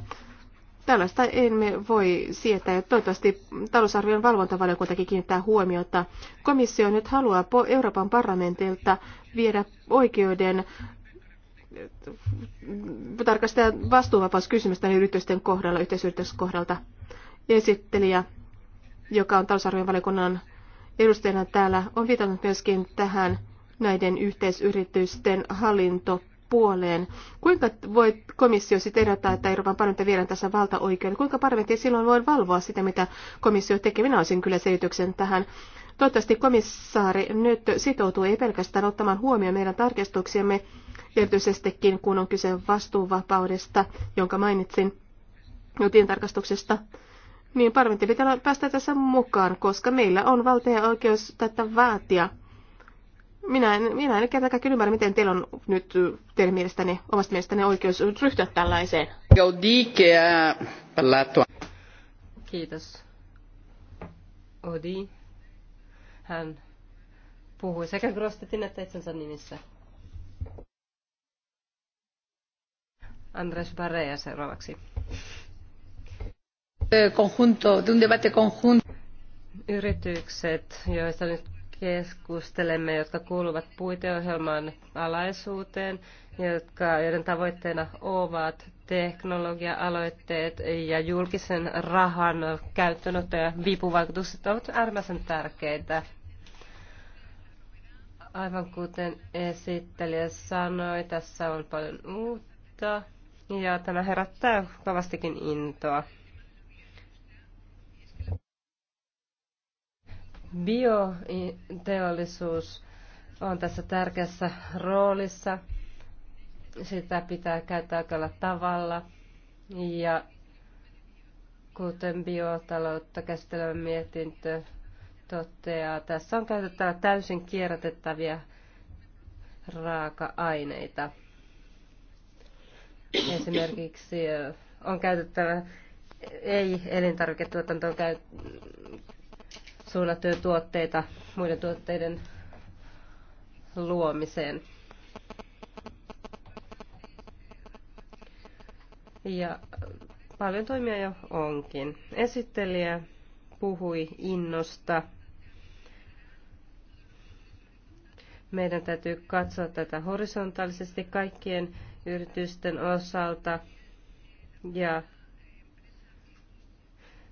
tällaista emme voi sietää. Ja toivottavasti talousarvion valvontavaliokuntakin kiinnittää huomiota. Komissio nyt haluaa Euroopan parlamentilta viedä oikeuden tarkastella vastuuvapauskysymystä niin yritysten kohdalla, yhteisyritysten kohdalta. Esittelijä, joka on talousarvion valiokunnan edustajana täällä, on viitannut myöskin tähän näiden yhteisyritysten hallintopuoleen. Kuinka voi komissio sitten ehdottaa, että Euroopan parlamentti viedään tässä valtaoikeuden? Kuinka parlamentti silloin voi valvoa sitä, mitä komissio tekee? Minä olisin kyllä selityksen tähän. Toivottavasti komissaari nyt sitoutuu ei pelkästään ottamaan huomioon meidän tarkistuksiamme, erityisestikin kun on kyse vastuuvapaudesta, jonka mainitsin, jotien tarkastuksesta, niin parlamentti pitää päästä tässä mukaan, koska meillä on valta ja oikeus tätä vaatia. Minä en, minä en kerta kaikkiaan ymmärrä, miten teillä on nyt teidän mielestäni, omasta mielestäni oikeus ryhtyä tällaiseen. Kiitos. Odi. Hän puhui sekä Grostetin että itsensä nimissä. Andrés Barrea seuraavaksi. Eh, conjunto, de un debate conjunto. Yritykset, joista nyt keskustelemme, jotka kuuluvat puiteohjelman alaisuuteen, jotka, joiden tavoitteena ovat teknologia-aloitteet ja julkisen rahan käyttöönotto ja vipuvaikutukset ovat äärimmäisen tärkeitä. Aivan kuten esittelijä sanoi, tässä on paljon uutta ja tämä herättää kovastikin intoa. Bioteollisuus on tässä tärkeässä roolissa. Sitä pitää käyttää oikealla tavalla. Ja kuten biotaloutta käsittelevä mietintö toteaa, tässä on käytettävä täysin kierrätettäviä raaka-aineita. Esimerkiksi on käytettävä ei elintarviketuotantoon käy, suunnattuja tuotteita muiden tuotteiden luomiseen. Ja paljon toimia jo onkin. Esittelijä puhui innosta. Meidän täytyy katsoa tätä horisontaalisesti kaikkien yritysten osalta ja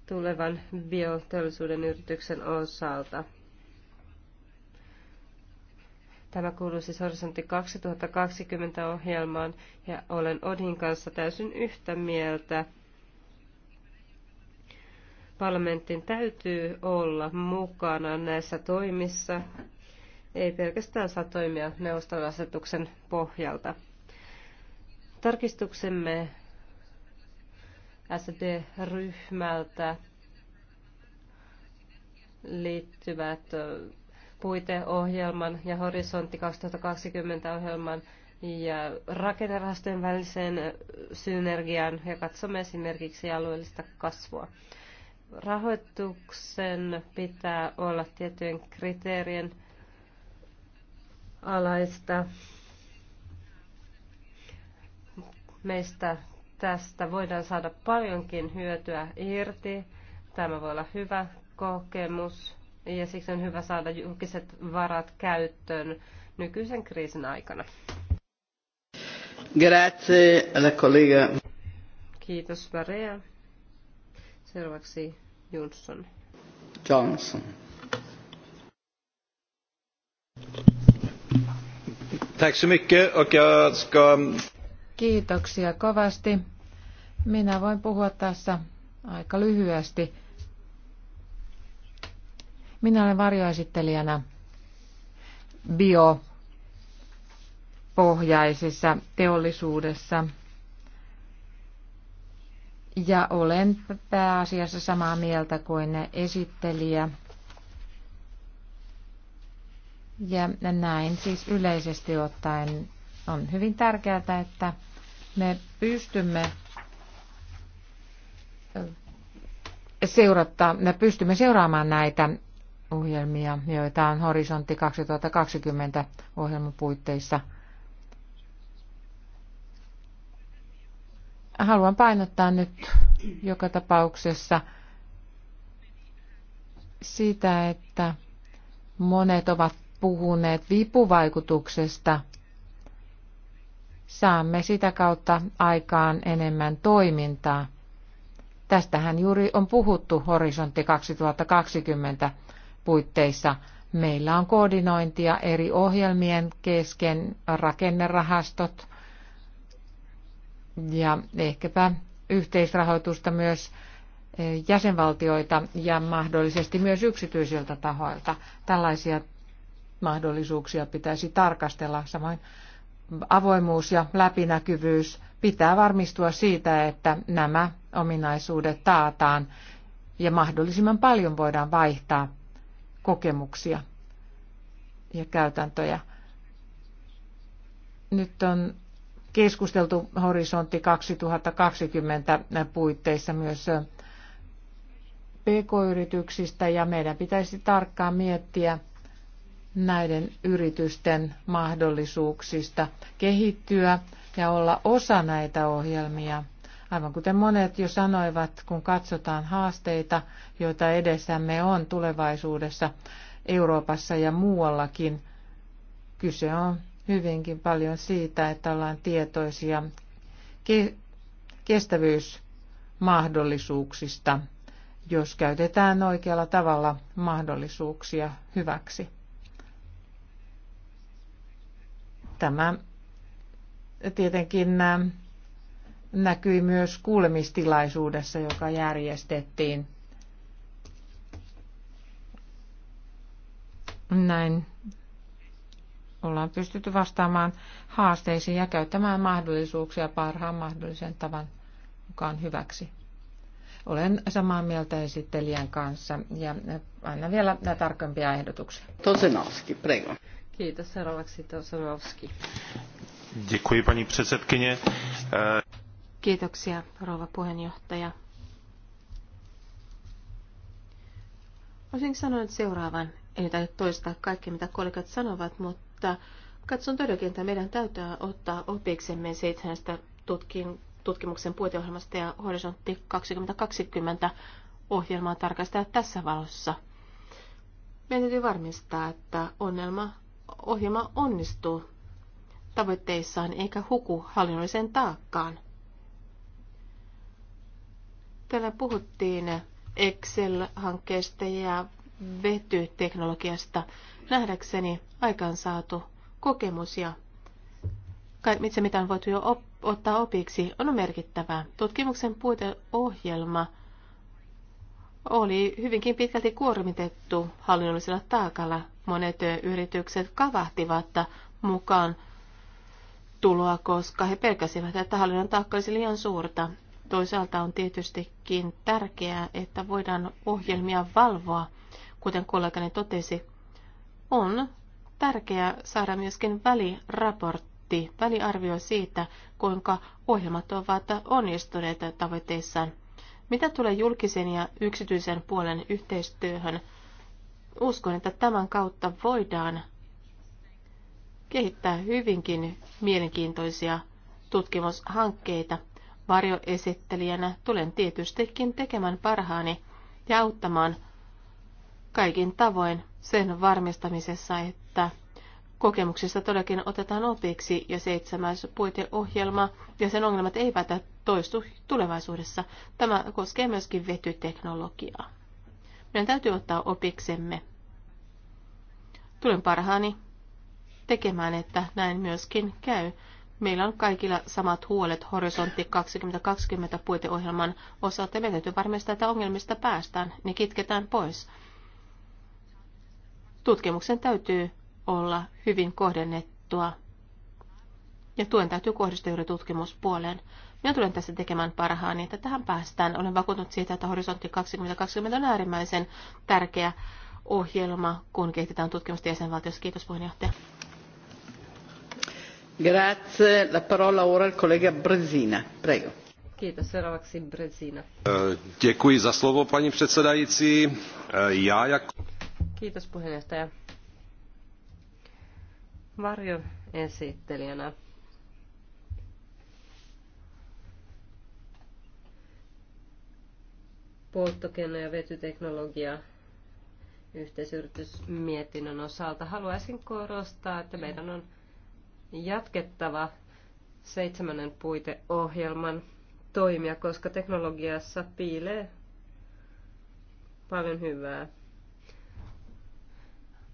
tulevan bioteollisuuden yrityksen osalta. Tämä kuuluu siis Horisontti 2020 ohjelmaan ja olen Odin kanssa täysin yhtä mieltä. Parlamentin täytyy olla mukana näissä toimissa, ei pelkästään saa toimia neuvostoasetuksen pohjalta. Tarkistuksemme SD-ryhmältä liittyvät puiteohjelman ja horisontti 2020 ohjelman ja rakennerahastojen väliseen synergian ja katsomme esimerkiksi alueellista kasvua. Rahoituksen pitää olla tiettyjen kriteerien alaista Meistä tästä voidaan saada paljonkin hyötyä irti. Tämä voi olla hyvä kokemus ja siksi on hyvä saada julkiset varat käyttöön nykyisen kriisin aikana. Grazie alla collega. Kiitos Varea. Seuraavaksi Johnson. Johnson. Tack så mycket och jag ska Kiitoksia kovasti. Minä voin puhua tässä aika lyhyesti. Minä olen varjoesittelijänä biopohjaisessa teollisuudessa. Ja olen pääasiassa samaa mieltä kuin ne esittelijä. Ja näin siis yleisesti ottaen on hyvin tärkeää, että me pystymme seurata, me pystymme seuraamaan näitä ohjelmia, joita on Horisontti 2020 ohjelmapuitteissa. Haluan painottaa nyt joka tapauksessa sitä, että monet ovat puhuneet vipuvaikutuksesta – saamme sitä kautta aikaan enemmän toimintaa. Tästähän juuri on puhuttu Horisontti 2020 puitteissa. Meillä on koordinointia eri ohjelmien kesken, rakennerahastot ja ehkäpä yhteisrahoitusta myös eh, jäsenvaltioita ja mahdollisesti myös yksityisiltä tahoilta. Tällaisia mahdollisuuksia pitäisi tarkastella samoin avoimuus ja läpinäkyvyys pitää varmistua siitä, että nämä ominaisuudet taataan ja mahdollisimman paljon voidaan vaihtaa kokemuksia ja käytäntöjä. Nyt on keskusteltu horisontti 2020 puitteissa myös pk-yrityksistä ja meidän pitäisi tarkkaan miettiä, näiden yritysten mahdollisuuksista kehittyä ja olla osa näitä ohjelmia. Aivan kuten monet jo sanoivat, kun katsotaan haasteita, joita edessämme on tulevaisuudessa Euroopassa ja muuallakin, kyse on hyvinkin paljon siitä, että ollaan tietoisia ke- kestävyysmahdollisuuksista, jos käytetään oikealla tavalla mahdollisuuksia hyväksi. Tämä tietenkin näkyi myös kuulemistilaisuudessa, joka järjestettiin. Näin ollaan pystytty vastaamaan haasteisiin ja käyttämään mahdollisuuksia parhaan mahdollisen tavan mukaan hyväksi. Olen samaa mieltä esittelijän kanssa ja annan vielä tarkempia ehdotuksia. Tosin prego. Kiitos. Seuraavaksi Tosanovski. Děkuji, paní předsedkyně. Kiitoksia, rouva puheenjohtaja. Olisin sanonut seuraavan. En taida toistaa kaikkea, mitä kollegat sanovat, mutta katson todellakin, että meidän täytyy ottaa opiksemme seitsemästä tutkin, tutkimuksen puiteohjelmasta ja horisontti 2020 ohjelmaa tarkastaa tässä valossa. Meidän täytyy varmistaa, että ongelma ohjelma onnistuu tavoitteissaan eikä huku hallinnolliseen taakkaan. Täällä puhuttiin Excel-hankkeesta ja vetyteknologiasta. Nähdäkseni aikaansaatu kokemus ja mitä mitään voitu jo op- ottaa opiksi on merkittävää. Tutkimuksen puiteohjelma – oli hyvinkin pitkälti kuormitettu hallinnollisella taakalla. Monet yritykset kavahtivat mukaan tuloa, koska he pelkäsivät, että hallinnon taakka olisi liian suurta. Toisaalta on tietystikin tärkeää, että voidaan ohjelmia valvoa, kuten kollegani totesi. On tärkeää saada myöskin väliraportti, väliarvio siitä, kuinka ohjelmat ovat onnistuneet tavoitteissaan. Mitä tulee julkisen ja yksityisen puolen yhteistyöhön, uskon, että tämän kautta voidaan kehittää hyvinkin mielenkiintoisia tutkimushankkeita. Varjoesittelijänä tulen tietystikin tekemään parhaani ja auttamaan kaikin tavoin sen varmistamisessa, että Kokemuksista todellakin otetaan opiksi ja seitsemäs puiteohjelma ja sen ongelmat eivät toistu tulevaisuudessa. Tämä koskee myöskin vetyteknologiaa. Meidän täytyy ottaa opiksemme. Tulen parhaani tekemään, että näin myöskin käy. Meillä on kaikilla samat huolet Horisontti 2020 puiteohjelman osalta. Meidän täytyy varmistaa, että ongelmista päästään, ne kitketään pois. Tutkimuksen täytyy olla hyvin kohdennettua. Ja tuen täytyy kohdistua juuri tutkimuspuoleen. Minä tulen tässä tekemään parhaani, että tähän päästään. Olen vakuuttunut siitä, että Horisontti 2020 on äärimmäisen tärkeä ohjelma, kun kehitetään tutkimusta jäsenvaltiossa. Kiitos puheenjohtaja. Grazie. La parola ora al collega Brezina. Prego. Kiitos. Seuraavaksi Brezina. Děkuji za slovo, paní předsedající. Já jako. Kiitos puheenjohtaja esittelijänä. polttokenno- ja vetyteknologia yhteisyritysmietinnön osalta haluaisin korostaa, että meidän on jatkettava seitsemännen puiteohjelman toimia, koska teknologiassa piilee paljon hyvää.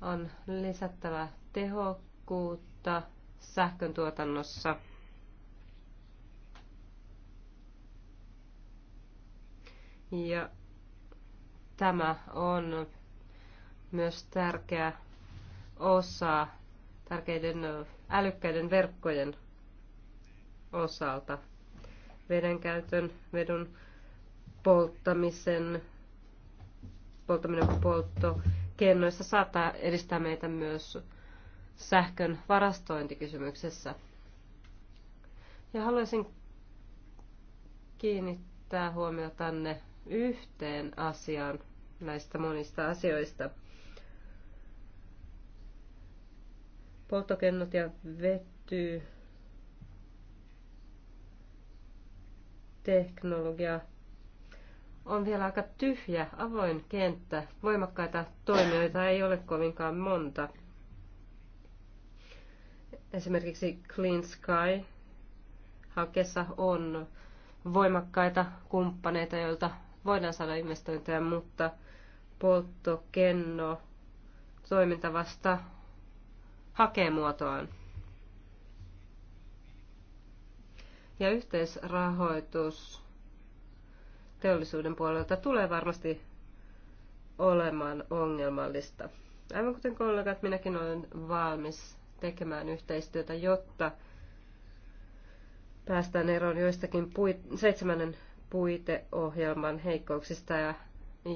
On lisättävä tehokkuutta tehokkuutta sähkön tuotannossa. Ja tämä on myös tärkeä osa tärkeiden älykkäiden verkkojen osalta. Veden käytön, vedun polttamisen, polttaminen poltto, kennoissa saattaa edistää meitä myös sähkön varastointikysymyksessä. Ja haluaisin kiinnittää huomiota tänne yhteen asiaan näistä monista asioista. Poltokennot ja vety, teknologia on vielä aika tyhjä, avoin kenttä. Voimakkaita toimijoita ei ole kovinkaan monta. Esimerkiksi Clean Sky-hankkeessa on voimakkaita kumppaneita, joilta voidaan saada investointeja, mutta polttokenno toiminta vasta hakee muotoaan. Ja yhteisrahoitus teollisuuden puolelta tulee varmasti olemaan ongelmallista. Aivan kuten kollegat, minäkin olen valmis tekemään yhteistyötä, jotta päästään eroon joistakin puit, seitsemännen puiteohjelman heikkouksista ja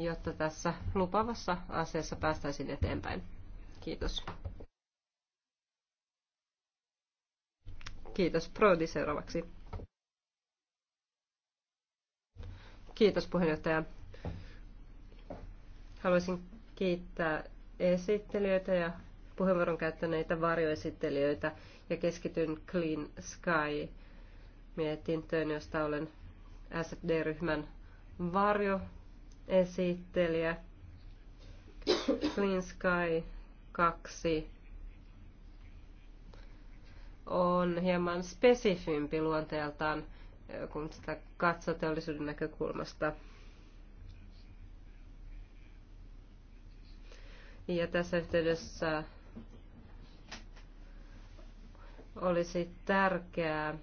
jotta tässä lupavassa asiassa päästäisiin eteenpäin. Kiitos. Kiitos. Prodi seuraavaksi. Kiitos puheenjohtaja. Haluaisin kiittää esittelijöitä ja puheenvuoron käyttäneitä varjoesittelijöitä ja keskityn Clean Sky mietintöön, josta olen SD-ryhmän varjoesittelijä. Clean Sky 2 on hieman spesifimpi luonteeltaan, eh, kun sitä katsoo teollisuuden näkökulmasta. Ja tässä yhteydessä olisi tärkeää,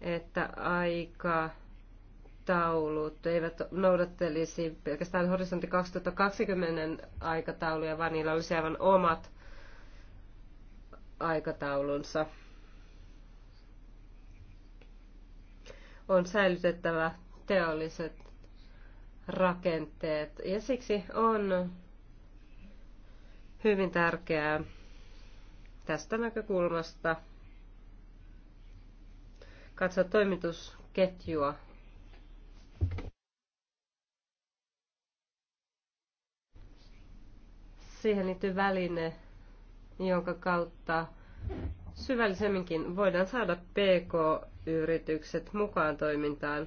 että aika taulut eivät noudattelisi pelkästään horisontti 2020 aikatauluja, vaan niillä olisi aivan omat aikataulunsa. On säilytettävä teolliset rakenteet ja siksi on hyvin tärkeää tästä näkökulmasta katso toimitusketjua. Siihen liittyy väline, jonka kautta syvällisemminkin voidaan saada PK-yritykset mukaan toimintaan,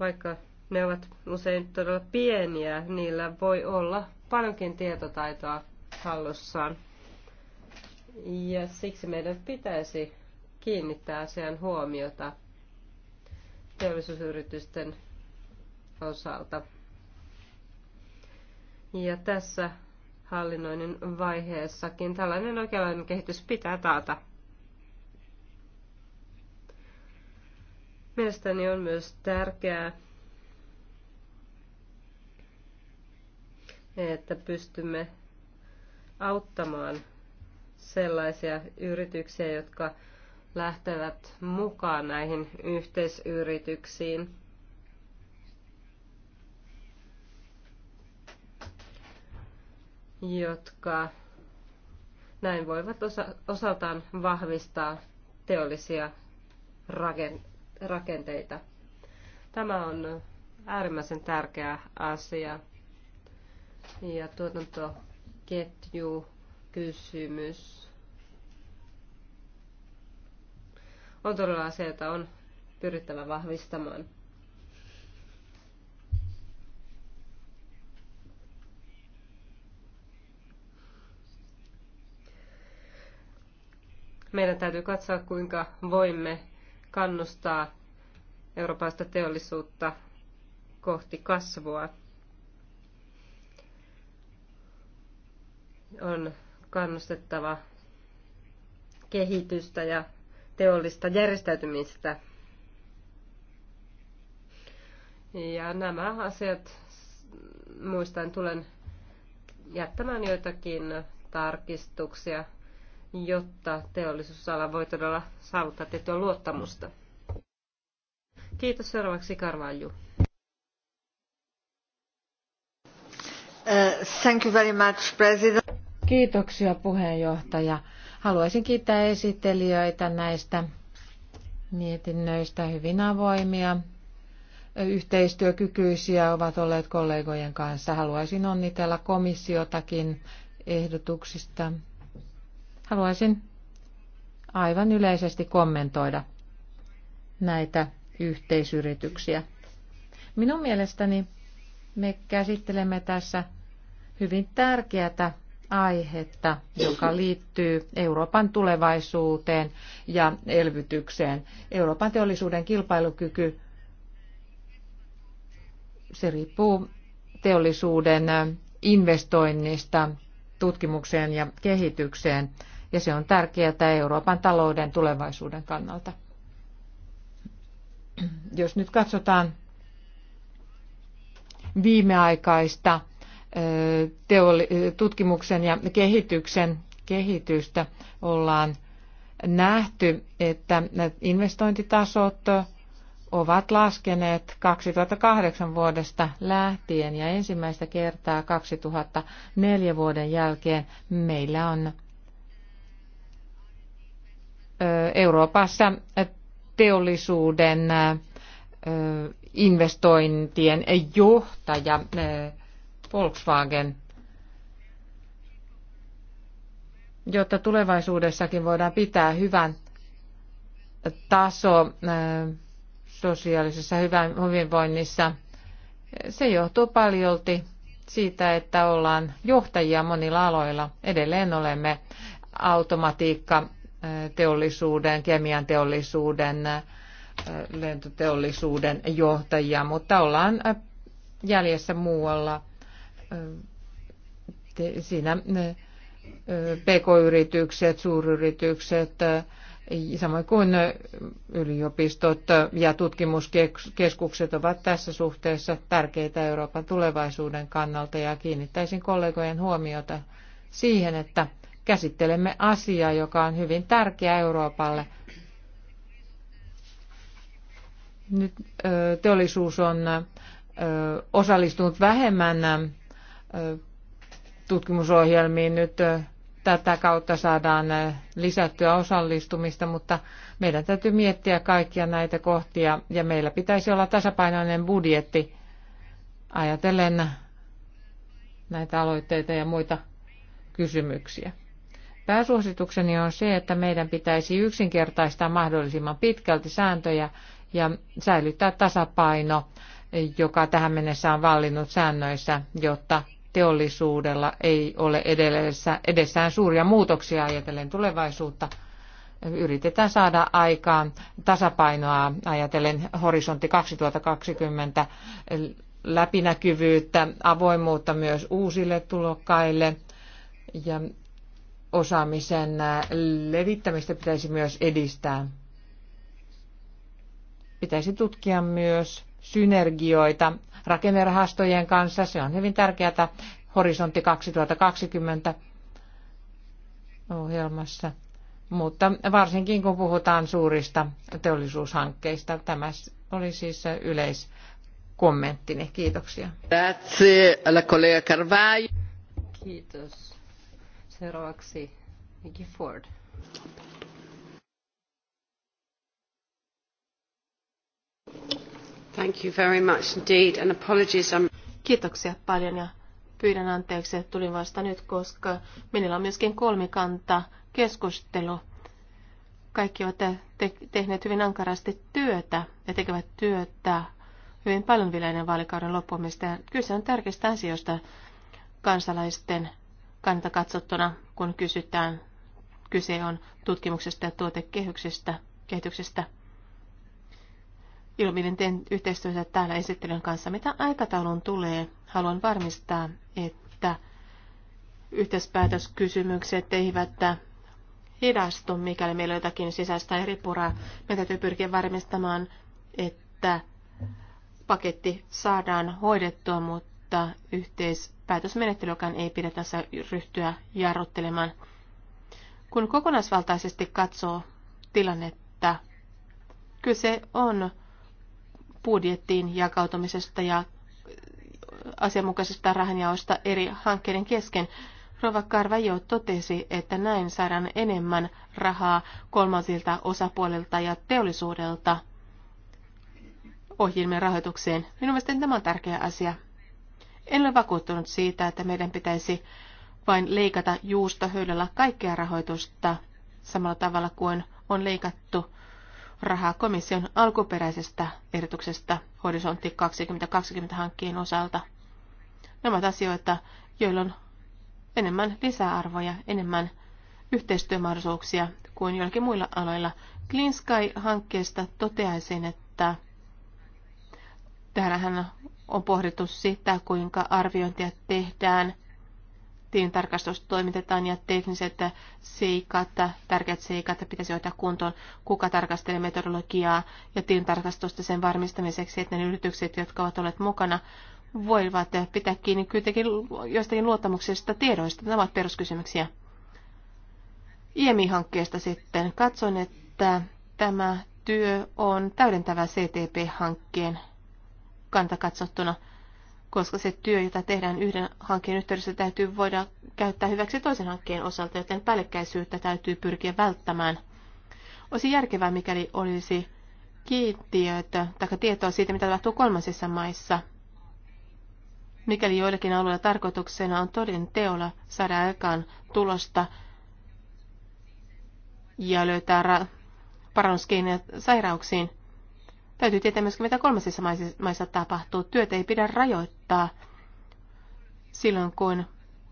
vaikka ne ovat usein todella pieniä, niillä voi olla paljonkin tietotaitoa hallussaan. Ja siksi meidän pitäisi kiinnittää asian huomiota teollisuusyritysten osalta. Ja tässä hallinnoinnin vaiheessakin tällainen oikeanlainen kehitys pitää taata. Mielestäni on myös tärkeää, että pystymme auttamaan sellaisia yrityksiä, jotka lähtevät mukaan näihin yhteisyrityksiin. jotka näin voivat osa, osaltaan vahvistaa teollisia rakenteita. Tämä on äärimmäisen tärkeä asia ja tuotanto ketju kysymys. On todella asia, jota on pyrittävä vahvistamaan. meidän täytyy katsoa, kuinka voimme kannustaa eurooppalaista teollisuutta kohti kasvua. on kannustettava kehitystä ja teollista järjestäytymistä. Ja nämä asiat muistan tulen jättämään joitakin tarkistuksia, jotta teollisuusala voi todella saavuttaa tiettyä luottamusta. Kiitos seuraavaksi Karvalju. Uh, Kiitoksia puheenjohtaja. Haluaisin kiittää esittelijöitä näistä mietinnöistä hyvin avoimia. Yhteistyökykyisiä ovat olleet kollegojen kanssa. Haluaisin onnitella komissiotakin ehdotuksista. Haluaisin aivan yleisesti kommentoida näitä yhteisyrityksiä. Minun mielestäni me käsittelemme tässä hyvin tärkeätä aihetta, joka liittyy Euroopan tulevaisuuteen ja elvytykseen. Euroopan teollisuuden kilpailukyky, se riippuu teollisuuden investoinnista tutkimukseen ja kehitykseen, ja se on tärkeää Euroopan talouden tulevaisuuden kannalta. Jos nyt katsotaan viimeaikaista teoli- tutkimuksen ja kehityksen kehitystä ollaan nähty, että investointitasot ovat laskeneet 2008 vuodesta lähtien ja ensimmäistä kertaa 2004 vuoden jälkeen meillä on Euroopassa teollisuuden investointien johtaja Volkswagen, jotta tulevaisuudessakin voidaan pitää hyvän taso sosiaalisessa hyvinvoinnissa. Se johtuu paljolti siitä, että ollaan johtajia monilla aloilla. Edelleen olemme automatiikka teollisuuden, kemian teollisuuden, lentoteollisuuden johtajia, mutta ollaan jäljessä muualla siinä pk-yritykset, suuryritykset, samoin kuin yliopistot ja tutkimuskeskukset ovat tässä suhteessa tärkeitä Euroopan tulevaisuuden kannalta ja kiinnittäisin kollegojen huomiota siihen, että käsittelemme asiaa, joka on hyvin tärkeä Euroopalle. Nyt teollisuus on osallistunut vähemmän tutkimusohjelmiin nyt tätä kautta saadaan lisättyä osallistumista, mutta meidän täytyy miettiä kaikkia näitä kohtia ja meillä pitäisi olla tasapainoinen budjetti ajatellen näitä aloitteita ja muita kysymyksiä. Pääsuositukseni on se, että meidän pitäisi yksinkertaistaa mahdollisimman pitkälti sääntöjä ja säilyttää tasapaino, joka tähän mennessä on vallinnut säännöissä, jotta teollisuudella ei ole edellessä, edessään suuria muutoksia ajatellen tulevaisuutta. Yritetään saada aikaan tasapainoa ajatellen horisontti 2020 läpinäkyvyyttä, avoimuutta myös uusille tulokkaille ja osaamisen levittämistä pitäisi myös edistää. Pitäisi tutkia myös synergioita rakennerahastojen kanssa. Se on hyvin tärkeää horisontti 2020 ohjelmassa. Mutta varsinkin kun puhutaan suurista teollisuushankkeista, tämä oli siis yleiskommenttini. Kiitoksia. Kiitos. Seuraavaksi Mickey Ford. Thank you very much indeed and apologies. I'm... Kiitoksia paljon ja pyydän anteeksi, että tulin vasta nyt, koska minulla on myöskin kolmikanta keskustelu. Kaikki ovat te- tehneet hyvin ankarasti työtä ja tekevät työtä hyvin paljon vielä ennen vaalikauden loppumista. Kyse on tärkeistä asioista kansalaisten kannalta katsottuna, kun kysytään. Kyse on tutkimuksesta ja tuotekehyksestä. Kehityksestä. Ilominen teen yhteistyötä täällä esittelyn kanssa. Mitä aikataulun tulee, haluan varmistaa, että yhteispäätöskysymykset eivät hidastu, mikäli meillä on jotakin sisäistä eri puraa. Meidän täytyy pyrkiä varmistamaan, että paketti saadaan hoidettua, mutta yhteispäätösmenettelykään ei pidä tässä ryhtyä jarruttelemaan. Kun kokonaisvaltaisesti katsoo tilannetta, kyse on budjettiin jakautumisesta ja asianmukaisesta rahanjaosta eri hankkeiden kesken. Rova jo totesi, että näin saadaan enemmän rahaa kolmansilta osapuolilta ja teollisuudelta ohjelmien rahoitukseen. Minun mielestäni tämä on tärkeä asia. En ole vakuuttunut siitä, että meidän pitäisi vain leikata juusta höydällä kaikkea rahoitusta samalla tavalla kuin on leikattu rahaa komission alkuperäisestä ehdotuksesta Horisontti 2020-hankkeen osalta. Nämä ovat asioita, joilla on enemmän lisäarvoja, enemmän yhteistyömahdollisuuksia kuin joillakin muilla aloilla. Clean Sky-hankkeesta toteaisin, että tähän on pohdittu sitä, kuinka arviointia tehdään tilintarkastus toimitetaan ja tekniset seikat, tärkeät seikat pitäisi ottaa kuntoon, kuka tarkastelee metodologiaa ja tilintarkastusta sen varmistamiseksi, että ne yritykset, jotka ovat olleet mukana, voivat pitää kiinni kuitenkin joistakin luottamuksista tiedoista. Nämä ovat peruskysymyksiä. IEMI-hankkeesta sitten katson, että tämä työ on täydentävä CTP-hankkeen kanta katsottuna – koska se työ, jota tehdään yhden hankkeen yhteydessä, täytyy voida käyttää hyväksi toisen hankkeen osalta, joten päällekkäisyyttä täytyy pyrkiä välttämään. Olisi järkevää, mikäli olisi kiintiöitä tai tietoa siitä, mitä tapahtuu kolmansissa maissa. Mikäli joillakin alueilla tarkoituksena on toden teolla saada aikaan tulosta ja löytää parannuskeinoja sairauksiin, Täytyy tietää myöskin, mitä kolmasissa maissa tapahtuu. Työtä ei pidä rajoittaa silloin, kun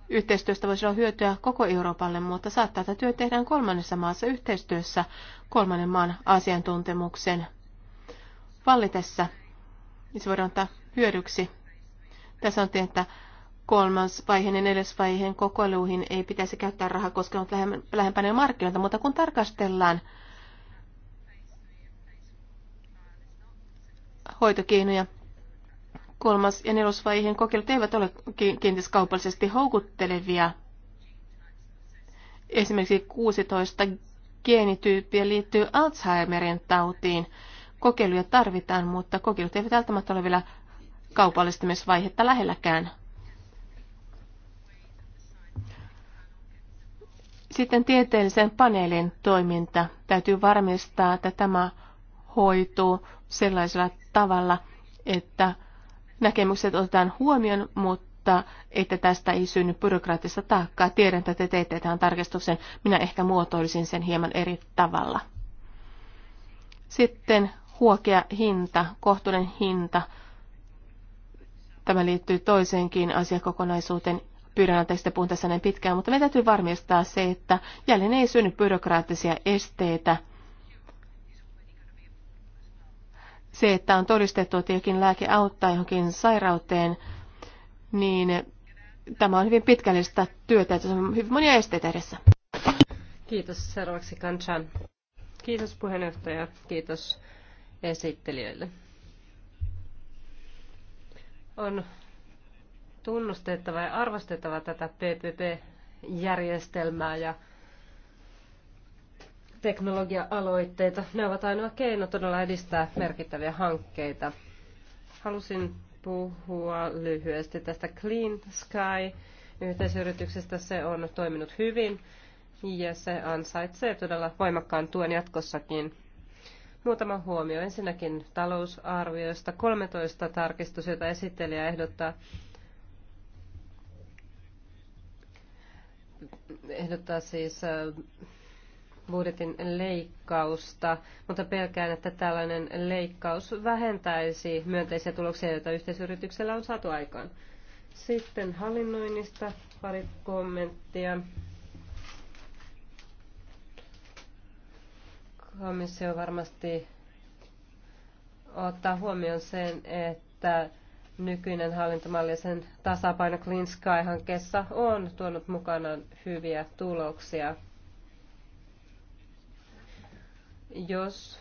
yhteistyöstä voisi olla hyötyä koko Euroopalle, mutta saattaa, että työ tehdään kolmannessa maassa yhteistyössä kolmannen maan asiantuntemuksen vallitessa. Niin se voidaan ottaa hyödyksi. Tässä on että kolmas vaiheen ja neljäs vaiheen kokoiluihin ei pitäisi käyttää rahaa, koska on lähempänä markkinoita, mutta kun tarkastellaan hoitokeinoja. Kolmas- ja nelosvaiheen kokeilut eivät ole kenties kaupallisesti houkuttelevia. Esimerkiksi 16 geenityyppiä liittyy Alzheimerin tautiin. Kokeiluja tarvitaan, mutta kokeilut eivät välttämättä ole vielä kaupallistamisvaihetta lähelläkään. Sitten tieteellisen paneelin toiminta. Täytyy varmistaa, että tämä hoituu sellaisella tavalla, että näkemykset otetaan huomioon, mutta että tästä ei synny byrokraattista taakkaa. Tiedän, että te teette tähän tarkistuksen. Minä ehkä muotoilisin sen hieman eri tavalla. Sitten huokea hinta, kohtuuden hinta. Tämä liittyy toiseenkin asiakokonaisuuteen. Pyydän anteeksi, että puhun tässä näin pitkään, mutta meidän täytyy varmistaa se, että jälleen ei synny byrokraattisia esteitä se, että on todistettu, että jokin lääke auttaa johonkin sairauteen, niin tämä on hyvin pitkällistä työtä, että on hyvin monia esteitä edessä. Kiitos seuraavaksi Kanchan. Kiitos puheenjohtaja, kiitos esittelijöille. On tunnustettava ja arvostettava tätä PPP-järjestelmää ja teknologia-aloitteita. Ne ovat ainoa keino todella edistää merkittäviä hankkeita. Halusin puhua lyhyesti tästä Clean Sky yhteisyrityksestä. Se on toiminut hyvin ja se ansaitsee todella voimakkaan tuen jatkossakin. Muutama huomio. Ensinnäkin talousarvioista 13 tarkistus, jota esittelijä ehdottaa ehdottaa siis äh, budjetin leikkausta, mutta pelkään, että tällainen leikkaus vähentäisi myönteisiä tuloksia, joita yhteisyrityksellä on saatu aikaan. Sitten hallinnoinnista pari kommenttia. Komissio varmasti ottaa huomioon sen, että nykyinen hallintomalli ja sen tasapaino Clean Sky-hankkeessa on tuonut mukanaan hyviä tuloksia – jos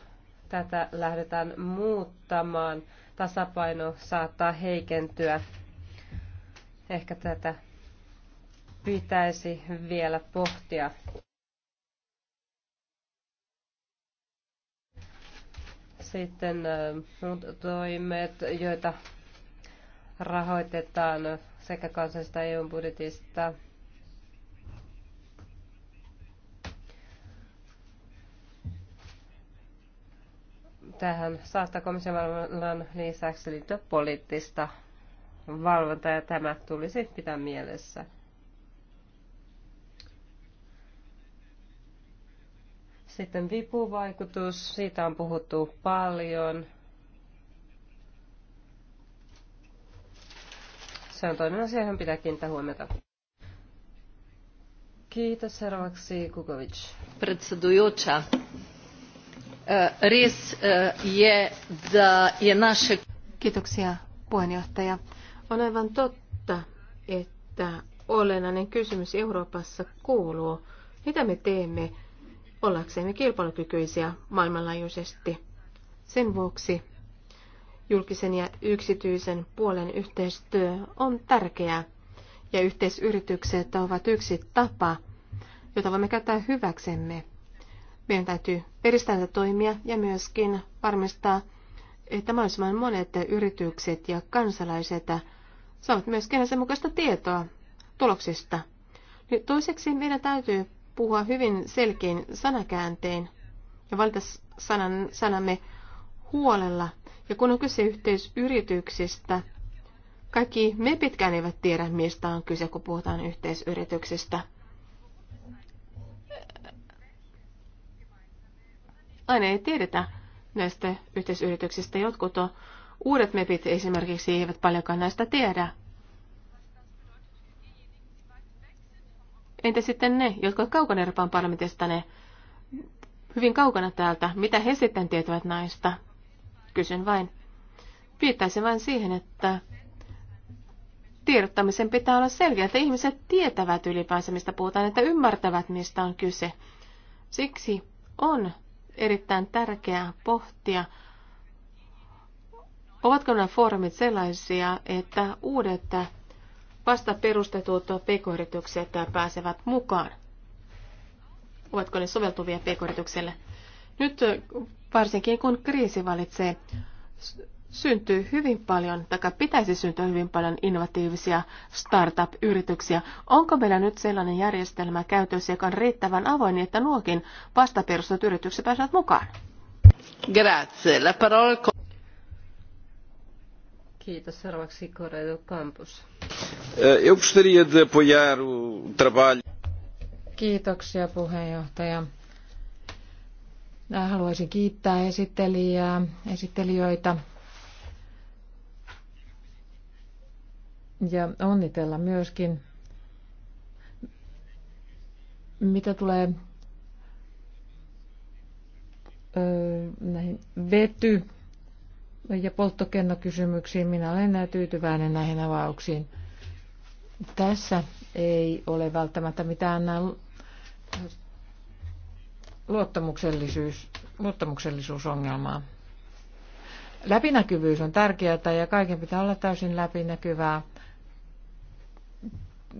tätä lähdetään muuttamaan, tasapaino saattaa heikentyä. Ehkä tätä pitäisi vielä pohtia. Sitten muut toimet, joita rahoitetaan sekä kansallisesta EU-budjetista Tähän saattaa komission valvonnan lisäksi liittyä poliittista valvontaa ja tämä tulisi pitää mielessä. Sitten vipuvaikutus, siitä on puhuttu paljon. Se on toinen asia, johon pitää kiinnittää huomiota. Kiitos seuraavaksi Kukovic. Predsedujuča. Eh, res eh, je, da je naše... Kiitoksia puheenjohtaja. On aivan totta, että olennainen kysymys Euroopassa kuuluu, mitä me teemme ollaksemme kilpailukykyisiä maailmanlaajuisesti. Sen vuoksi julkisen ja yksityisen puolen yhteistyö on tärkeää ja yhteisyritykset ovat yksi tapa, jota voimme käyttää hyväksemme meidän täytyy edistää toimia ja myöskin varmistaa, että mahdollisimman monet yritykset ja kansalaiset saavat myöskin sen mukaista tietoa tuloksista. Nyt toiseksi meidän täytyy puhua hyvin selkein sanakääntein ja valita sanan, sanamme huolella. Ja kun on kyse yhteisyrityksistä, kaikki me pitkään eivät tiedä, mistä on kyse, kun puhutaan yhteisyrityksistä. Aina ei tiedetä näistä yhteisyrityksistä. Jotkut uudet mepit esimerkiksi eivät paljonkaan näistä tiedä. Entä sitten ne, jotka ovat kaukana Euroopan parlamentista, ne hyvin kaukana täältä, mitä he sitten tietävät näistä? Kysyn vain. Viittaisin vain siihen, että tiedottamisen pitää olla selkeä, että ihmiset tietävät ylipäänsä, mistä puhutaan, että ymmärtävät, mistä on kyse. Siksi on erittäin tärkeää pohtia, ovatko nämä foorumit sellaisia, että uudet vasta perustetut pk-yritykset pääsevät mukaan? Ovatko ne soveltuvia pk-yritykselle? Nyt varsinkin kun kriisi valitsee syntyy hyvin paljon, tai pitäisi syntyä hyvin paljon innovatiivisia startup-yrityksiä. Onko meillä nyt sellainen järjestelmä käytössä, joka on riittävän avoin, niin että nuokin vastaperustat yritykset pääsevät mukaan? Grazie. La parola... Kiitos. Seuraavaksi Corredo Campus. Eh, Kiitoksia puheenjohtaja. Äh, haluaisin kiittää esittelijää, esittelijöitä ja onnitella myöskin. Mitä tulee näihin vety- ja polttokennokysymyksiin, minä olen tyytyväinen näihin avauksiin. Tässä ei ole välttämättä mitään luottamuksellisuus, luottamuksellisuusongelmaa. Läpinäkyvyys on tärkeää ja kaiken pitää olla täysin läpinäkyvää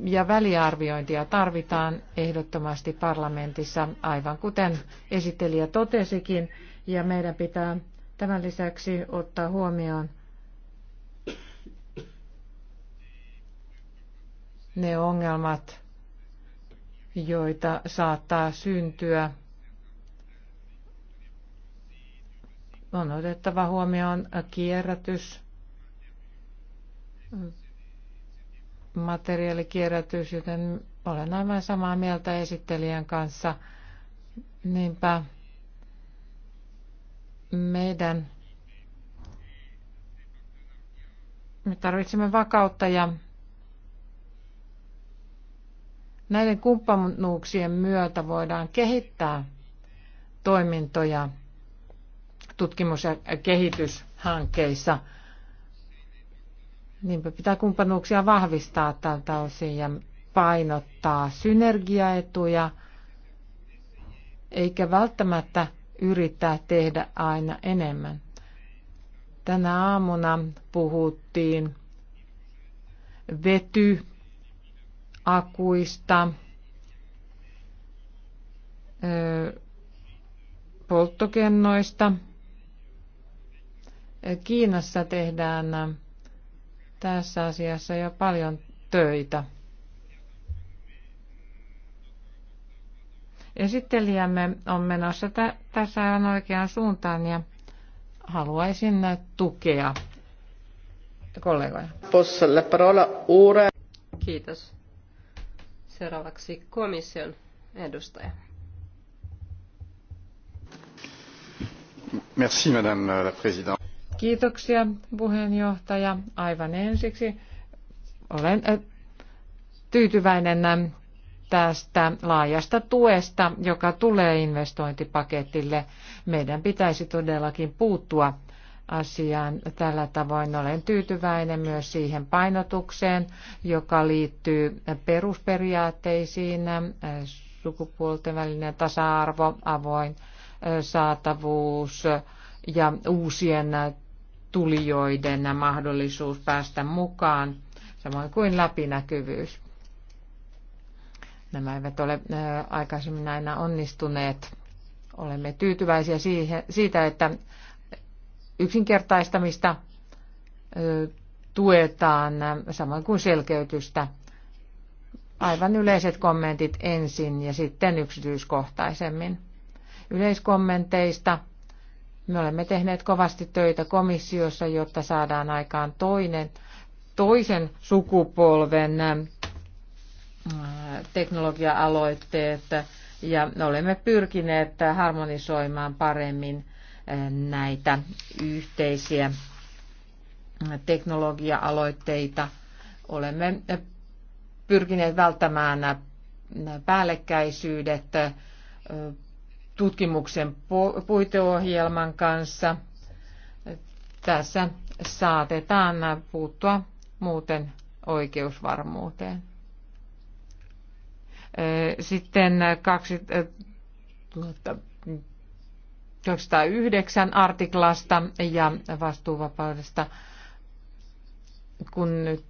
ja väliarviointia tarvitaan ehdottomasti parlamentissa, aivan kuten esittelijä totesikin, ja meidän pitää tämän lisäksi ottaa huomioon ne ongelmat, joita saattaa syntyä. On otettava huomioon kierrätys, materiaalikierrätys, joten olen aivan samaa mieltä esittelijän kanssa. Niinpä meidän me tarvitsemme vakautta ja näiden kumppanuuksien myötä voidaan kehittää toimintoja tutkimus- ja kehityshankkeissa – Niinpä pitää kumppanuuksia vahvistaa tältä osin ja painottaa synergiaetuja, eikä välttämättä yrittää tehdä aina enemmän. Tänä aamuna puhuttiin vetyakuista, polttokennoista. Kiinassa tehdään tässä asiassa jo paljon töitä. Esittelijämme on menossa tä- tässä aivan oikeaan suuntaan ja haluaisin tukea kollegoja. Kiitos. Seuraavaksi komission edustaja. Merci, madame la présidente. Kiitoksia puheenjohtaja. Aivan ensiksi olen äh, tyytyväinen äh, tästä laajasta tuesta, joka tulee investointipaketille. Meidän pitäisi todellakin puuttua asiaan tällä tavoin. Olen tyytyväinen myös siihen painotukseen, joka liittyy perusperiaatteisiin, äh, sukupuolten välinen tasa-arvo, avoin saatavuus ja uusien tulijoiden mahdollisuus päästä mukaan, samoin kuin läpinäkyvyys. Nämä eivät ole aikaisemmin aina onnistuneet. Olemme tyytyväisiä siitä, että yksinkertaistamista tuetaan, samoin kuin selkeytystä. Aivan yleiset kommentit ensin ja sitten yksityiskohtaisemmin. Yleiskommenteista me olemme tehneet kovasti töitä komissiossa, jotta saadaan aikaan toinen, toisen sukupolven teknologia-aloitteet ja olemme pyrkineet harmonisoimaan paremmin näitä yhteisiä teknologia-aloitteita. Olemme pyrkineet välttämään päällekkäisyydet tutkimuksen puiteohjelman kanssa. Tässä saatetaan puuttua muuten oikeusvarmuuteen. Sitten 209 artiklasta ja vastuuvapaudesta, kun nyt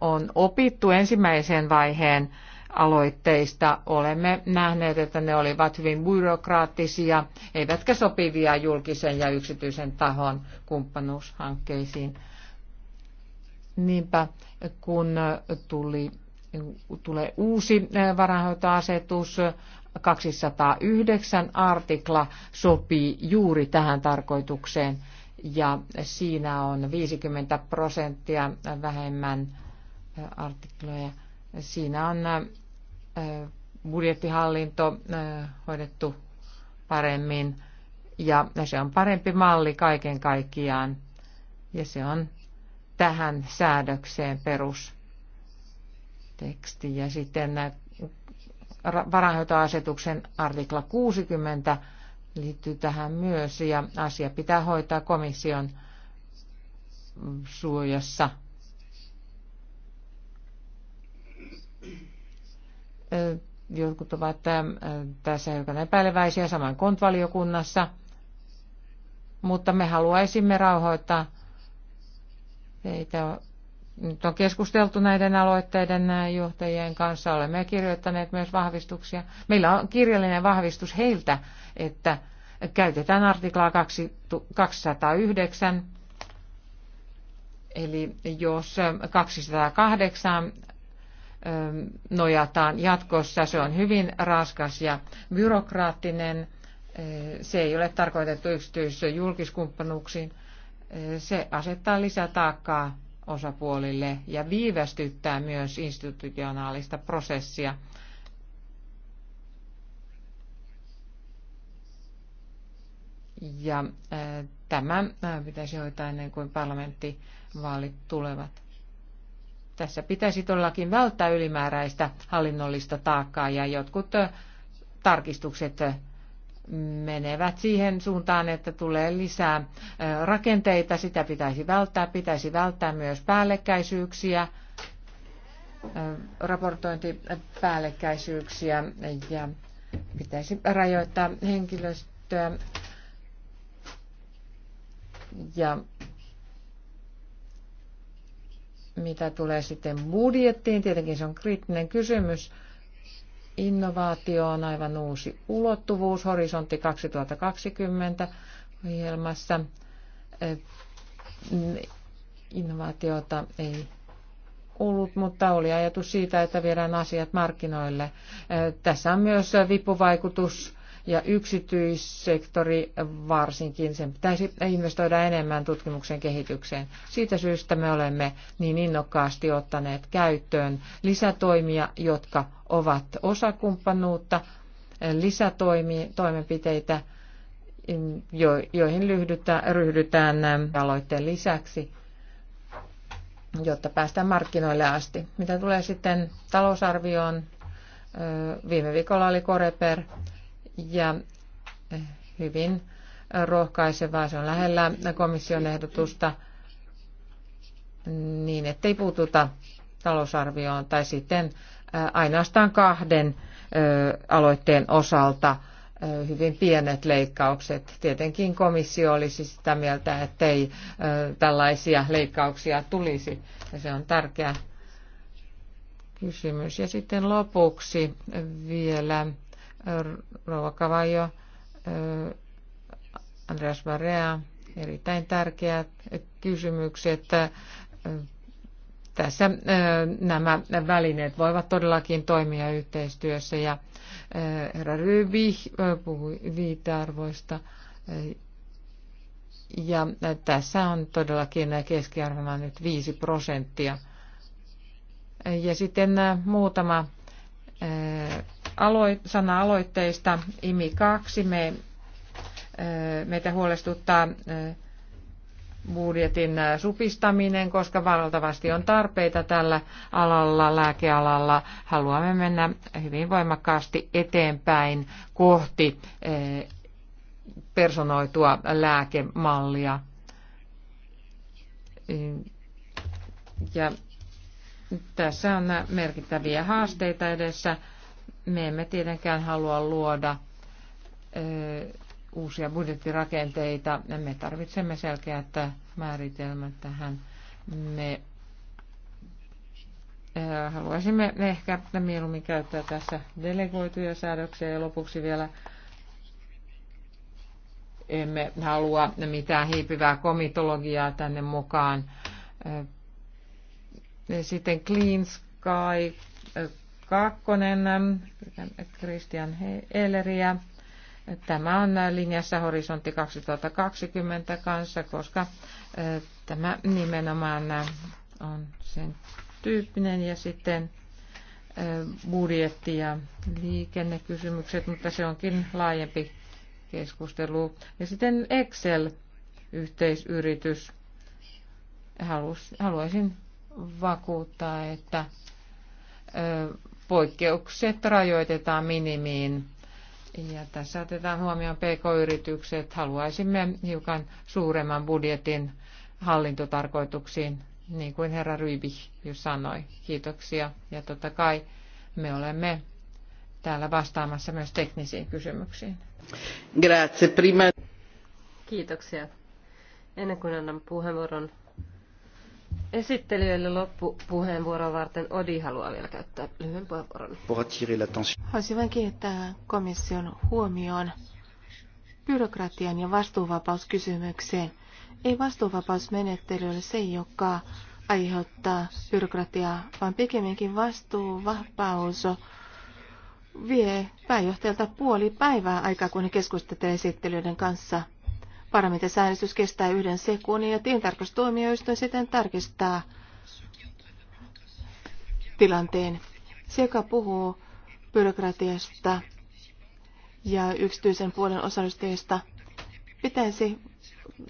on opittu ensimmäiseen vaiheen aloitteista. Olemme nähneet, että ne olivat hyvin byrokraattisia, eivätkä sopivia julkisen ja yksityisen tahon kumppanuushankkeisiin. Niinpä kun tuli, tulee uusi eh, varahoitoasetus, 209 artikla sopii juuri tähän tarkoitukseen ja siinä on 50 prosenttia vähemmän eh, artikloja. Siinä on eh, budjettihallinto hoidettu paremmin ja se on parempi malli kaiken kaikkiaan ja se on tähän säädökseen perusteksti ja sitten varainhoitoasetuksen artikla 60 liittyy tähän myös ja asia pitää hoitaa komission suojassa Jotkut ovat tässä hiukan epäileväisiä saman kontvaliokunnassa, mutta me haluaisimme rauhoittaa teitä. Nyt on keskusteltu näiden aloitteiden johtajien kanssa, olemme kirjoittaneet myös vahvistuksia. Meillä on kirjallinen vahvistus heiltä, että käytetään artiklaa 209, eli jos 208 nojataan jatkossa. Se on hyvin raskas ja byrokraattinen. Se ei ole tarkoitettu yksityis- ja julkiskumppanuuksiin. Se asettaa lisätaakkaa osapuolille ja viivästyttää myös institutionaalista prosessia. Ja tämä pitäisi hoitaa ennen kuin parlamenttivaalit tulevat tässä pitäisi todellakin välttää ylimääräistä hallinnollista taakkaa ja jotkut tarkistukset menevät siihen suuntaan, että tulee lisää rakenteita. Sitä pitäisi välttää. Pitäisi välttää myös päällekkäisyyksiä, raportointipäällekkäisyyksiä ja pitäisi rajoittaa henkilöstöä ja mitä tulee sitten budjettiin, tietenkin se on kriittinen kysymys. Innovaatio on aivan uusi ulottuvuus horisontti 2020 ohjelmassa. Eh, innovaatiota ei ollut, mutta oli ajatus siitä, että viedään asiat markkinoille. Eh, tässä on myös vipuvaikutus ja yksityissektori varsinkin, sen pitäisi investoida enemmän tutkimuksen kehitykseen. Siitä syystä me olemme niin innokkaasti ottaneet käyttöön lisätoimia, jotka ovat osakumppanuutta, lisätoimenpiteitä, joihin ryhdytään aloitteen lisäksi jotta päästään markkinoille asti. Mitä tulee sitten talousarvioon, viime viikolla oli Koreper ja eh, hyvin rohkaisevaa. Se on lähellä komission ehdotusta niin, ettei puututa talousarvioon tai sitten eh, ainoastaan kahden eh, aloitteen osalta hyvin pienet leikkaukset. Tietenkin komissio olisi sitä mieltä, ettei tällaisia leikkauksia tulisi. Ja se on tärkeä kysymys. Ja sitten lopuksi vielä Rouva eh, Andreas Varea, erittäin tärkeät kysymykset. Eh, tässä eh, nämä välineet voivat todellakin toimia yhteistyössä ja herra Ryvi puhui viitearvoista. Ja tässä on todellakin keskiarvona nyt 5 prosenttia. Ja sitten muutama aloit, sana aloitteista IMI 2. Me, meitä huolestuttaa budjetin supistaminen, koska valtavasti on tarpeita tällä alalla, lääkealalla. Haluamme mennä hyvin voimakkaasti eteenpäin kohti personoitua lääkemallia. Ja tässä on merkittäviä haasteita edessä me emme tietenkään halua luoda uusia budjettirakenteita. Me tarvitsemme selkeät määritelmät tähän. Me haluaisimme ehkä mieluummin käyttää tässä delegoituja säädöksiä ja lopuksi vielä emme halua mitään hiipivää komitologiaa tänne mukaan. Sitten Clean Sky kakkonen Christian Elleriä. Tämä on linjassa horisontti 2020 kanssa, koska tämä nimenomaan on sen tyyppinen ja sitten budjetti ja liikennekysymykset, mutta se onkin laajempi keskustelu. Ja sitten Excel-yhteisyritys. haluaisin vakuuttaa, että poikkeukset rajoitetaan minimiin. Ja tässä otetaan huomioon pk-yritykset. Haluaisimme hiukan suuremman budjetin hallintotarkoituksiin, niin kuin herra Ryby jo sanoi. Kiitoksia. Ja totta kai me olemme täällä vastaamassa myös teknisiin kysymyksiin. Grazie, prima. Kiitoksia. Ennen kuin annan puheenvuoron Esittelijöille loppupuheenvuoroa varten Odi haluaa vielä käyttää lyhyen puheenvuoron. Haluaisin vain kiinnittää komission huomioon byrokratian ja vastuuvapauskysymykseen. Ei vastuuvapausmenettely ole se, joka aiheuttaa byrokratiaa, vaan pikemminkin vastuuvapaus vie pääjohtajalta puoli päivää aikaa, kun he keskustelevat esittelyiden kanssa – Parlamentissa äänestys kestää yhden sekunnin ja tilintarkastustuomioistuin sitten tarkistaa tilanteen. Se, joka puhuu byrokratiasta ja yksityisen puolen osallistujista, pitäisi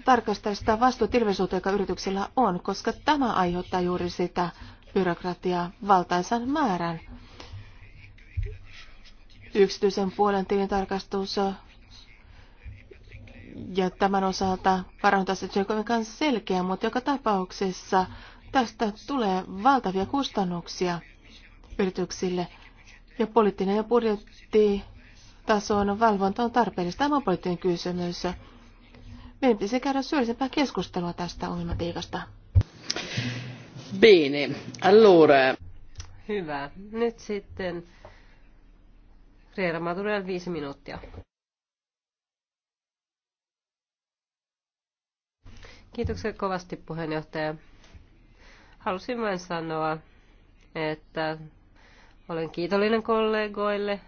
tarkastaa sitä vastuutilvisuutta, joka yrityksillä on, koska tämä aiheuttaa juuri sitä byrokratiaa valtaisan määrän. Yksityisen puolen tilintarkastus ja tämän osalta parantaisi kovinkaan selkeä, mutta joka tapauksessa tästä tulee valtavia kustannuksia yrityksille. Ja poliittinen ja budjettitason valvonta on tarpeellista. Tämä on poliittinen kysymys. Meidän pitäisi käydä syöllisempää keskustelua tästä ongelmatiikasta. Bene, allora. Hyvä. Nyt sitten Reera Maturel, viisi minuuttia. Kiitoksia kovasti puheenjohtaja. Halusin vain sanoa, että olen kiitollinen kollegoille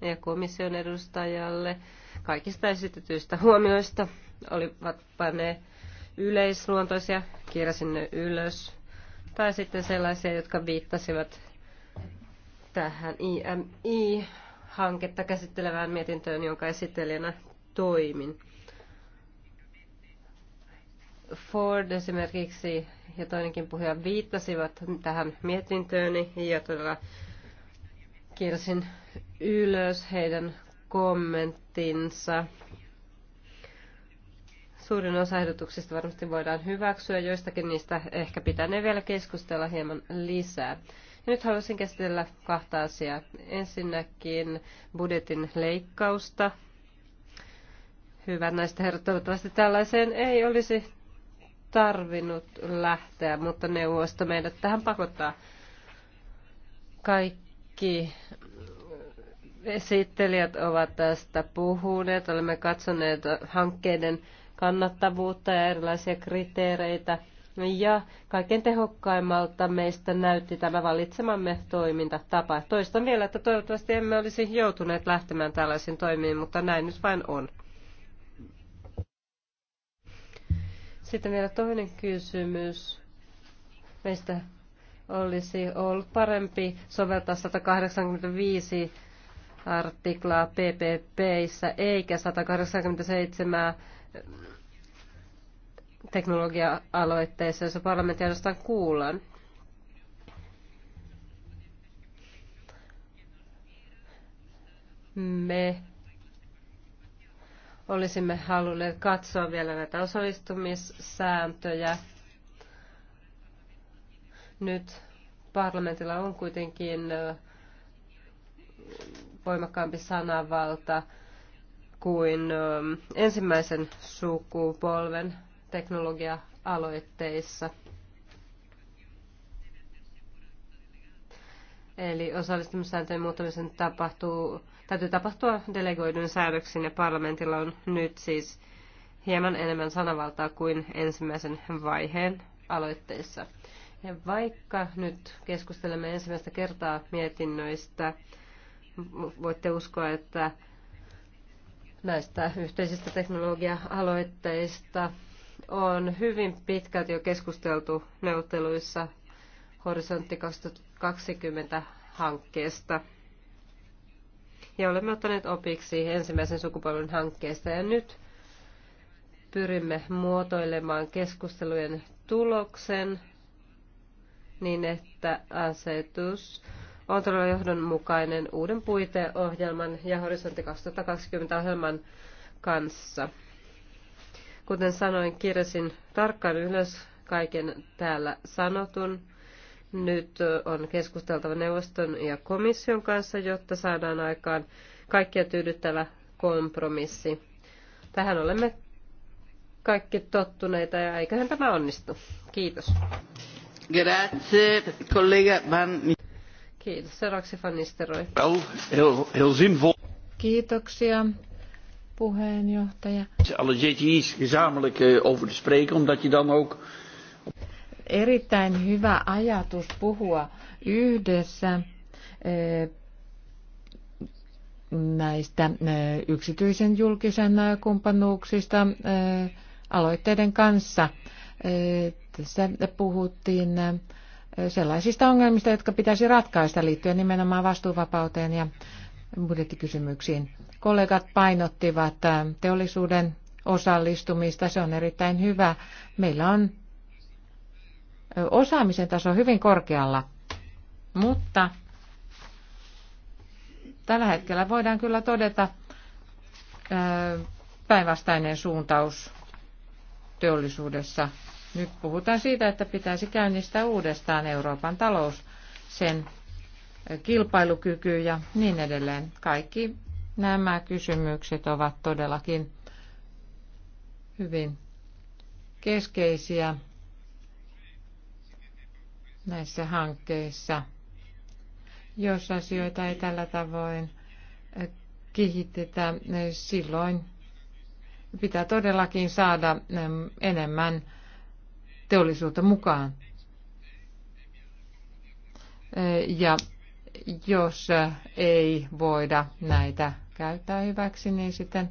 ja komission edustajalle kaikista esitetyistä huomioista. Olivatpa ne yleisluontoisia, kirjasin ne ylös, tai sitten sellaisia, jotka viittasivat tähän IMI-hanketta käsittelevään mietintöön, jonka esittelijänä toimin. Ford esimerkiksi ja toinenkin puhuja viittasivat tähän mietintööni ja todella kirsin ylös heidän kommenttinsa. Suurin osa ehdotuksista varmasti voidaan hyväksyä, joistakin niistä ehkä pitää ne vielä keskustella hieman lisää. Ja nyt haluaisin käsitellä kahta asiaa. Ensinnäkin budjetin leikkausta. Hyvä näistä herrat, toivottavasti tällaiseen ei olisi tarvinnut lähteä, mutta neuvosto meidät tähän pakottaa. Kaikki esittelijät ovat tästä puhuneet. Olemme katsoneet hankkeiden kannattavuutta ja erilaisia kriteereitä. Ja kaiken tehokkaimmalta meistä näytti tämä valitsemamme toimintatapa. Toistan vielä, että toivottavasti emme olisi joutuneet lähtemään tällaisiin toimiin, mutta näin nyt vain on. Sitten vielä toinen kysymys. Meistä olisi ollut parempi soveltaa 185 artiklaa PPPissä eikä 187 teknologia aloitteissa jossa parlamentti ainoastaan kuullaan. Me Olisimme halunneet katsoa vielä näitä osallistumissääntöjä. Nyt parlamentilla on kuitenkin voimakkaampi sananvalta kuin ensimmäisen sukupolven teknologia-aloitteissa. Eli osallistumissääntöjen muuttamisen tapahtuu täytyy tapahtua delegoidun säädöksin ja parlamentilla on nyt siis hieman enemmän sanavaltaa kuin ensimmäisen vaiheen aloitteissa. Ja vaikka nyt keskustelemme ensimmäistä kertaa mietinnöistä, voitte uskoa, että näistä yhteisistä teknologia-aloitteista on hyvin pitkälti jo keskusteltu neuvotteluissa Horisontti 2020 hankkeesta ja olemme ottaneet opiksi ensimmäisen sukupolven hankkeesta ja nyt pyrimme muotoilemaan keskustelujen tuloksen niin, että asetus on todella johdonmukainen uuden puiteohjelman ja horisontti 2020 ohjelman kanssa. Kuten sanoin, kirjasin tarkkaan ylös kaiken täällä sanotun nyt on keskusteltava neuvoston ja komission kanssa, jotta saadaan aikaan kaikkia tyydyttävä kompromissi. Tähän olemme kaikki tottuneita ja eiköhän tämä onnistu. Kiitos. Grazie, kollega Van... Kiitos. Seuraavaksi Van Nisteroi. Kiitoksia, puheenjohtaja. Alle GTI's gezamenlijk eh, over te spreken, omdat je dan ook erittäin hyvä ajatus puhua yhdessä e, näistä e, yksityisen julkisen kumppanuuksista e, aloitteiden kanssa. Tässä puhuttiin sellaisista ongelmista, jotka pitäisi ratkaista liittyen nimenomaan vastuuvapauteen ja budjettikysymyksiin. Kollegat painottivat teollisuuden osallistumista. Se on erittäin hyvä. Meillä on osaamisen taso on hyvin korkealla, mutta tällä hetkellä voidaan kyllä todeta päinvastainen suuntaus teollisuudessa. Nyt puhutaan siitä, että pitäisi käynnistää uudestaan Euroopan talous, sen kilpailukyky ja niin edelleen. Kaikki nämä kysymykset ovat todellakin hyvin keskeisiä näissä hankkeissa. Jos asioita ei tällä tavoin kehitetä, silloin pitää todellakin saada enemmän teollisuutta mukaan. Ja jos ei voida näitä käyttää hyväksi, niin sitten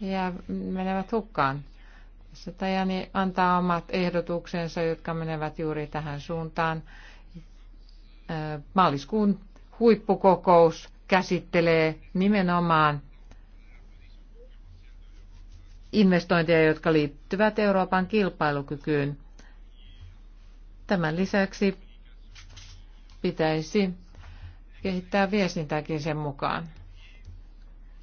jää, menevät hukkaan. Satajani antaa omat ehdotuksensa, jotka menevät juuri tähän suuntaan. Maaliskuun huippukokous käsittelee nimenomaan investointeja, jotka liittyvät Euroopan kilpailukykyyn. Tämän lisäksi pitäisi kehittää viestintääkin sen mukaan.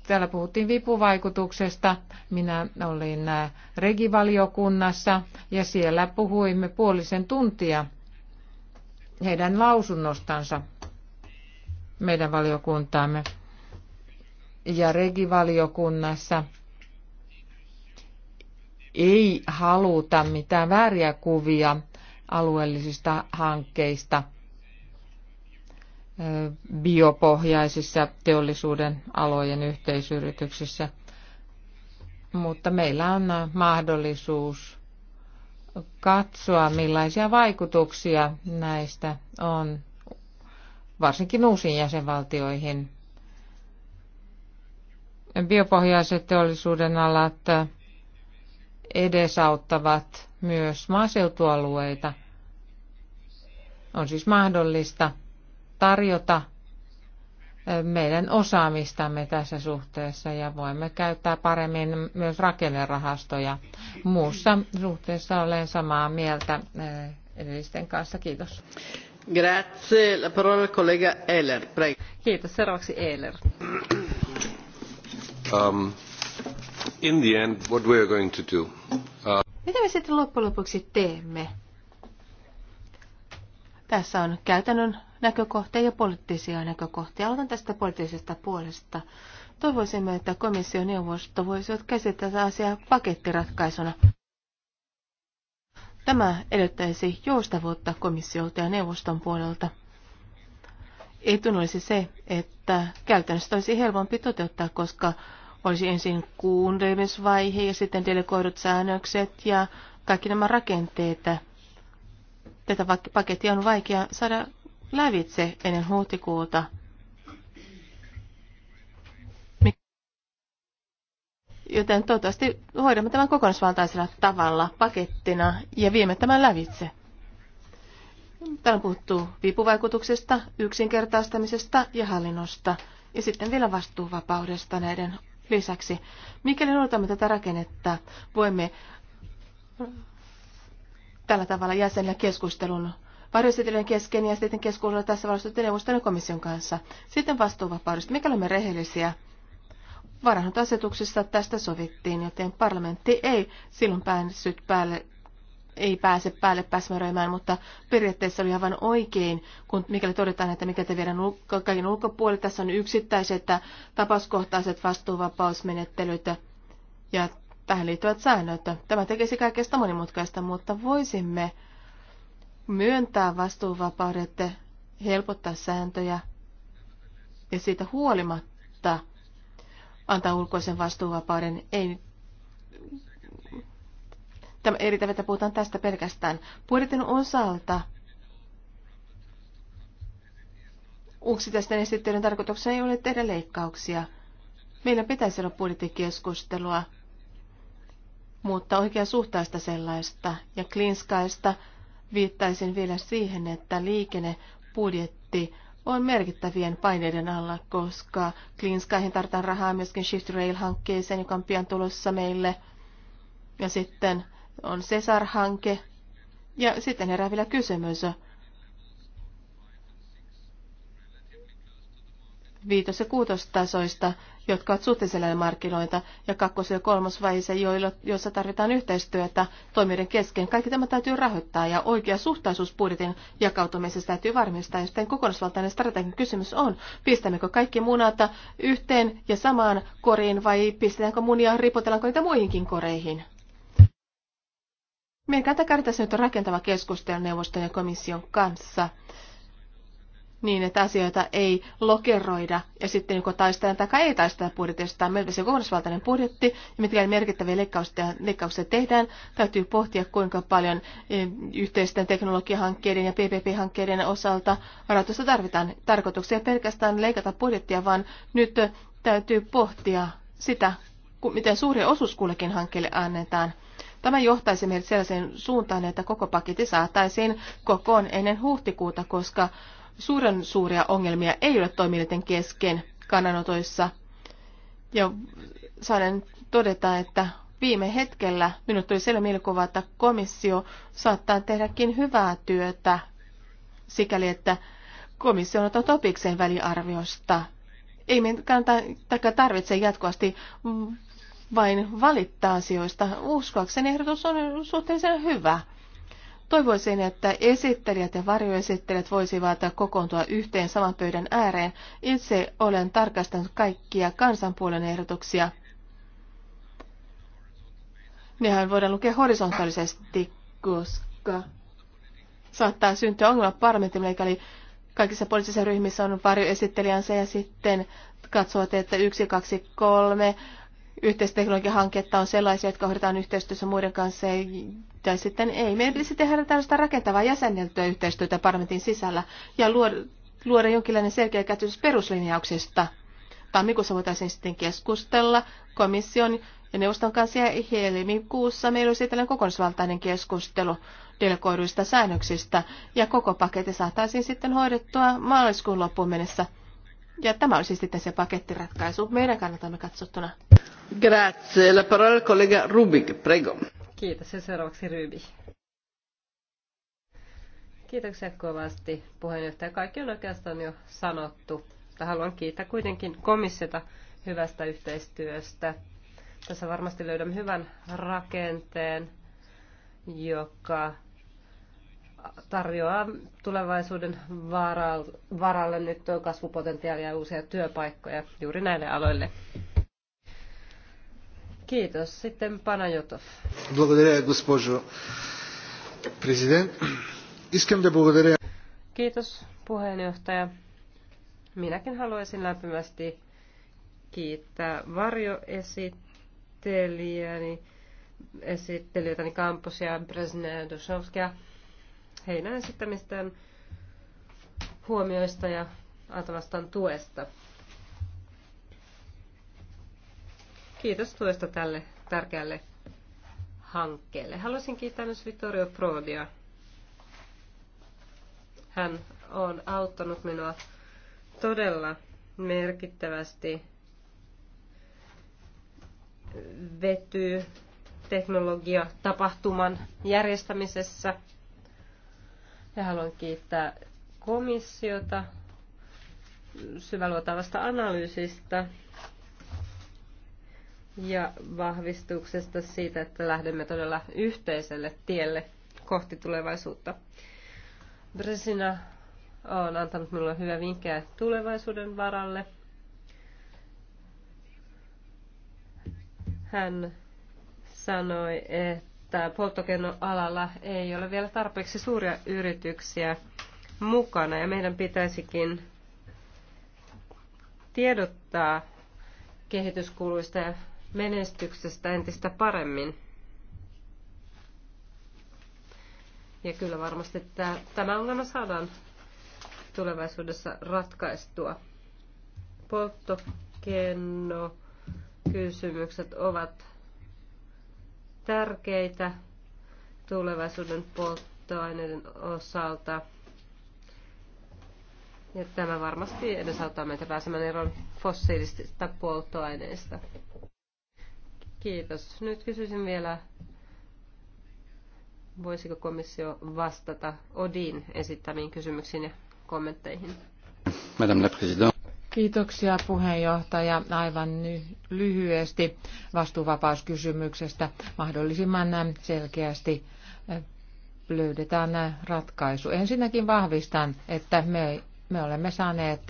Täällä puhuttiin vipuvaikutuksesta. Minä olin äh, regivaliokunnassa ja siellä puhuimme puolisen tuntia heidän lausunnostansa meidän valiokuntaamme. Ja regivaliokunnassa ei haluta mitään vääriä kuvia alueellisista hankkeista – biopohjaisissa teollisuuden alojen yhteisyrityksissä. Mutta meillä on mahdollisuus katsoa, millaisia vaikutuksia näistä on, varsinkin uusiin jäsenvaltioihin. Biopohjaiset teollisuuden alat edesauttavat myös maaseutualueita. On siis mahdollista tarjota meidän osaamistamme tässä suhteessa ja voimme käyttää paremmin myös rakennerahastoja. Muussa suhteessa olen samaa mieltä edellisten kanssa. Kiitos. Grazie. La parola collega Ehler. Prego. Kiitos. Seuraavaksi Ehler. Um, in the end, what we are going to do? Uh... Mitä me sitten loppujen lopuksi teemme? Tässä on käytännön näkökohtia ja poliittisia näkökohtia. Aloitan tästä poliittisesta puolesta. Toivoisimme, että komission neuvosto voisivat käsitellä asiaa pakettiratkaisuna. Tämä edellyttäisi joustavuutta komissiolta ja neuvoston puolelta. Etun olisi se, että käytännössä olisi helpompi toteuttaa, koska olisi ensin kuuntelemisvaihe ja sitten delegoidut säännökset ja kaikki nämä rakenteet. Tätä pakettia on vaikea saada lävitse ennen huhtikuuta. Joten toivottavasti hoidamme tämän kokonaisvaltaisella tavalla pakettina ja viemme tämän lävitse. Täällä puhuttu viipuvaikutuksesta, yksinkertaistamisesta ja hallinnosta ja sitten vielä vastuuvapaudesta näiden lisäksi. Mikäli noudatamme tätä rakennetta, voimme tällä tavalla jäsenellä keskustelun varjoesitelyjen kesken ja sitten keskustella tässä valmistelette neuvoston ja komission kanssa. Sitten vastuuvapaudesta. Mikä olemme rehellisiä? Varainhoitoasetuksessa tästä sovittiin, joten parlamentti ei silloin päässyt päälle ei pääse päälle pääsmäröimään, mutta periaatteessa oli aivan oikein, kun mikäli todetaan, että mikä te viedään ulko, kaiken ulkopuolelle. Tässä on yksittäiset tapauskohtaiset vastuuvapausmenettelyt ja tähän liittyvät säännöt. Tämä tekisi kaikesta monimutkaista, mutta voisimme myöntää vastuuvapaudet, helpottaa sääntöjä ja siitä huolimatta antaa ulkoisen vastuuvapauden. Ei, tämä eri tavalla puhutaan tästä pelkästään. puolitin osalta yksittäisten esittelyn tarkoituksena ei ole tehdä leikkauksia. Meillä pitäisi olla budjettikeskustelua, mutta suhtaista sellaista ja klinskaista viittaisin vielä siihen, että liikennebudjetti on merkittävien paineiden alla, koska Clean Skyhin tarvitaan rahaa myöskin Shift Rail-hankkeeseen, joka on pian tulossa meille. Ja sitten on Cesar-hanke. Ja sitten herää vielä kysymys. Viitos- ja kuutostasoista jotka ovat suhteellisia markkinoita, ja kakkos- ja kolmosvaiheessa, joissa tarvitaan yhteistyötä toimijoiden kesken. Kaikki tämä täytyy rahoittaa, ja oikea suhtaisuus budjetin jakautumisessa täytyy varmistaa. Ja sitten kokonaisvaltainen strateginen kysymys on, pistämmekö kaikki munat yhteen ja samaan koriin, vai pistetäänkö munia, ripotellaanko niitä muihinkin koreihin? Meidän kannattaa käydä tässä nyt rakentava keskustelu neuvoston ja komission kanssa niin, että asioita ei lokeroida ja sitten joko taistellaan tai ei taistella budjetista. Meillä se kokonaisvaltainen budjetti ja mitkä merkittäviä leikkauksia, leikkauksia tehdään. Täytyy pohtia, kuinka paljon eh, yhteisten teknologiahankkeiden ja PPP-hankkeiden osalta rahoitusta tarvitaan. Tarkoituksia pelkästään leikata budjettia, vaan nyt täytyy pohtia sitä, miten suuri osuus kullekin hankkeelle annetaan. Tämä johtaisi meidät sellaiseen suuntaan, että koko paketti saataisiin kokoon ennen huhtikuuta, koska suuren suuria ongelmia ei ole toimijoiden kesken kannanotoissa. Ja saan todeta, että viime hetkellä minut tuli selvä mielikuva, että komissio saattaa tehdäkin hyvää työtä sikäli, että komissio on ottanut opikseen väliarviosta. Ei meidän kannata, tarvitse jatkuvasti vain valittaa asioista. Uskoakseni ehdotus on suhteellisen hyvä. Toivoisin, että esittelijät ja varjoesittelijät voisivat kokoontua yhteen saman pöydän ääreen. Itse olen tarkastanut kaikkia kansanpuolen ehdotuksia. Nehän voidaan lukea horisontaalisesti, koska saattaa syntyä ongelma parlamentille, eli kaikissa poliittisissa ryhmissä on varjoesittelijänsä ja sitten katsovat, että yksi, kaksi, kolme yhteisteknologiahanketta on sellaisia, jotka hoidetaan yhteistyössä muiden kanssa, tai sitten ei. Meidän pitäisi tehdä tällaista rakentavaa jäsenneltyä yhteistyötä parlamentin sisällä ja luoda, luoda jonkinlainen selkeä käsitys peruslinjauksista. Tammikuussa voitaisiin sitten keskustella komission ja neuvoston kanssa ja helmikuussa meillä olisi tällainen kokonaisvaltainen keskustelu delegoiduista säännöksistä ja koko paketti saataisiin sitten hoidettua maaliskuun loppuun mennessä. Ja tämä siis sitten se pakettiratkaisu meidän kannatamme katsottuna. Grazie. La parola collega Rubik, prego. Kiitos ja seuraavaksi Rubik. Kiitoksia kovasti puheenjohtaja. Kaikki on oikeastaan jo sanottu. haluan kiittää kuitenkin komissiota hyvästä yhteistyöstä. Tässä varmasti löydämme hyvän rakenteen, joka tarjoaa tulevaisuuden varalle nyt kasvupotentiaali ja uusia työpaikkoja juuri näille aloille. Kiitos. Sitten Panajotov. Kiitos, puheenjohtaja. Minäkin haluaisin lämpimästi kiittää varjoesittelijäni, esittelijöitäni ja Brezhnev, Dushovskia, heidän esittämistään huomioista ja Atavastan tuesta. Kiitos tuesta tälle tärkeälle hankkeelle. Haluaisin kiittää myös Vittorio Prodia. Hän on auttanut minua todella merkittävästi vety teknologia tapahtuman järjestämisessä – ja haluan kiittää komissiota syväluotavasta analyysistä ja vahvistuksesta siitä, että lähdemme todella yhteiselle tielle kohti tulevaisuutta. Bresina on antanut minulle hyvä vinkkejä tulevaisuuden varalle. Hän sanoi, että että polttokennoalalla ei ole vielä tarpeeksi suuria yrityksiä mukana ja meidän pitäisikin tiedottaa kehityskuluista ja menestyksestä entistä paremmin. Ja kyllä varmasti tämä ongelma saadaan tulevaisuudessa ratkaistua. Polttokenno kysymykset ovat tärkeitä tulevaisuuden polttoaineiden osalta. Ja tämä varmasti edesauttaa meitä pääsemään eroon fossiilisista polttoaineista. Kiitos. Nyt kysyisin vielä, voisiko komissio vastata Odin esittämiin kysymyksiin ja kommentteihin. Madame la Présidente. Kiitoksia puheenjohtaja. Aivan lyhyesti vastuuvapauskysymyksestä mahdollisimman selkeästi löydetään ratkaisu. Ensinnäkin vahvistan, että me, me olemme saaneet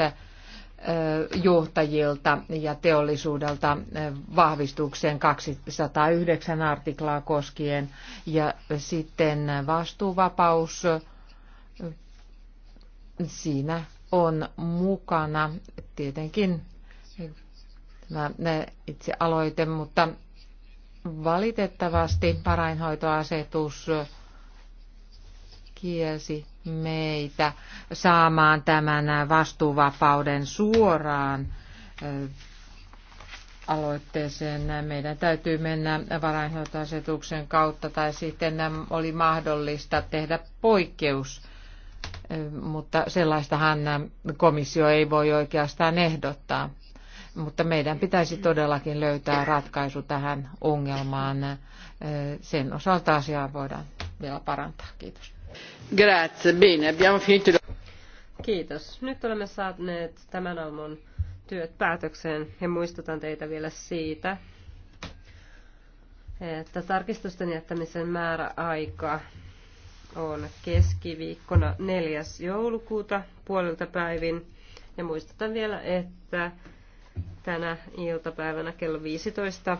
johtajilta ja teollisuudelta vahvistuksen 209 artiklaa koskien ja sitten vastuuvapaus siinä on mukana. Tietenkin tämä itse aloite, mutta valitettavasti parainhoitoasetus kielsi meitä saamaan tämän vastuuvapauden suoraan äh, aloitteeseen. Meidän täytyy mennä varainhoitoasetuksen kautta tai sitten oli mahdollista tehdä poikkeus mutta sellaistahan komissio ei voi oikeastaan ehdottaa. Mutta meidän pitäisi todellakin löytää ratkaisu tähän ongelmaan. Sen osalta asiaa voidaan vielä parantaa. Kiitos. Grazie, bene, abbiamo finito. Kiitos. Nyt olemme saaneet tämän aamun työt päätökseen ja muistutan teitä vielä siitä, että tarkistusten jättämisen määräaika on keskiviikkona 4. joulukuuta puolilta päivin. Ja muistutan vielä, että tänä iltapäivänä kello 15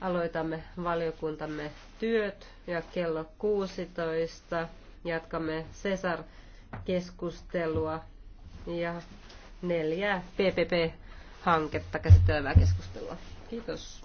aloitamme valiokuntamme työt ja kello 16 jatkamme Cesar-keskustelua ja neljää PPP-hanketta käsittelevää keskustelua. Kiitos.